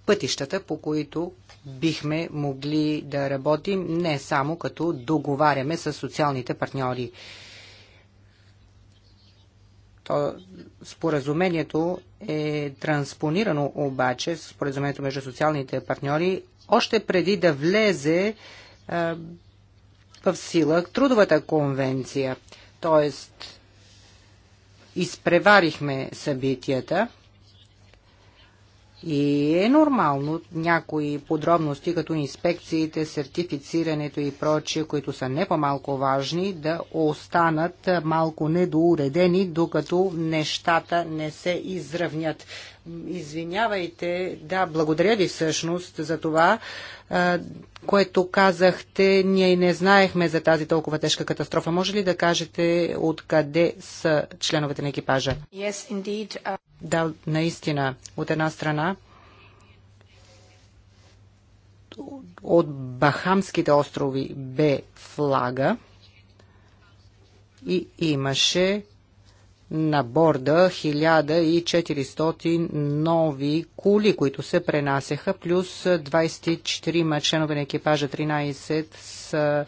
пътищата, по които бихме могли да работим не само като договаряме с социалните партньори. То, споразумението е транспонирано обаче, споразумението между социалните партньори, още преди да влезе в сила трудовата конвенция. Тоест, изпреварихме събитията и е нормално някои подробности, като инспекциите, сертифицирането и прочие, които са не по-малко важни, да останат малко недоуредени, докато нещата не се изравнят. Извинявайте, да, благодаря ви всъщност за това което казахте, ние не знаехме за тази толкова тежка катастрофа. Може ли да кажете откъде са членовете на екипажа? Yes, indeed. Uh, да, наистина, от една страна, от Бахамските острови бе флага и имаше на борда 1400 нови кули, които се пренасеха, плюс 24 членове на екипажа, 13 са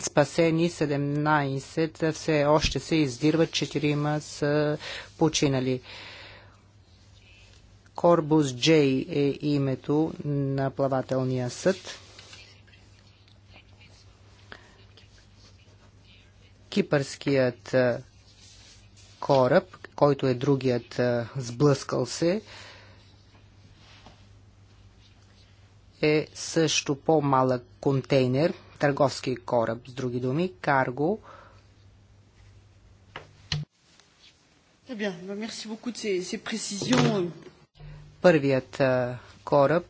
спасени 17, все още се издирват, 4 са починали. Корбус Джей е името на плавателния съд. Кипърският кораб, който е другият сблъскал се, е също по-малък контейнер, търговски кораб, с други думи, карго. Eh euh. Първият кораб,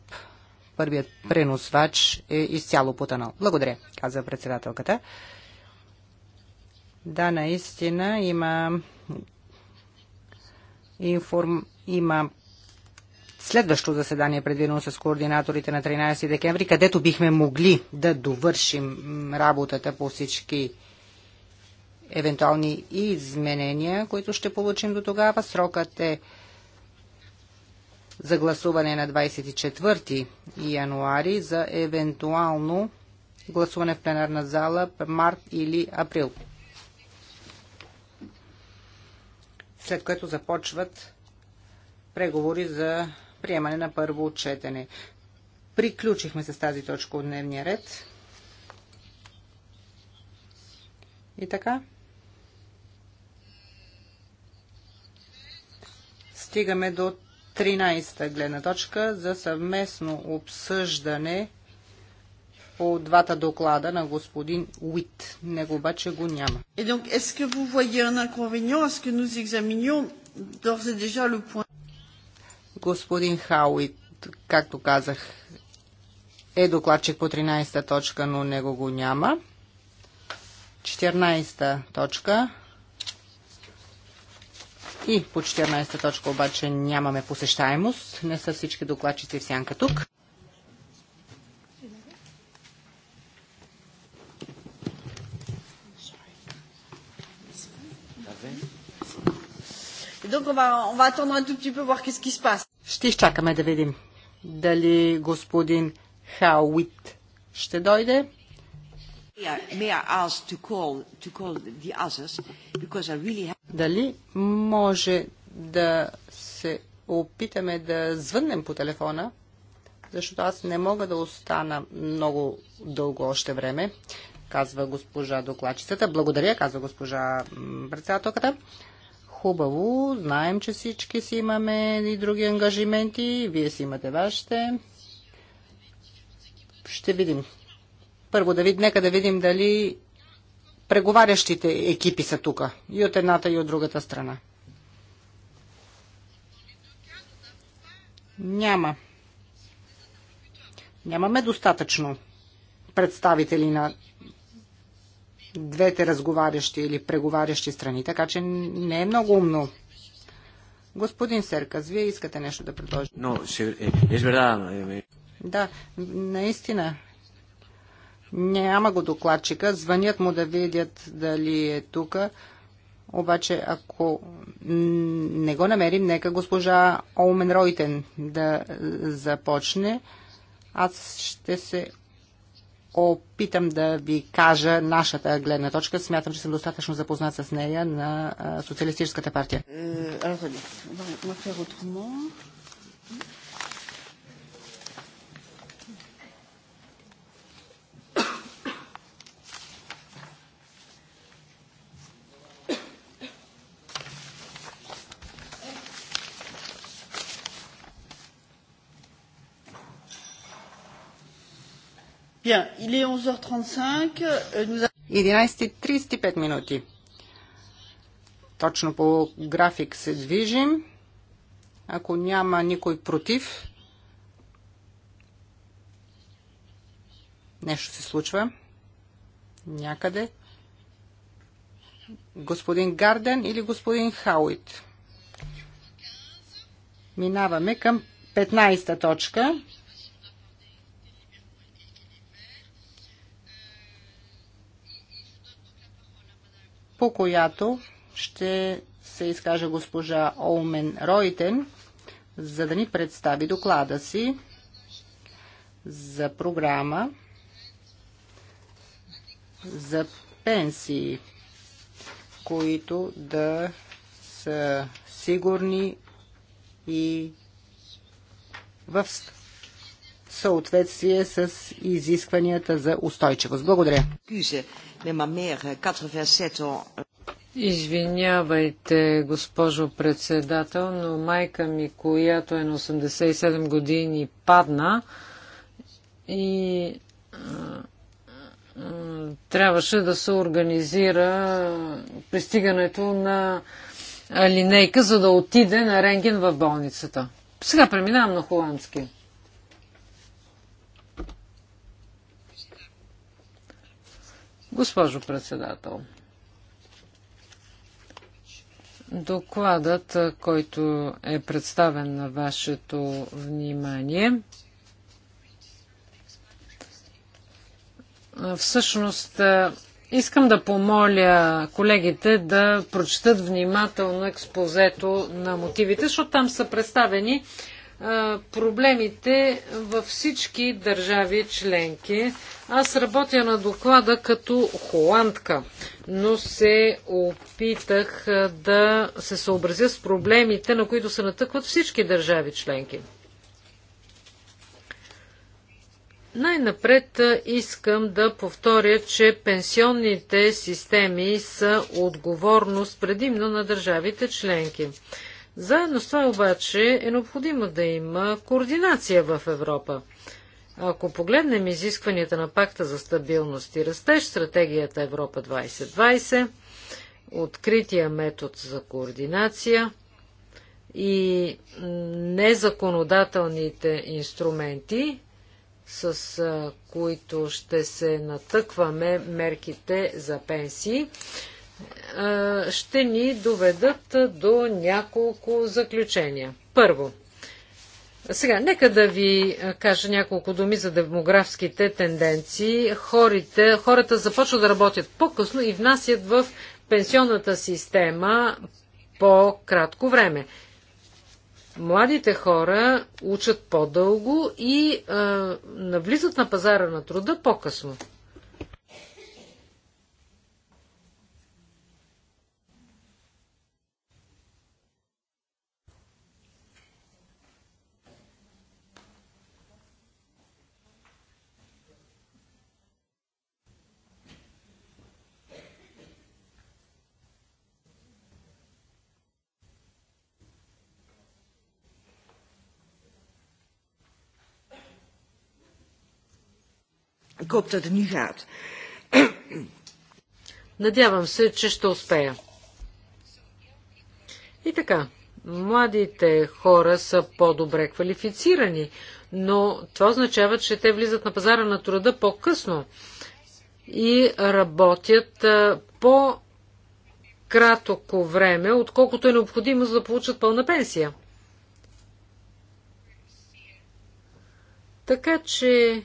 първият преносвач е изцяло потънал. Благодаря, каза председателката. Да, наистина има, информ... има следващо заседание, предвидено с координаторите на 13 декември, където бихме могли да довършим работата по всички евентуални изменения, които ще получим до тогава. Срокът е за гласуване на 24 януари за евентуално гласуване в пленарна зала март или април. след което започват преговори за приемане на първо отчетене. Приключихме с тази точка от дневния ред. И така. Стигаме до 13-та гледна точка за съвместно обсъждане по двата доклада на господин Уит. Него обаче го няма. donc, est-ce que vous voyez un inconvénient à ce que nous examinions d'ores et déjà le point? Господин Хауит, както казах, е докладчик по 13-та точка, но него го няма. 14-та точка. И по 14-та точка обаче нямаме посещаемост. Не са всички докладчици в сянка тук. donc on va, on va attendre un tout petit peu voir qu'est-ce qui se passe. Ще изчакаме да видим дали господин Хауит ще дойде. Дали може да се опитаме да звъннем по телефона, защото аз не мога да остана много дълго още време, казва госпожа докладчицата. Благодаря, казва госпожа председателката хубаво. Знаем, че всички си имаме и други ангажименти. Вие си имате вашите. Ще видим. Първо да вид, нека да видим дали преговарящите екипи са тук. И от едната, и от другата страна. Няма. Нямаме достатъчно представители на двете разговарящи или преговарящи страни, така че не е много умно. Господин Серкас, вие искате нещо да предложите? Е, е, е Но, е Да, наистина. Няма го докладчика. Звънят му да видят дали е тука. Обаче, ако не го намерим, нека госпожа Олмен Ройтен да започне. Аз ще се опитам да ви кажа нашата гледна точка. Смятам, че съм достатъчно запознат с нея на Социалистическата партия. 11 35 11.35 минути. Точно по график се движим. Ако няма никой против, нещо се случва някъде. Господин Гарден или господин Хауит? Минаваме към 15-та точка. по която ще се изкаже госпожа Олмен Ройтен, за да ни представи доклада си за програма за пенсии, които да са сигурни и в съответствие с изискванията за устойчивост. Благодаря. Извинявайте, госпожо председател, но майка ми, която е на 87 години, падна и трябваше да се организира пристигането на линейка, за да отиде на рентген в болницата. Сега преминавам на холандски. Госпожо председател, докладът, който е представен на вашето внимание, всъщност е, искам да помоля колегите да прочитат внимателно експозето на мотивите, защото там са представени проблемите във всички държави членки. Аз работя на доклада като холандка, но се опитах да се съобразя с проблемите, на които се натъкват всички държави членки. Най-напред искам да повторя, че пенсионните системи са отговорност предимно на държавите членки. Заедно с това обаче е необходимо да има координация в Европа. Ако погледнем изискванията на пакта за стабилност и растеж, стратегията Европа 2020, открития метод за координация и незаконодателните инструменти, с които ще се натъкваме мерките за пенсии, ще ни доведат до няколко заключения. Първо, сега, нека да ви кажа няколко думи за демографските тенденции. Хорите, хората започват да работят по-късно и внасят в пенсионната система по-кратко време. Младите хора учат по-дълго и а, навлизат на пазара на труда по-късно. Ik hoop dat het nu gaat. Надявам се, че ще успея. И така, младите хора са по-добре квалифицирани, но това означава, че те влизат на пазара на труда по-късно и работят по-кратко време, отколкото е необходимо за да получат пълна пенсия. Така че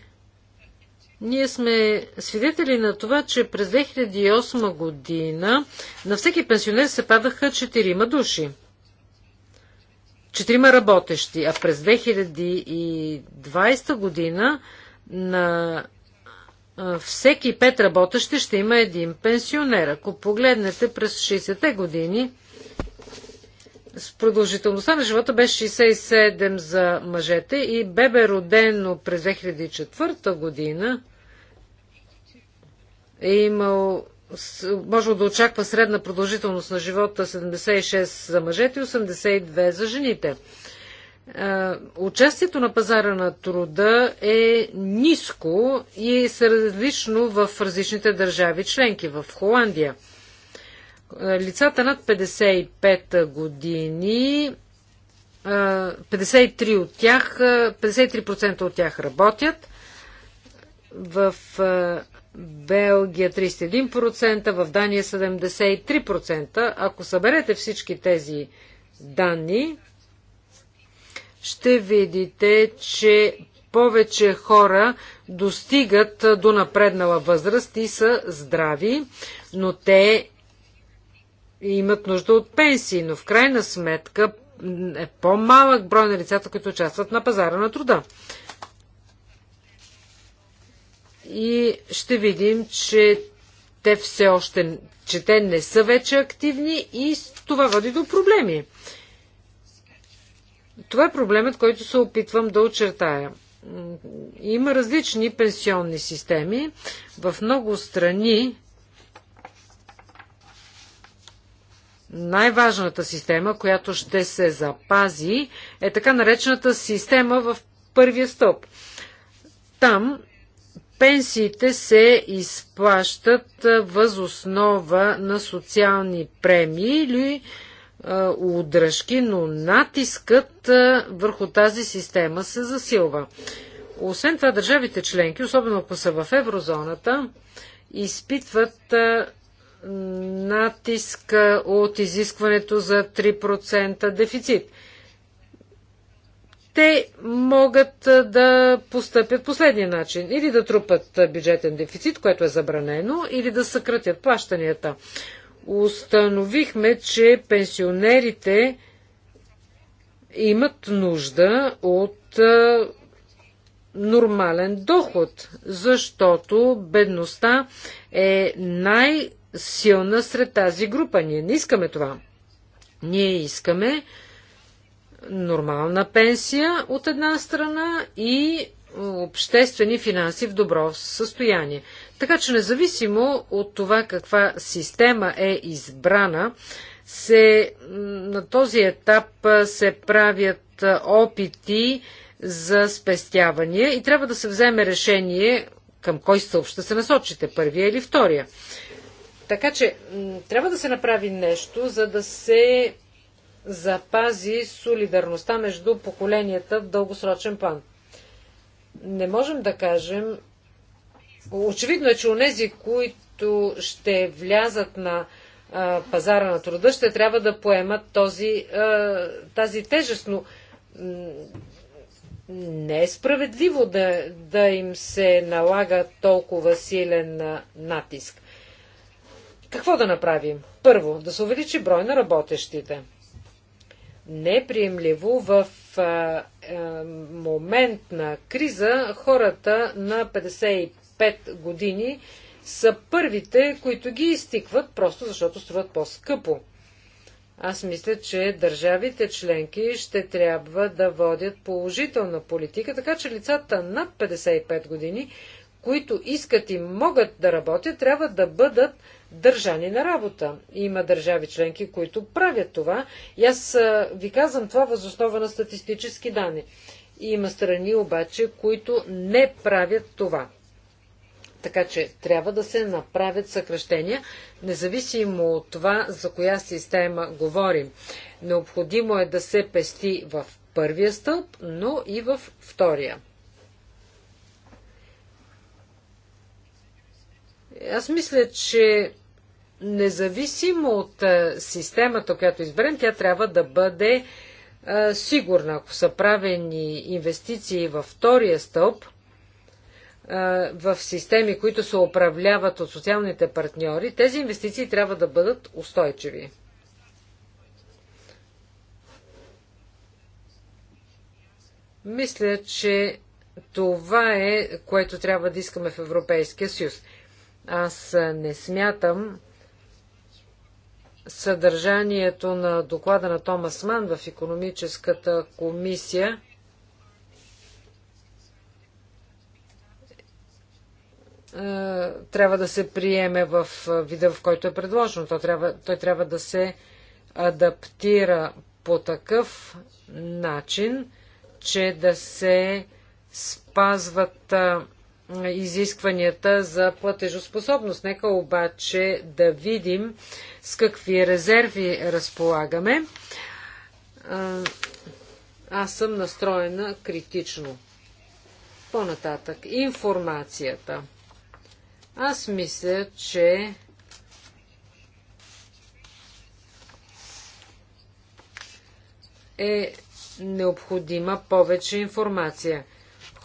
ние сме свидетели на това, че през 2008 година на всеки пенсионер се падаха 4 души. 4 работещи, а през 2020 година на всеки пет работещи ще има един пенсионер. Ако погледнете през 60-те години, продължителността на живота беше 67 за мъжете и бебе родено през 2004 година е имал може да очаква средна продължителност на живота 76 за мъжете и 82 за жените. Е, участието на пазара на труда е ниско и е различно в различните държави членки. В Холандия – Лицата над 55 години, 53 от тях, 53% от тях работят. В Белгия 31%, в Дания 73%. Ако съберете всички тези данни, ще видите, че повече хора достигат до напреднала възраст и са здрави, но те имат нужда от пенсии, но в крайна сметка е по-малък брой на лицата, които участват на пазара на труда. И ще видим, че те все още, че те не са вече активни и това води до проблеми. Това е проблемът, който се опитвам да очертая. Има различни пенсионни системи. В много страни най-важната система, която ще се запази, е така наречената система в първия стълб. Там пенсиите се изплащат възоснова на социални премии или удръжки, но натискът върху тази система се засилва. Освен това, държавите членки, особено ако са в еврозоната, изпитват натиск от изискването за 3% дефицит. Те могат да постъпят последния начин. Или да трупат бюджетен дефицит, което е забранено, или да съкратят плащанията. Установихме, че пенсионерите имат нужда от нормален доход, защото бедността е най- силна сред тази група. Ние не искаме това. Ние искаме нормална пенсия от една страна и обществени финанси в добро състояние. Така че независимо от това каква система е избрана, се, на този етап се правят опити за спестявания и трябва да се вземе решение към кой стълб ще се насочите, първия или втория. Така че трябва да се направи нещо, за да се запази солидарността между поколенията в дългосрочен план. Не можем да кажем. Очевидно е, че онези, които ще влязат на а, пазара на труда, ще трябва да поемат този, а, тази тежест, но не е справедливо да, да им се налага толкова силен натиск. Какво да направим? Първо, да се увеличи брой на работещите. Неприемливо, в а, а, е, момент на криза хората на 55 години са първите, които ги изтикват, просто защото струват по-скъпо. Аз мисля, че държавите членки ще трябва да водят положителна политика, така че лицата над 55 години, които искат и могат да работят, трябва да бъдат държани на работа. Има държави членки, които правят това. И аз ви казвам това възоснова на статистически данни. Има страни обаче, които не правят това. Така че трябва да се направят съкръщения, независимо от това, за коя система говорим. Необходимо е да се пести в първия стълб, но и в втория. Аз мисля, че независимо от системата, която изберем, тя трябва да бъде сигурна. Ако са правени инвестиции във втория стълб, в системи, които се управляват от социалните партньори, тези инвестиции трябва да бъдат устойчиви. Мисля, че това е, което трябва да искаме в Европейския съюз. Аз не смятам съдържанието на доклада на Томас Ман в економическата комисия е, трябва да се приеме в вида, в който е предложено. Той трябва, той трябва да се адаптира по такъв начин, че да се спазват е, изискванията за платежоспособност. Нека обаче да видим с какви резерви разполагаме. Аз съм настроена критично. По-нататък, информацията. Аз мисля, че е необходима повече информация –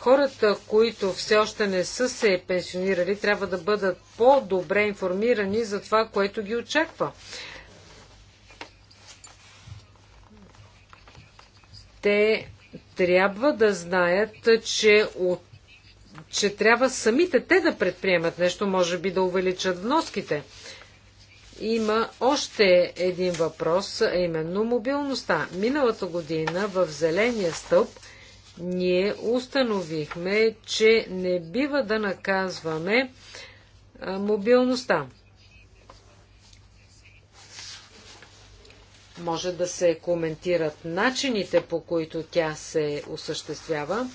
Хората, които все още не са се пенсионирали, трябва да бъдат по-добре информирани за това, което ги очаква. Те трябва да знаят, че от че трябва самите те да предприемат нещо, може би да увеличат вноските. Има още един въпрос, а именно мобилността. Миналата година в Зеления стълб – ние установихме, че не бива да наказваме мобилността. Може да се коментират начините, по които тя се осъществява,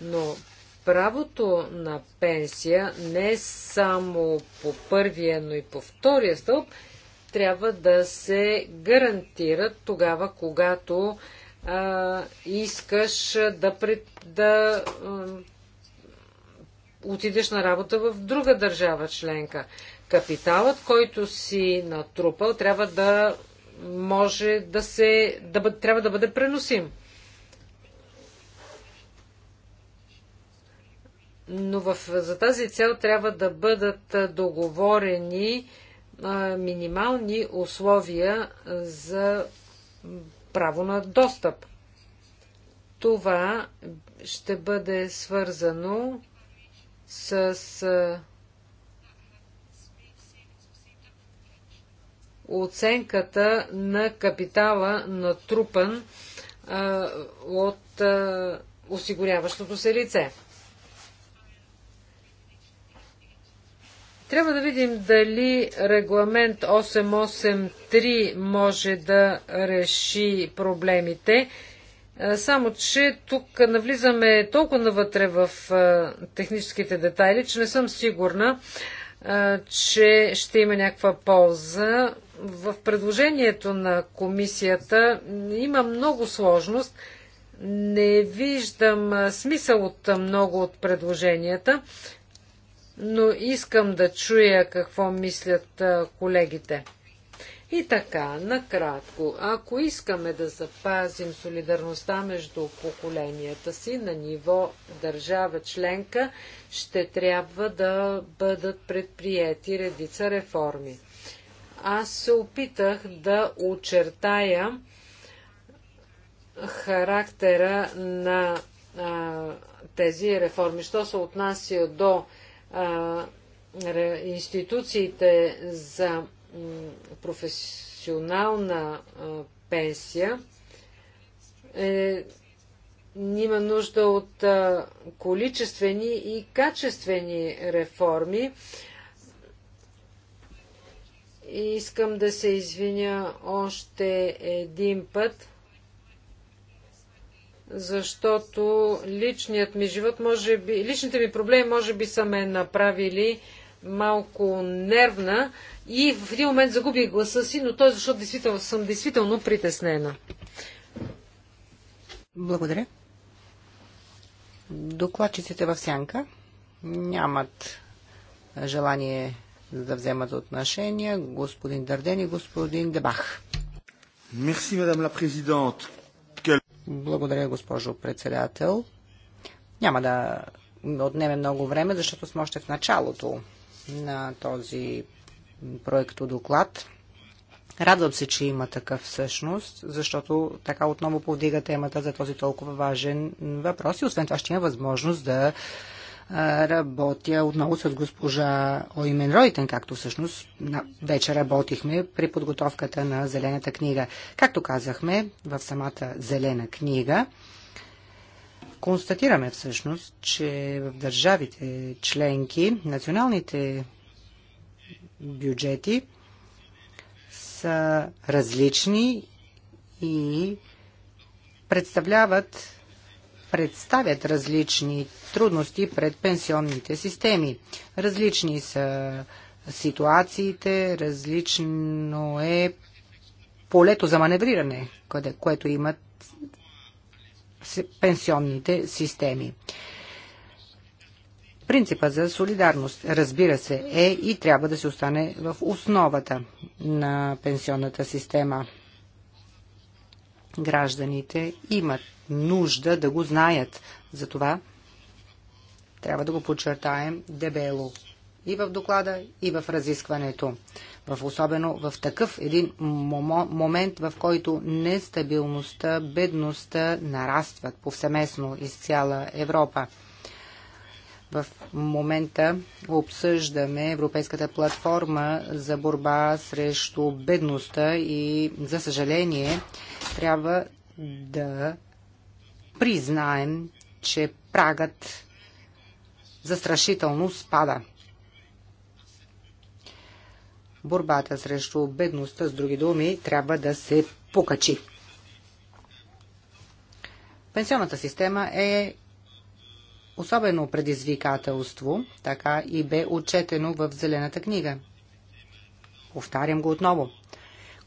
но правото на пенсия не само по първия, но и по втория стълб трябва да се гарантират тогава, когато а, искаш да, пред, да а, отидеш на работа в друга държава членка. Капиталът, който си натрупал, трябва да може да се, да, трябва да бъде преносим. Но в, за тази цел трябва да бъдат договорени а, минимални условия за право на достъп. Това ще бъде свързано с оценката на капитала на трупан, от осигуряващото се лице. Трябва да видим дали регламент 883 може да реши проблемите. Само, че тук навлизаме толкова навътре в техническите детайли, че не съм сигурна, че ще има някаква полза. В предложението на комисията има много сложност. Не виждам смисъл от много от предложенията но искам да чуя какво мислят колегите. И така, накратко, ако искаме да запазим солидарността между поколенията си на ниво държава членка, ще трябва да бъдат предприяти редица реформи. Аз се опитах да очертая характера на а, тези реформи. Що се отнася до а, институциите за професионална а, пенсия е, има нужда от а, количествени и качествени реформи. И искам да се извиня още един път защото личният ми живот, може би, личните ми проблеми може би са ме направили малко нервна и в един момент загубих гласа си, но той защото действител, съм действително притеснена. Благодаря. Докладчиците в сянка нямат желание да вземат отношения господин Дърден и господин Дебах. Мерси, мадам ла президент. Благодаря, госпожо председател. Няма да отнеме много време, защото сме още в началото на този проекто доклад. Радвам се, че има такъв всъщност, защото така отново повдига темата за този толкова важен въпрос и освен това ще има възможност да работя отново с госпожа Оймен Ройтен, както всъщност вече работихме при подготовката на Зелената книга. Както казахме в самата Зелена книга, констатираме всъщност, че в държавите членки националните бюджети са различни и представляват представят различни трудности пред пенсионните системи. Различни са ситуациите, различно е полето за маневриране, което имат пенсионните системи. Принципа за солидарност, разбира се, е и трябва да се остане в основата на пенсионната система гражданите имат нужда да го знаят. Затова трябва да го подчертаем дебело и в доклада, и в разискването. В особено в такъв един момент, в който нестабилността, бедността нарастват повсеместно из цяла Европа. В момента обсъждаме Европейската платформа за борба срещу бедността и, за съжаление, трябва да признаем, че прагът застрашително спада. Борбата срещу бедността, с други думи, трябва да се покачи. Пенсионната система е особено предизвикателство, така и бе отчетено в Зелената книга. Повтарям го отново.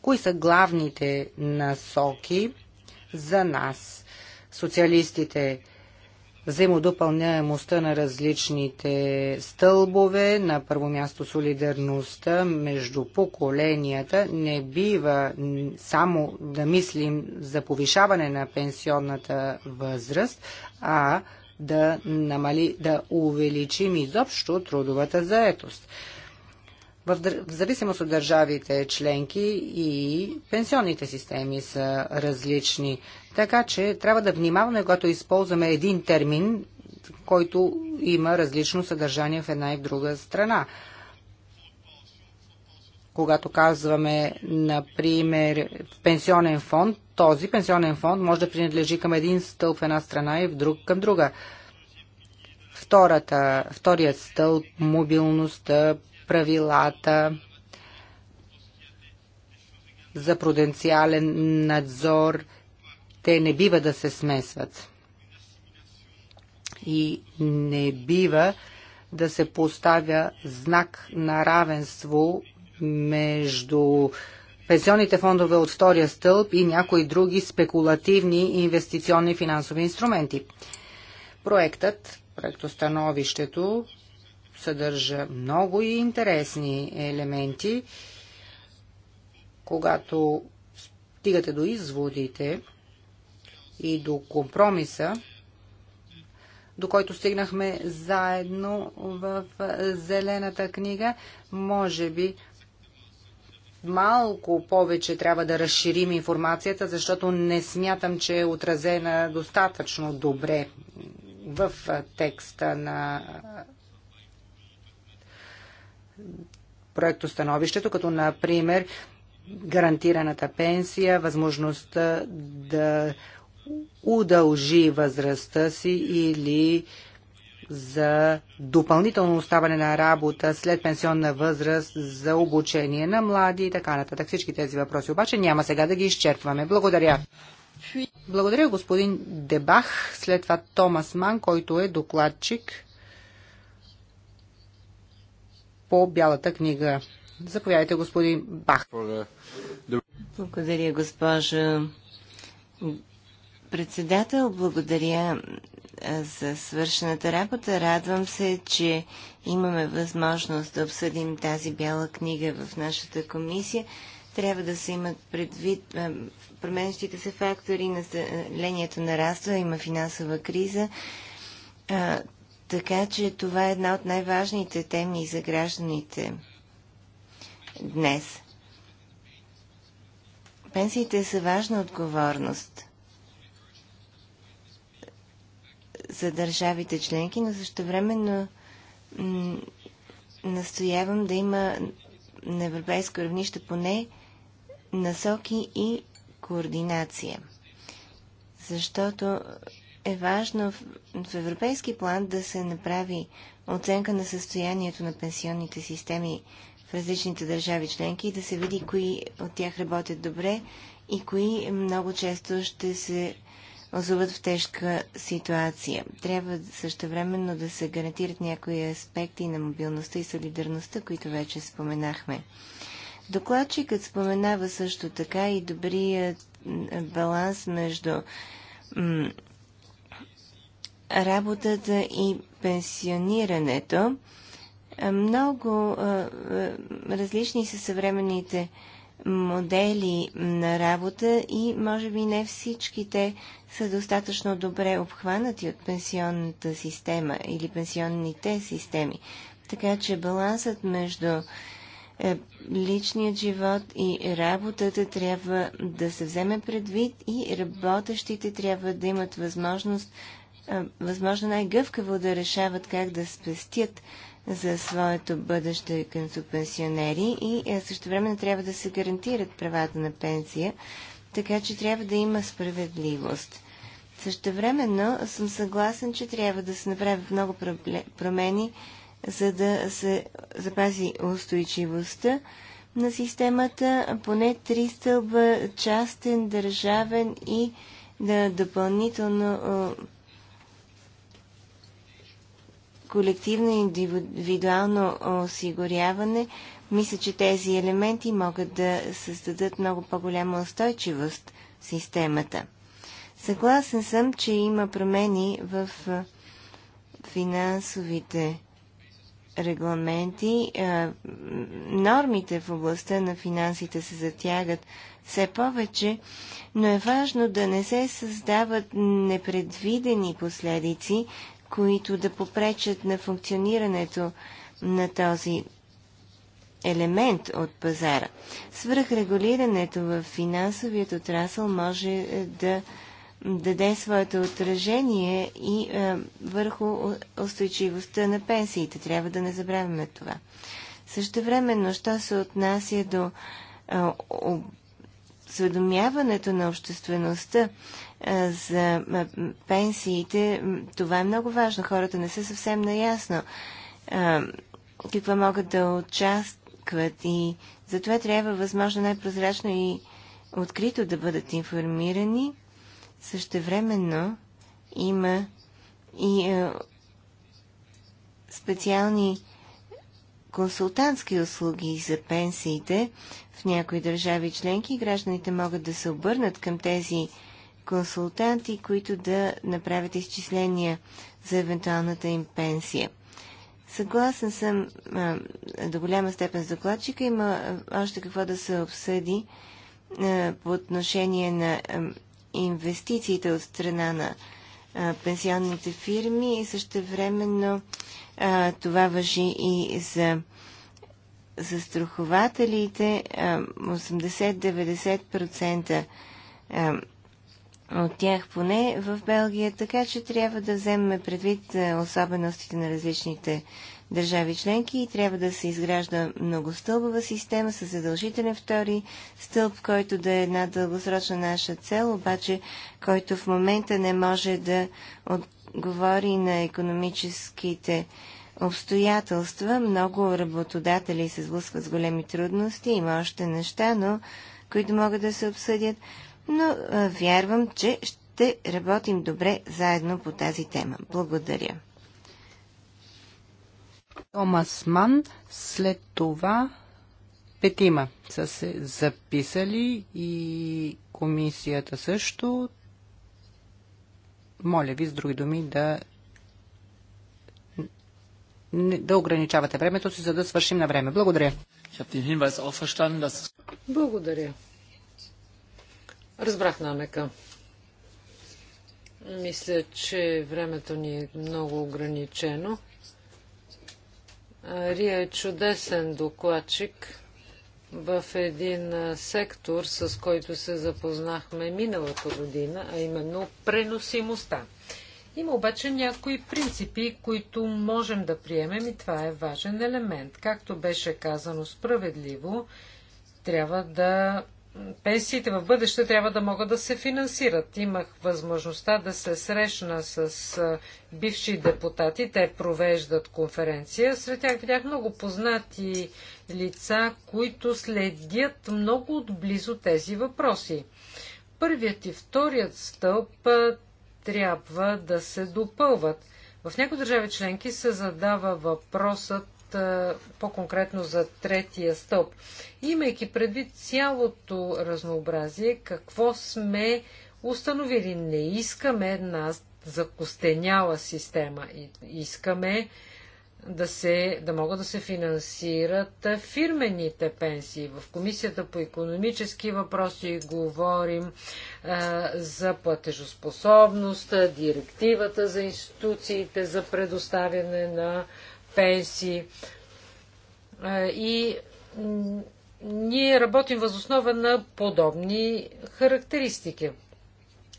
Кои са главните насоки за нас, социалистите, взаимодопълняемостта на различните стълбове, на първо място солидарността между поколенията. Не бива само да мислим за повишаване на пенсионната възраст, а да намали, да увеличим изобщо трудовата заетост. В, зависимост от държавите членки и пенсионните системи са различни. Така че трябва да внимаваме, когато използваме един термин, който има различно съдържание в една и в друга страна когато казваме, например, пенсионен фонд, този пенсионен фонд може да принадлежи към един стълб в една страна и в друг към друга. Втората, вторият стълб – мобилността, правилата за пруденциален надзор, те не бива да се смесват. И не бива да се поставя знак на равенство между пенсионните фондове от втория стълб и някои други спекулативни инвестиционни финансови инструменти. Проектът, проектостановището, съдържа много и интересни елементи. Когато стигате до изводите и до компромиса, до който стигнахме заедно в Зелената книга, може би малко повече трябва да разширим информацията, защото не смятам, че е отразена достатъчно добре в текста на проектостановището, като например гарантираната пенсия, възможността да удължи възрастта си или за допълнително оставане на работа след пенсионна възраст, за обучение на млади и така нататък. Всички тези въпроси обаче няма сега да ги изчерпваме. Благодаря. Благодаря господин Дебах, след това Томас Ман, който е докладчик по Бялата книга. Заповядайте, господин Бах. Благодаря, госпожа председател. Благодаря за свършената работа. Радвам се, че имаме възможност да обсъдим тази бяла книга в нашата комисия. Трябва да се имат предвид е, променящите се фактори, населението нараства, има финансова криза. А, така че това е една от най-важните теми за гражданите днес. Пенсиите са важна отговорност. за държавите членки, но също времено настоявам да има на европейско равнище поне насоки и координация. Защото е важно в, европейски план да се направи оценка на състоянието на пенсионните системи в различните държави членки и да се види кои от тях работят добре и кои много често ще се озоват в тежка ситуация. Трябва също времено да се гарантират някои аспекти на мобилността и солидарността, които вече споменахме. Докладчикът споменава също така и добрият баланс между работата и пенсионирането. Много а, различни са съвременните модели на работа и може би не всичките са достатъчно добре обхванати от пенсионната система или пенсионните системи. Така че балансът между е, личният живот и работата трябва да се вземе предвид и работещите трябва да имат възможност, е, възможно най-гъвкаво да решават как да спестят за своето бъдеще като пенсионери и е, също време трябва да се гарантират правата на пенсия, така че трябва да има справедливост. Същевременно съм съгласен, че трябва да се направят много промени, за да се запази устойчивостта на системата, поне три стълба, частен, държавен и да допълнително колективно и индивидуално осигуряване, мисля, че тези елементи могат да създадат много по-голяма устойчивост в системата. Съгласен съм, че има промени в финансовите регламенти. Нормите в областта на финансите се затягат все повече, но е важно да не се създават непредвидени последици които да попречат на функционирането на този елемент от пазара. Свръхрегулирането в финансовият отрасъл може е, да даде своето отражение и е, върху устойчивостта на пенсиите. Трябва да не забравяме това. Също времено, що се отнася до е, осведомяването на обществеността за пенсиите, това е много важно. Хората не са съвсем наясно какво могат да участват и затова трябва възможно най-прозрачно и открито да бъдат информирани. Същевременно има и специални консултантски услуги за пенсиите. В някои държави членки гражданите могат да се обърнат към тези консултанти, които да направят изчисления за евентуалната им пенсия. Съгласен съм а, до голяма степен с докладчика. Има още какво да се обсъди а, по отношение на а, инвестициите от страна на а, пенсионните фирми и същевременно а, това въжи и за застрахователите. 80-90% от тях поне в Белгия, така че трябва да вземем предвид е, особеностите на различните държави членки и трябва да се изгражда многостълбова система с задължителен втори стълб, който да е една дългосрочна наша цел, обаче който в момента не може да отговори на економическите обстоятелства. Много работодатели се сблъскват с големи трудности, има още неща, но които могат да се обсъдят но а, вярвам, че ще работим добре заедно по тази тема. Благодаря. Томас Ман, след това петима са се записали и комисията също. Моля ви, с други думи, да да ограничавате времето си, за да свършим на време. Благодаря. Благодаря. Разбрах намека. Мисля, че времето ни е много ограничено. Рия е чудесен докладчик в един сектор, с който се запознахме миналата година, а именно преносимостта. Има обаче някои принципи, които можем да приемем и това е важен елемент. Както беше казано справедливо, трябва да пенсиите в бъдеще трябва да могат да се финансират. Имах възможността да се срещна с бивши депутати. Те провеждат конференция. Сред тях видях много познати лица, които следят много отблизо тези въпроси. Първият и вторият стълб трябва да се допълват. В някои държави членки се задава въпросът по-конкретно за третия стълб. Имайки предвид цялото разнообразие, какво сме установили? Не искаме една закостеняла система. Искаме да, се, да могат да се финансират фирмените пенсии. В Комисията по економически въпроси говорим а, за платежоспособност, директивата за институциите за предоставяне на пенсии. И ние работим възоснова на подобни характеристики.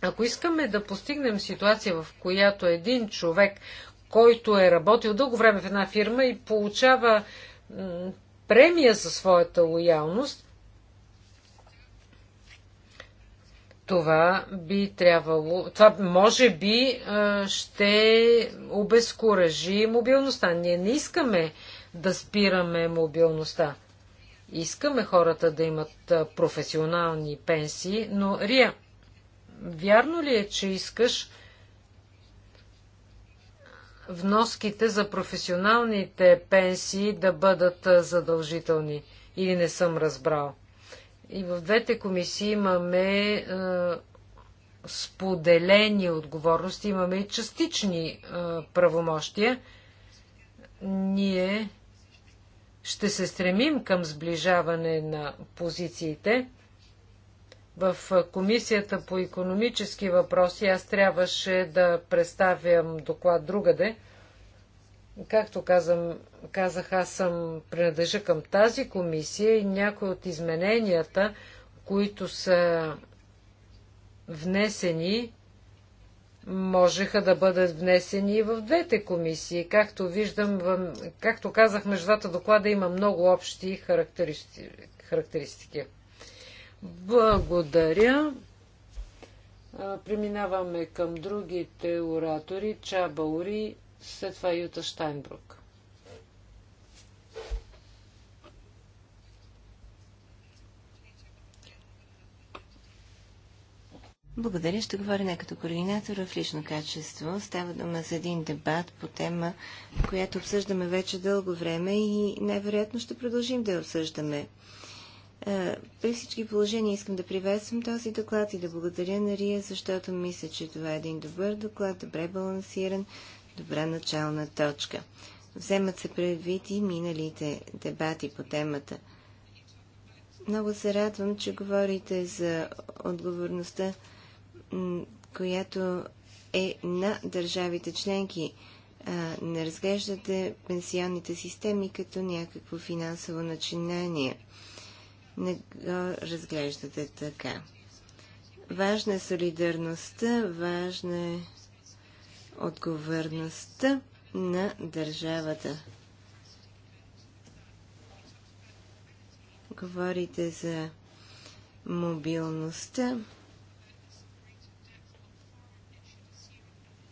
Ако искаме да постигнем ситуация, в която един човек, който е работил дълго време в една фирма и получава премия за своята лоялност, това би трябвало, това може би ще обезкуражи мобилността. Ние не искаме да спираме мобилността. Искаме хората да имат професионални пенсии, но Рия, вярно ли е, че искаш вноските за професионалните пенсии да бъдат задължителни? Или не съм разбрал? И в двете комисии имаме е, споделени отговорности, имаме и частични е, правомощия. Ние ще се стремим към сближаване на позициите. В е, Комисията по економически въпроси аз трябваше да представям доклад другаде. Както казам, казах, аз съм принадлежа към тази комисия и някои от измененията, които са внесени, можеха да бъдат внесени и в двете комисии. Както виждам, в... както казах, между двата доклада има много общи характеристи... характеристики. Благодаря. Преминаваме към другите оратори. Чабаури след това Юта Штайнбрук. Благодаря. Ще говоря не като координатор в лично качество. Става дума за един дебат по тема, която обсъждаме вече дълго време и най-вероятно ще продължим да я обсъждаме. При всички положения искам да приветствам този доклад и да благодаря на Рия, защото мисля, че това е един добър доклад, добре балансиран, добра начална точка. Вземат се предвид и миналите дебати по темата. Много се радвам, че говорите за отговорността, която е на държавите членки. не разглеждате пенсионните системи като някакво финансово начинание. Не го разглеждате така. Важна е солидарността, важна е отговорността на държавата. Говорите за мобилността.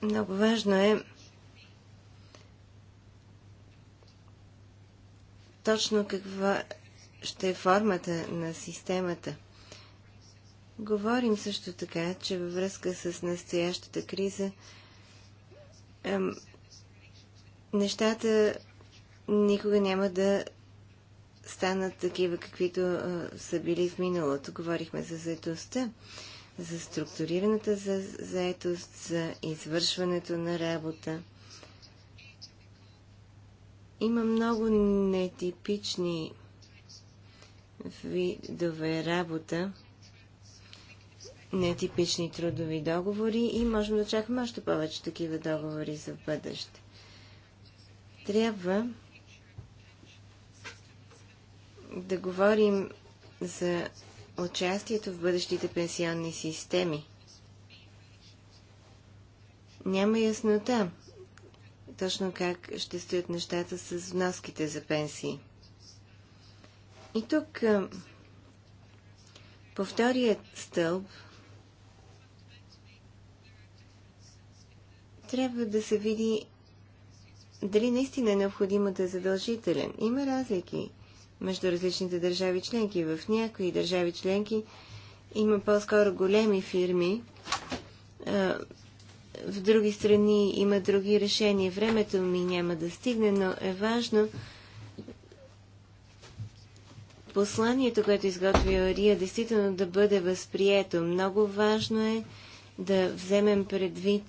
Много важно е точно каква ще е формата на системата. Говорим също така, че във връзка с настоящата криза нещата никога няма да станат такива, каквито са били в миналото. Говорихме за заетостта, за структурираната за заетост, за извършването на работа. Има много нетипични видове работа, нетипични трудови договори и можем да очакваме още повече такива договори за бъдеще. Трябва да говорим за участието в бъдещите пенсионни системи. Няма яснота точно как ще стоят нещата с вноските за пенсии. И тук по втория стълб трябва да се види дали наистина е необходимо да е задължителен. Има разлики между различните държави членки. В някои държави членки има по-скоро големи фирми, в други страни има други решения. Времето ми няма да стигне, но е важно посланието, което изготвя Рия, действително да бъде възприето. Много важно е да вземем предвид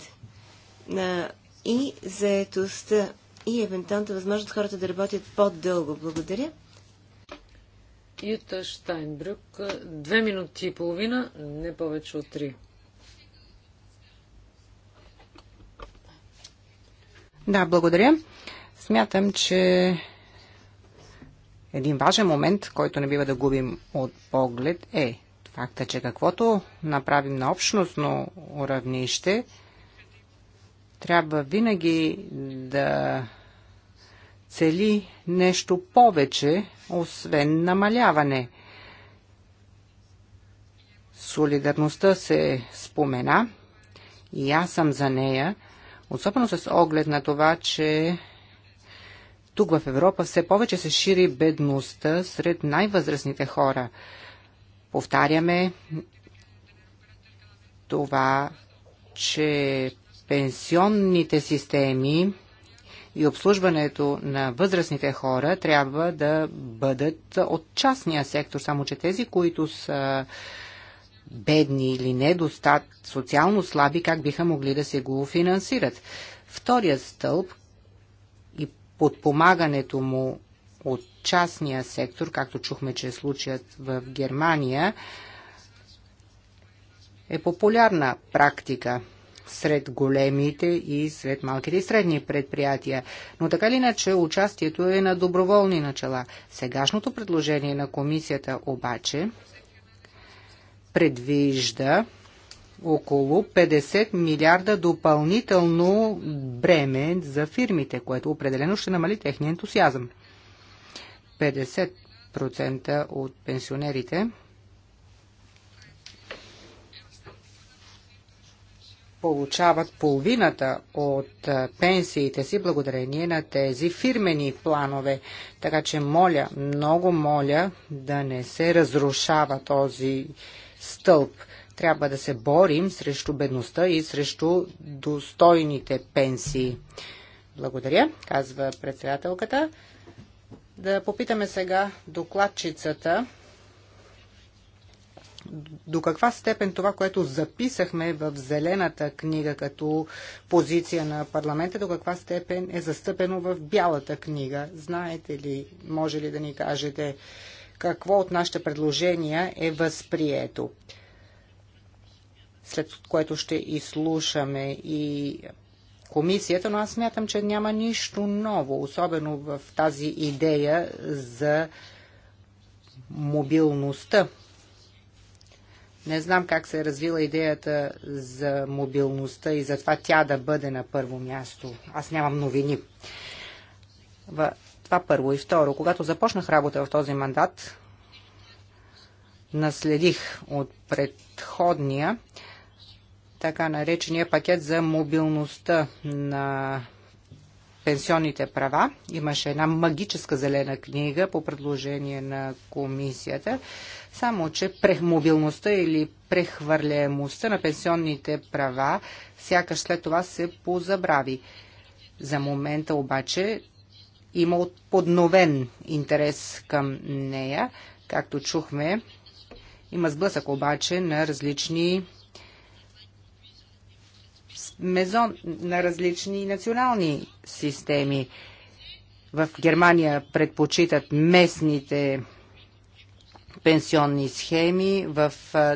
а, и заетостта и евентуалната възможност хората да работят по-дълго. Благодаря. Юта Штайнбрюк, две минути и половина, не повече от три. Да, благодаря. Смятам, че един важен момент, който не бива да губим от поглед е факта, че каквото направим на общностно уравнище трябва винаги да цели нещо повече, освен намаляване. Солидарността се спомена и аз съм за нея, особено с оглед на това, че тук в Европа все повече се шири бедността сред най-възрастните хора. Повтаряме това, че пенсионните системи и обслужването на възрастните хора трябва да бъдат от частния сектор, само че тези, които са бедни или недостат, социално слаби, как биха могли да се го финансират. Вторият стълб и подпомагането му от частния сектор, както чухме, че е случаят в Германия, е популярна практика – сред големите и сред малките и средни предприятия. Но така или иначе участието е на доброволни начала. Сегашното предложение на комисията обаче предвижда около 50 милиарда допълнително бреме за фирмите, което определено ще намали техния ентусиазъм. 50% от пенсионерите получават половината от пенсиите си благодарение на тези фирмени планове. Така че моля, много моля да не се разрушава този стълб. Трябва да се борим срещу бедността и срещу достойните пенсии. Благодаря, казва председателката. Да попитаме сега докладчицата до каква степен това, което записахме в Зелената книга като позиция на парламента, до каква степен е застъпено в Бялата книга? Знаете ли, може ли да ни кажете какво от нашите предложения е възприето? След което ще изслушаме и комисията, но аз смятам, че няма нищо ново, особено в тази идея за мобилността не знам как се е развила идеята за мобилността и за това тя да бъде на първо място. Аз нямам новини. Това първо и второ. Когато започнах работа в този мандат, наследих от предходния така наречения пакет за мобилността на пенсионните права. Имаше една магическа зелена книга по предложение на комисията, само че премобилността или прехвърляемостта на пенсионните права сякаш след това се позабрави. За момента обаче има подновен интерес към нея. Както чухме, има сблъсък обаче на различни мезон на различни национални системи. В Германия предпочитат местните пенсионни схеми, в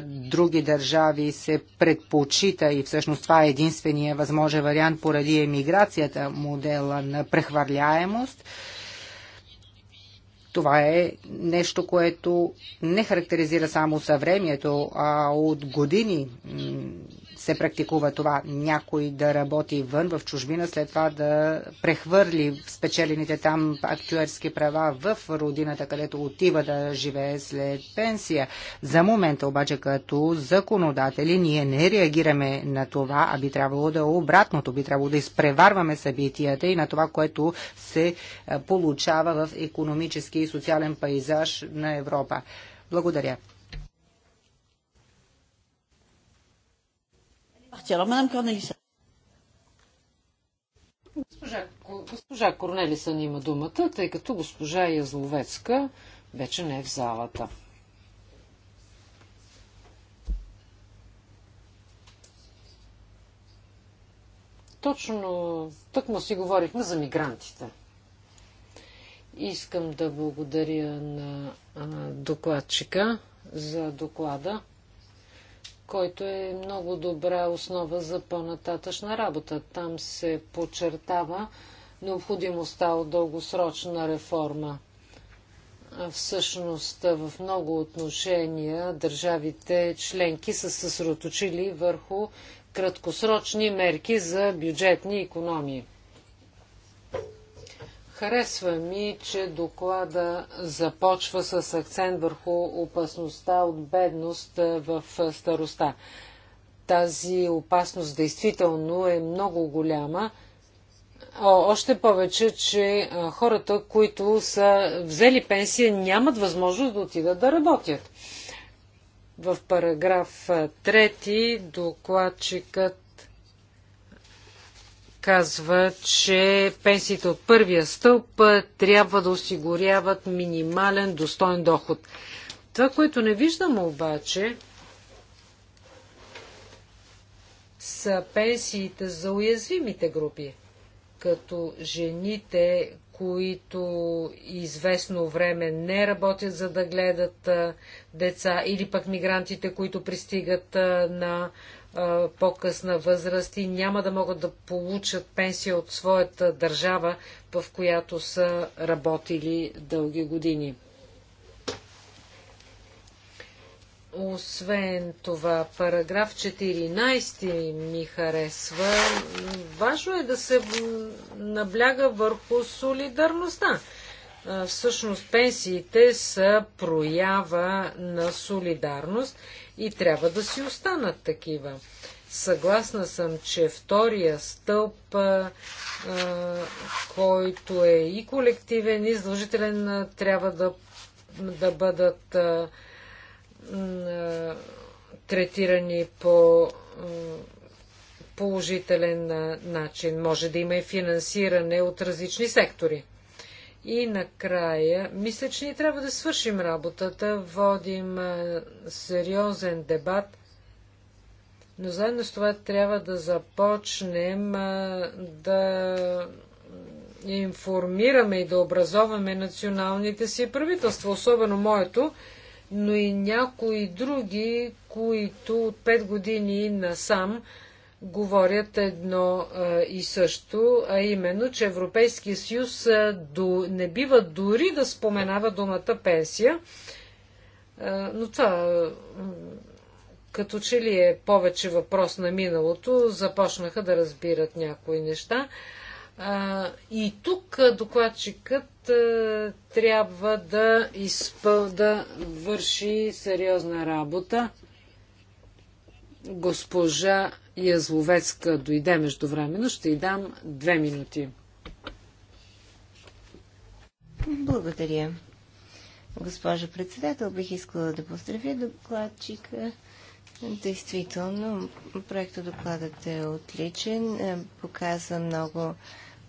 други държави се предпочита и всъщност това е единствения възможен вариант поради емиграцията модела на прехвърляемост. Това е нещо, което не характеризира само съвремието, а от години се практикува това. Някой да работи вън в чужбина, след това да прехвърли спечелените там актюерски права в родината, където отива да живее след пенсия. За момента обаче като законодатели ние не реагираме на това, а би трябвало да е обратното, би трябвало да изпреварваме събитията и на това, което се е, получава в економически и социален пейзаж на Европа. Благодаря. parti. Alors, Madame Cornelissa. Госпожа, госпожа Корнелисън има думата, тъй като госпожа Язловецка вече не е в залата. Точно тъкмо си говорихме за мигрантите. Искам да благодаря на докладчика за доклада който е много добра основа за по-нататъчна работа. Там се подчертава необходимостта от дългосрочна реформа. Всъщност в много отношения държавите членки са съсроточили върху краткосрочни мерки за бюджетни економии. Харесва ми, че доклада започва с акцент върху опасността от бедност е, в староста. Тази опасност действително е много голяма. Още повече, че хората, които са взели пенсия, нямат възможност да отидат да работят. В параграф 3 докладчикът казва, че пенсиите от първия стълб трябва да осигуряват минимален достоен доход. Това, което не виждам обаче, са пенсиите за уязвимите групи, като жените, които известно време не работят за да гледат деца, или пък мигрантите, които пристигат на по-късна възраст и няма да могат да получат пенсия от своята държава, в която са работили дълги години. Освен това, параграф 14 ми харесва. Важно е да се набляга върху солидарността. Всъщност пенсиите са проява на солидарност и трябва да си останат такива. Съгласна съм, че втория стълб, а, който е и колективен, и задължителен, трябва да, да бъдат а, а, третирани по положителен начин. Може да има и финансиране от различни сектори. И накрая, мисля, че ни трябва да свършим работата, водим сериозен дебат, но заедно с това трябва да започнем да информираме и да образоваме националните си правителства, особено моето, но и някои други, които от 5 години насам говорят едно и също, а именно, че Европейския съюз не бива дори да споменава думата пенсия, но това като че ли е повече въпрос на миналото, започнаха да разбират някои неща. И тук докладчикът трябва да, изпъл... да върши сериозна работа. Госпожа Язловецка дойде междувременно, ще й дам две минути. Благодаря. Госпожо председател, бих искала да поздравя докладчика. Действително, проектът докладът е отличен. Е, Показва много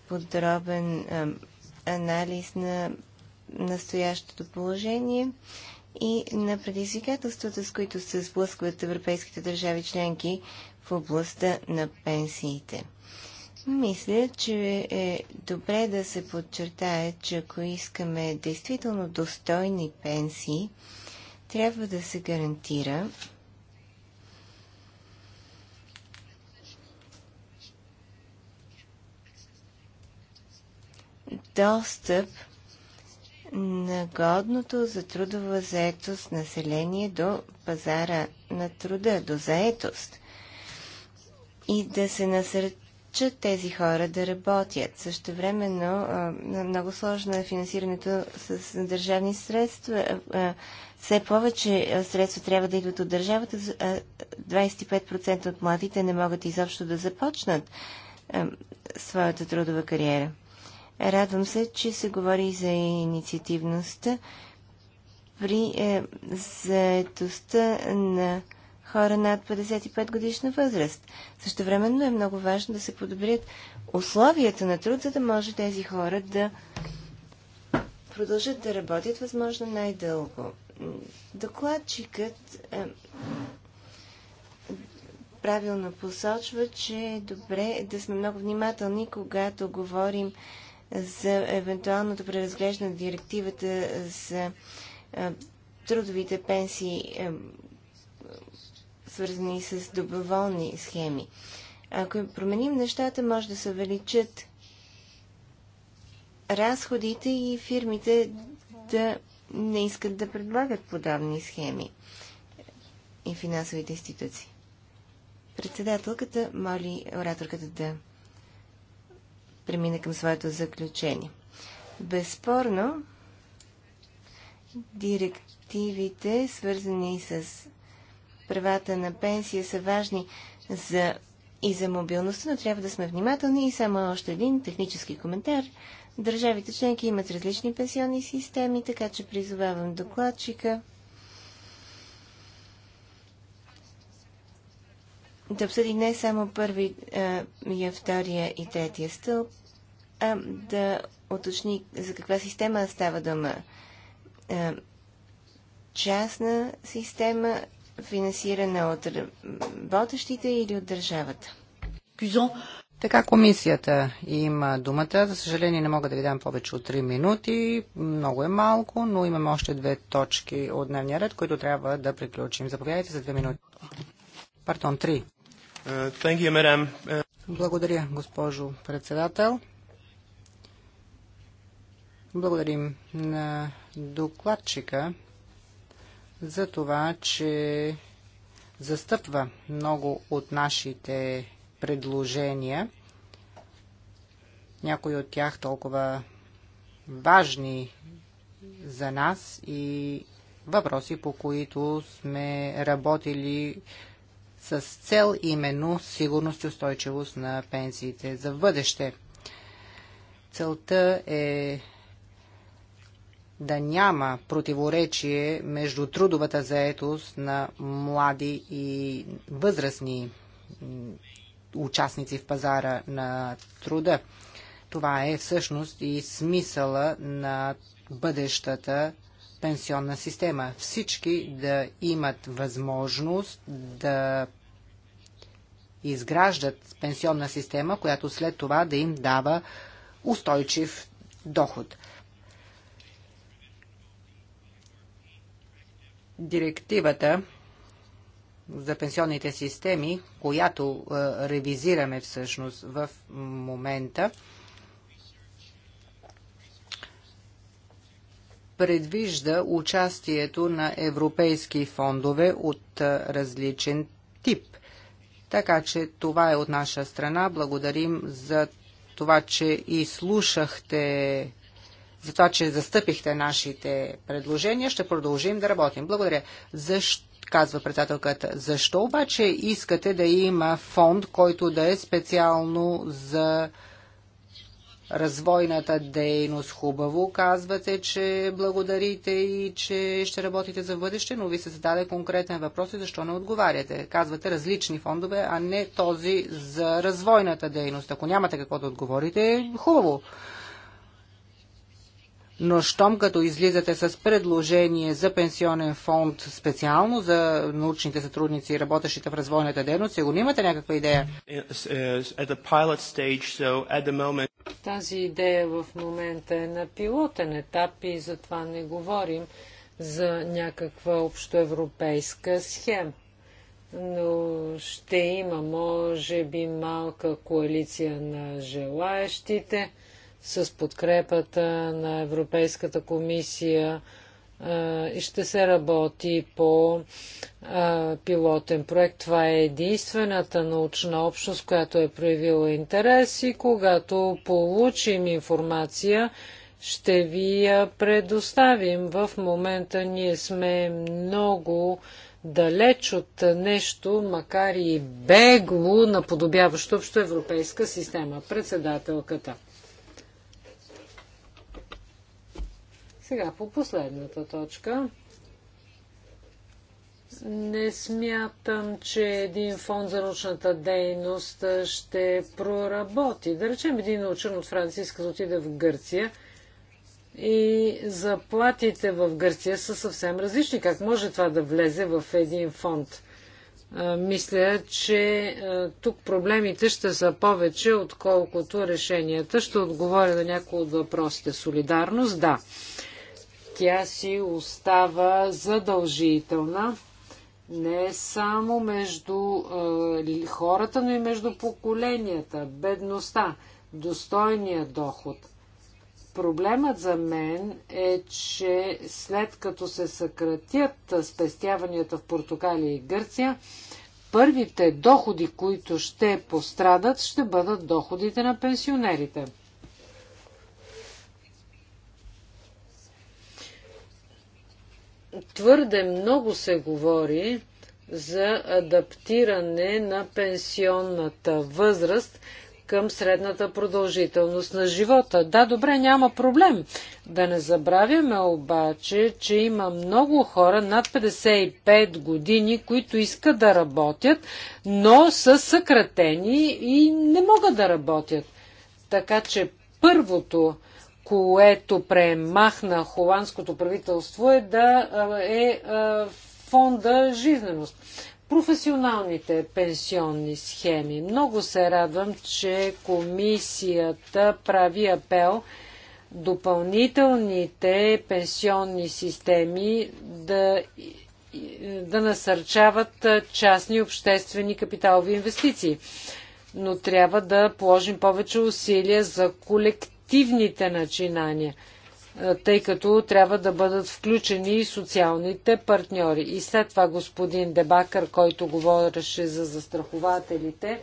подробен е, анализ на настоящото положение и на предизвикателствата, с които се сблъскват европейските държави членки в областта на пенсиите. Мисля, че е добре да се подчертае, че ако искаме действително достойни пенсии, трябва да се гарантира, достъп на годното за трудова заетост население до пазара на труда, до заетост и да се насърчат тези хора да работят. Също времено много сложно е финансирането с държавни средства. Все повече средства трябва да идват от държавата. 25% от младите не могат изобщо да започнат своята трудова кариера. Радвам се, че се говори и за инициативността при заедостта заетостта на хора над 55 годишна възраст. Същевременно е много важно да се подобрят условията на труд, за да може тези хора да продължат да работят възможно най-дълго. Докладчикът е, правилно посочва, че е добре да сме много внимателни, когато говорим за евентуалното преразглеждане на директивата за е, трудовите пенсии е, свързани с доброволни схеми. Ако променим нещата, може да се увеличат разходите и фирмите да не искат да предлагат подобни схеми и финансовите институции. Председателката моли ораторката да премине към своето заключение. Безспорно, директивите, свързани с правата на пенсия са важни за, и за мобилността, но трябва да сме внимателни. И само още един технически коментар. Държавите членки имат различни пенсионни системи, така че призовавам докладчика да обсъди не само първи, а, е, втория и третия стълб, а да уточни за каква система става дума. А, е, частна система финансирана от работещите или от държавата. Така комисията има думата. За съжаление не мога да ви дам повече от 3 минути. Много е малко, но имаме още две точки от дневния ред, които трябва да приключим. Заповядайте за 2 минути. Пардон, 3. Uh, you, uh, Благодаря, госпожо председател. Благодарим на докладчика за това, че застъпва много от нашите предложения. Някои от тях толкова важни за нас и въпроси, по които сме работили с цел именно сигурност и устойчивост на пенсиите за бъдеще. Целта е да няма противоречие между трудовата заетост на млади и възрастни участници в пазара на труда. Това е всъщност и смисъла на бъдещата пенсионна система. Всички да имат възможност да изграждат пенсионна система, която след това да им дава устойчив доход. Директивата за пенсионните системи, която е, ревизираме всъщност в момента, предвижда участието на европейски фондове от е, различен тип. Така че това е от наша страна. Благодарим за това, че изслушахте за това, че застъпихте нашите предложения. Ще продължим да работим. Благодаря. Защо? казва председателката. Защо обаче искате да има фонд, който да е специално за развойната дейност? Хубаво казвате, че благодарите и че ще работите за бъдеще, но ви се зададе конкретен въпрос и защо не отговаряте? Казвате различни фондове, а не този за развойната дейност. Ако нямате какво да отговорите, хубаво. Но щом като излизате с предложение за пенсионен фонд специално за научните сътрудници и работещите в развойната дейност, сигурно имате някаква идея? Тази идея в момента е на пилотен етап и затова не говорим за някаква общоевропейска схема. Но ще има, може би, малка коалиция на желаящите с подкрепата на Европейската комисия и ще се работи по пилотен проект. Това е единствената научна общност, която е проявила интерес и когато получим информация, ще ви я предоставим. В момента ние сме много далеч от нещо, макар и бегло, наподобяващо общоевропейска система. Председателката. Сега по последната точка. Не смятам, че един фонд за научната дейност ще проработи. Да речем, един учен от Франция иска да отиде в Гърция и заплатите в Гърция са съвсем различни. Как може това да влезе в един фонд? мисля, че тук проблемите ще са повече, отколкото решенията. Ще отговоря на някои от въпросите. Солидарност, да тя си остава задължителна не само между е, хората, но и между поколенията, бедността, достойния доход. Проблемът за мен е, че след като се съкратят спестяванията в Португалия и Гърция, първите доходи, които ще пострадат, ще бъдат доходите на пенсионерите. твърде много се говори за адаптиране на пенсионната възраст към средната продължителност на живота. Да, добре, няма проблем. Да не забравяме обаче, че има много хора над 55 години, които искат да работят, но са съкратени и не могат да работят. Така че първото, което премахна холандското правителство, е да е фонда жизненост. Професионалните пенсионни схеми. Много се радвам, че комисията прави апел допълнителните пенсионни системи да, да насърчават частни обществени капиталови инвестиции. Но трябва да положим повече усилия за колективно активните начинания, тъй като трябва да бъдат включени и социалните партньори. И след това господин Дебакър, който говореше за застрахователите,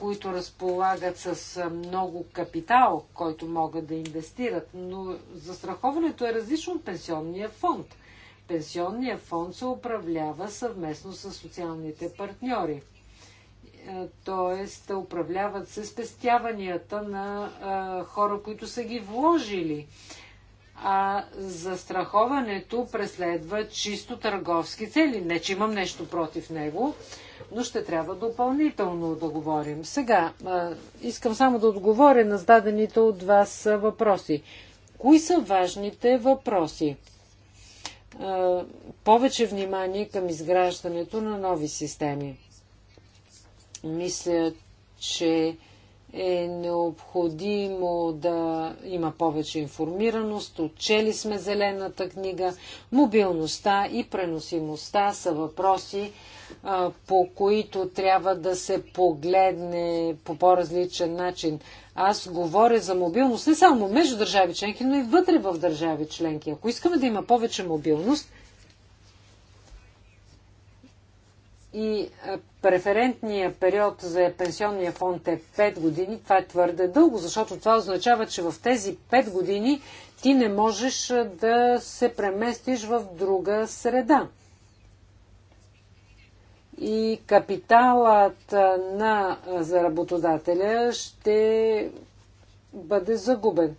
които разполагат с много капитал, който могат да инвестират, но застраховането е различно от пенсионния фонд. Пенсионния фонд се управлява съвместно с социалните партньори т.е. управляват се спестяванията на е, хора, които са ги вложили. А застраховането преследва чисто търговски цели. Не, че имам нещо против него, но ще трябва допълнително да говорим. Сега, е, искам само да отговоря на зададените от вас въпроси. Кои са важните въпроси? Е, повече внимание към изграждането на нови системи мисля, че е необходимо да има повече информираност. Отчели сме зелената книга. Мобилността и преносимостта са въпроси, по които трябва да се погледне по по-различен начин. Аз говоря за мобилност не само между държави членки, но и вътре в държави членки. Ако искаме да има повече мобилност, и преферентния период за пенсионния фонд е 5 години, това е твърде дълго, защото това означава, че в тези 5 години ти не можеш да се преместиш в друга среда. И капиталът на заработодателя ще бъде загубен.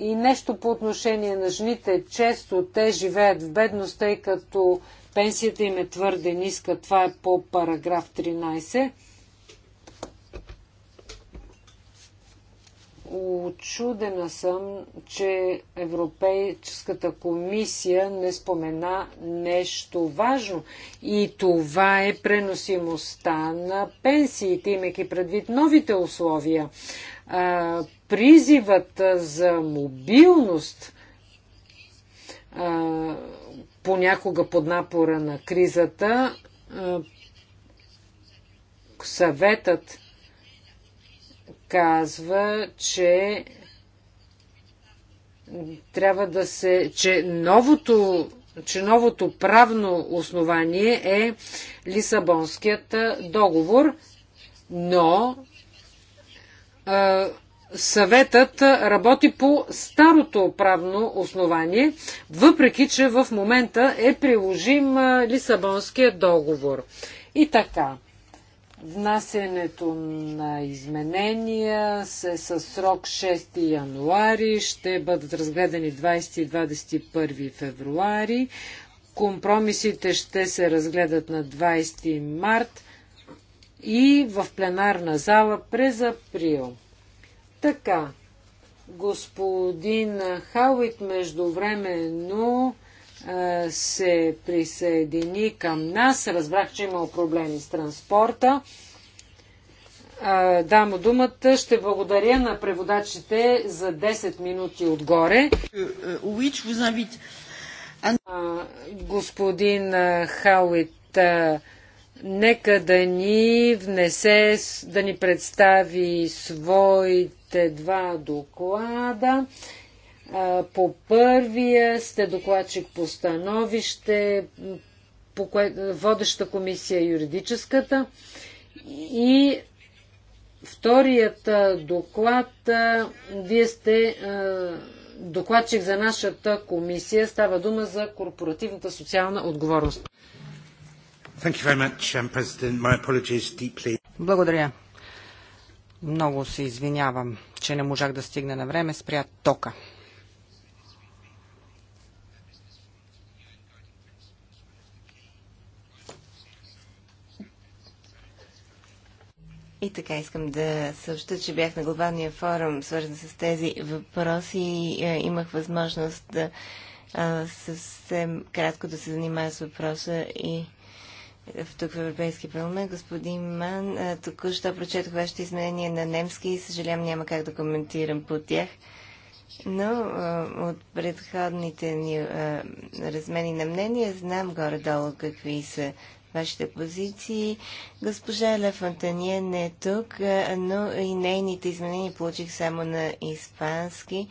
И нещо по отношение на жените. Често те живеят в бедност, тъй като Пенсията им е твърде ниска. Това е по параграф 13. Очудена съм, че Европейската комисия не спомена нещо важно. И това е преносимостта на пенсиите, имайки предвид новите условия. А, призивът за мобилност а, понякога под напора на кризата, съветът казва, че трябва да се, че новото, че новото правно основание е Лисабонският договор, но съветът работи по старото правно основание, въпреки че в момента е приложим Лисабонския договор. И така, внасянето на изменения се със срок 6 януари, ще бъдат разгледани 20 и 21 февруари, компромисите ще се разгледат на 20 март и в пленарна зала през април. Така, господин Хауит междувременно е, се присъедини към нас. Разбрах, че имал проблеми с транспорта. Е, да му думата. Ще благодаря на преводачите за 10 минути отгоре. Е, господин Хауит нека да ни внесе, да ни представи своите два доклада. По първия сте докладчик по становище, по кое, водеща комисия е юридическата и вторият доклад, вие сте докладчик за нашата комисия, става дума за корпоративната социална отговорност. Much, um, Благодаря. Много се извинявам, че не можах да стигна на време. Спря тока. И така искам да съобща, че бях на глобалния форум, свързан с тези въпроси и е, имах възможност да съвсем кратко да се занимая с въпроса и в тук в Европейски парламент. Господин Ман, току-що прочетох вашето изменение на немски и съжалявам няма как да коментирам по тях. Но от предходните ни размени на мнение знам горе-долу какви са вашите позиции. Госпожа Ла Фонтания не е тук, но и нейните изменения получих само на испански. А,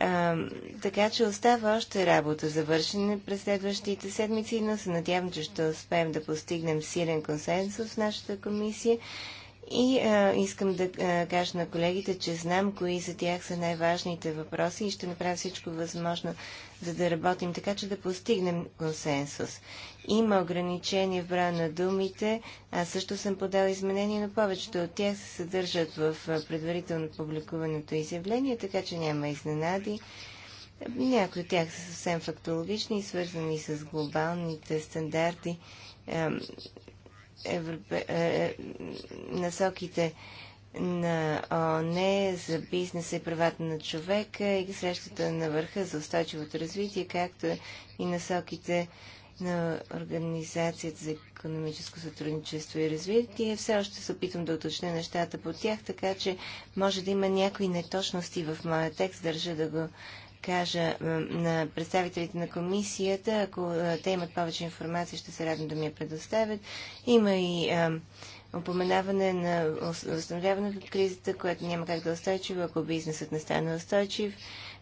а, така че остава още работа за вършене през следващите седмици, но се надявам, че ще успеем да постигнем силен консенсус в нашата комисия и а, искам да а, кажа на колегите, че знам кои за тях са най-важните въпроси и ще направя всичко възможно, за да работим така, че да постигнем консенсус. Има ограничение в броя на думите. Аз също съм подал изменения, но повечето от тях се съдържат в предварително публикуваното изявление, така че няма изненади. Някои от тях са съвсем фактологични и свързани с глобалните стандарти европе... е, насоките на ООН за бизнеса и правата на човека и срещата на върха за устойчивото развитие, както и насоките на Организацията за економическо сътрудничество и развитие. Все още се опитвам да уточня нещата по тях, така че може да има някои неточности в моя текст. Държа да го кажа на представителите на комисията. Ако те имат повече информация, ще се радвам да ми я предоставят. Има и упоменаване на възстановяването от кризата, което няма как да е устойчиво, ако бизнесът не стане устойчив.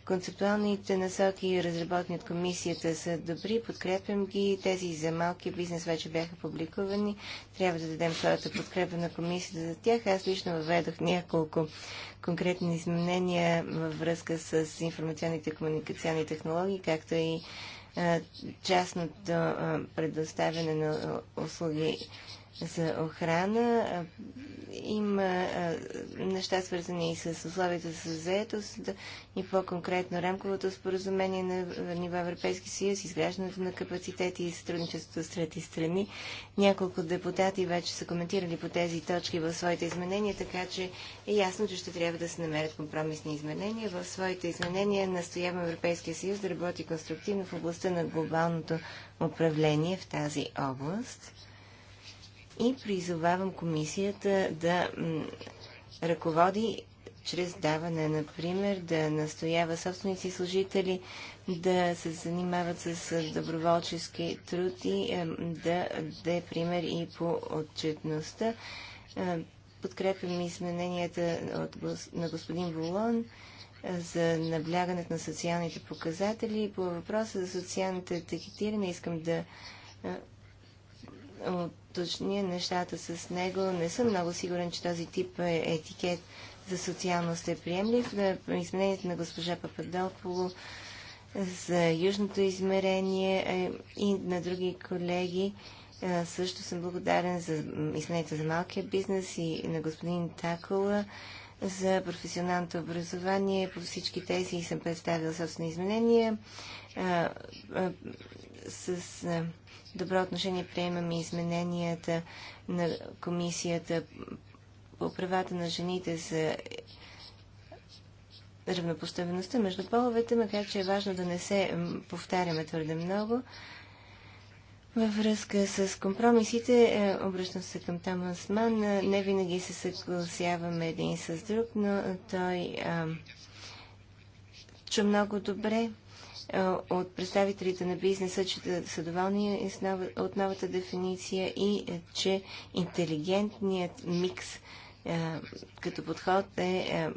Концептуалните насоки, разработни от комисията, са добри, подкрепям ги. Тези за малки бизнес вече бяха публикувани. Трябва да дадем своята подкрепа на комисията за тях. Аз лично въведох няколко конкретни изменения във връзка с информационните и комуникационни технологии, както и частното предоставяне на услуги за охрана. Има неща свързани и с условията за заедост и по-конкретно рамковото споразумение на ниво Европейски съюз, изграждането на капацитети и сътрудничеството с трети страни. Няколко депутати вече са коментирали по тези точки в своите изменения, така че е ясно, че ще трябва да се намерят компромисни изменения. В своите изменения настоява Европейския съюз да работи конструктивно в областта на глобалното управление в тази област и призовавам комисията да ръководи чрез даване, например, да настоява собственици и служители да се занимават с доброволчески труд и да даде пример и по отчетността. Е, подкрепям измененията от, на господин Волон е, за наблягането на социалните показатели. По въпроса за социалните етикетиране искам да е, уточня нещата с него. Не съм много сигурен, че този тип е етикет за социалност е приемлив. Е, изменението на госпожа Пападополо за южното измерение е, и на други колеги. Е, също съм благодарен за изменението за малкия бизнес и на господин Такола за професионалното образование. По всички тези съм представил собствени изменения. С добро отношение приемаме измененията на Комисията по правата на жените за равнопоставеността между половете, макар че е важно да не се повтаряме твърде много. Във връзка с компромисите, е, обръщам се към Томас Ман, е, не винаги се съгласяваме един с друг, но той а, чу много добре е, от представителите на бизнеса, че да са доволни е от новата дефиниция и е, че интелигентният микс като подход е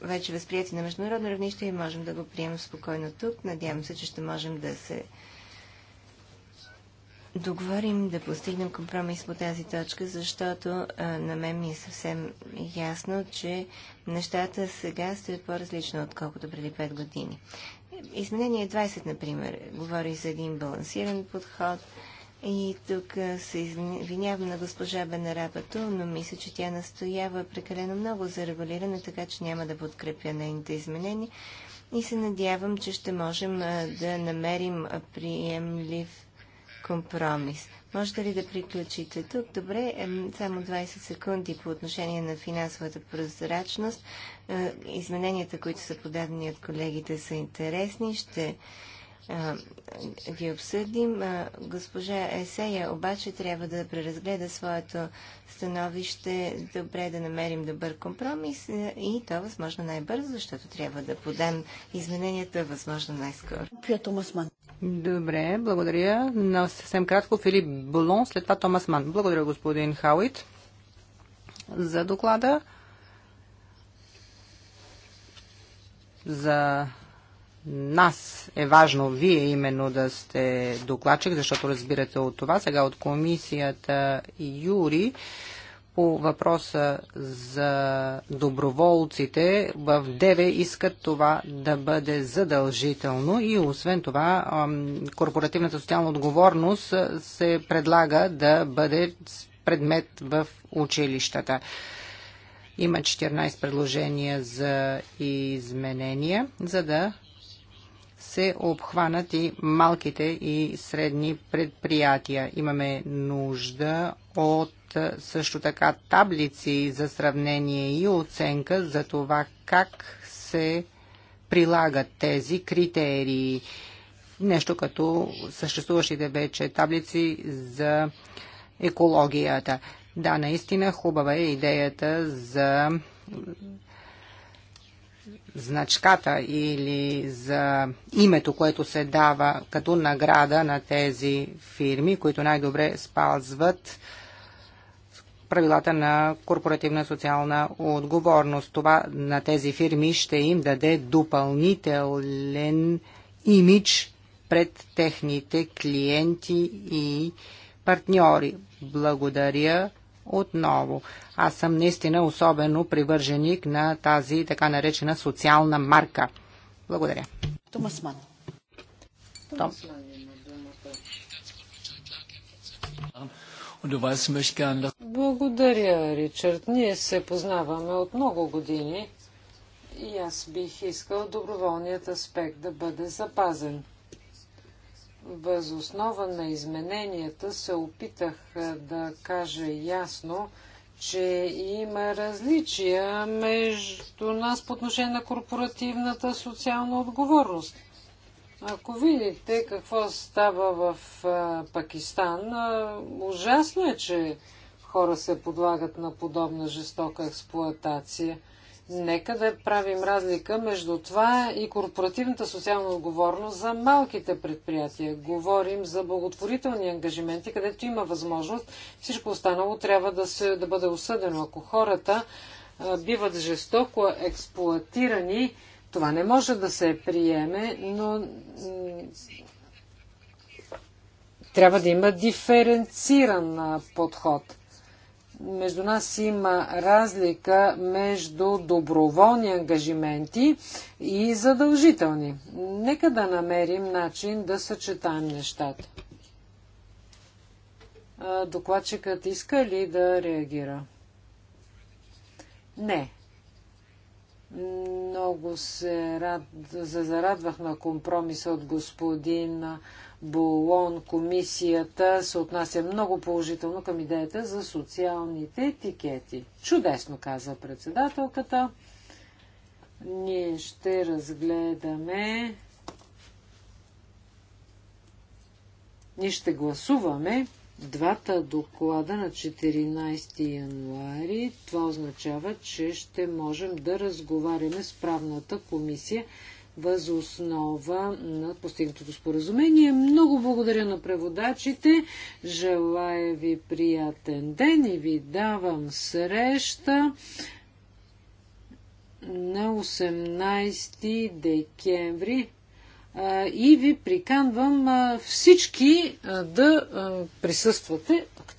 вече възприяти на международно равнище и можем да го приемем спокойно тук. Надявам се, че ще можем да се договорим, да постигнем компромис по тази точка, защото а, на мен ми е съвсем ясно, че нещата сега стоят по-различно, отколкото преди 5 години. Изменение 20, например, говори за един балансиран подход и тук се извинявам на госпожа Бенарабато, но мисля, че тя настоява прекалено много за регулиране, така че няма да подкрепя нейните изменения и се надявам, че ще можем да намерим приемлив компромис. Можете ли да приключите тук? Добре, само 20 секунди по отношение на финансовата прозрачност. Е, измененията, които са подадени от колегите, са интересни. Ще ги обсъдим. госпожа Есея обаче трябва да преразгледа своето становище. Добре да намерим добър компромис и то възможно най-бързо, защото трябва да подам измененията възможно най-скоро. Добре, благодаря. На съвсем кратко Филип Болон, след това Томас Ман. Благодаря господин Хауит за доклада за нас е важно вие именно да сте докладчик, защото разбирате от това. Сега от комисията Юри по въпроса за доброволците в ДЕВЕ искат това да бъде задължително и освен това корпоративната социална отговорност се предлага да бъде предмет в училищата. Има 14 предложения за изменения, за да се обхванат и малките и средни предприятия. Имаме нужда от също така таблици за сравнение и оценка за това как се прилагат тези критерии. Нещо като съществуващите вече таблици за екологията. Да, наистина хубава е идеята за значката или за името, което се дава като награда на тези фирми, които най-добре спазват правилата на корпоративна социална отговорност. Това на тези фирми ще им даде допълнителен имидж пред техните клиенти и партньори. Благодаря отново. Аз съм наистина особено привърженик на тази така наречена социална марка. Благодаря. Томас Ман. Благодаря, Ричард. Ние се познаваме от много години и аз бих искал доброволният аспект да бъде запазен. Възоснова на измененията се опитах да кажа ясно, че има различия между нас по отношение на корпоративната социална отговорност. Ако видите какво става в а, Пакистан, а, ужасно е, че хора се подлагат на подобна жестока експлоатация – Нека да правим разлика между това и корпоративната социална отговорност за малките предприятия. Говорим за благотворителни ангажименти, където има възможност. Всичко останало трябва да, се, да бъде осъдено. Ако хората а, биват жестоко експлуатирани, това не може да се приеме, но трябва да има диференциран подход – между нас има разлика между доброволни ангажименти и задължителни. Нека да намерим начин да съчетаем нещата. Докладчикът иска ли да реагира? Не. Много се рад... зарадвах на компромиса от господин Болон комисията се отнася много положително към идеята за социалните етикети. Чудесно, каза председателката. Ние ще разгледаме. Ние ще гласуваме двата доклада на 14 януари. Това означава, че ще можем да разговаряме с правната комисия въз основа на постигнатото споразумение. Много благодаря на преводачите. Желая ви приятен ден и ви давам среща на 18 декември и ви приканвам всички да присъствате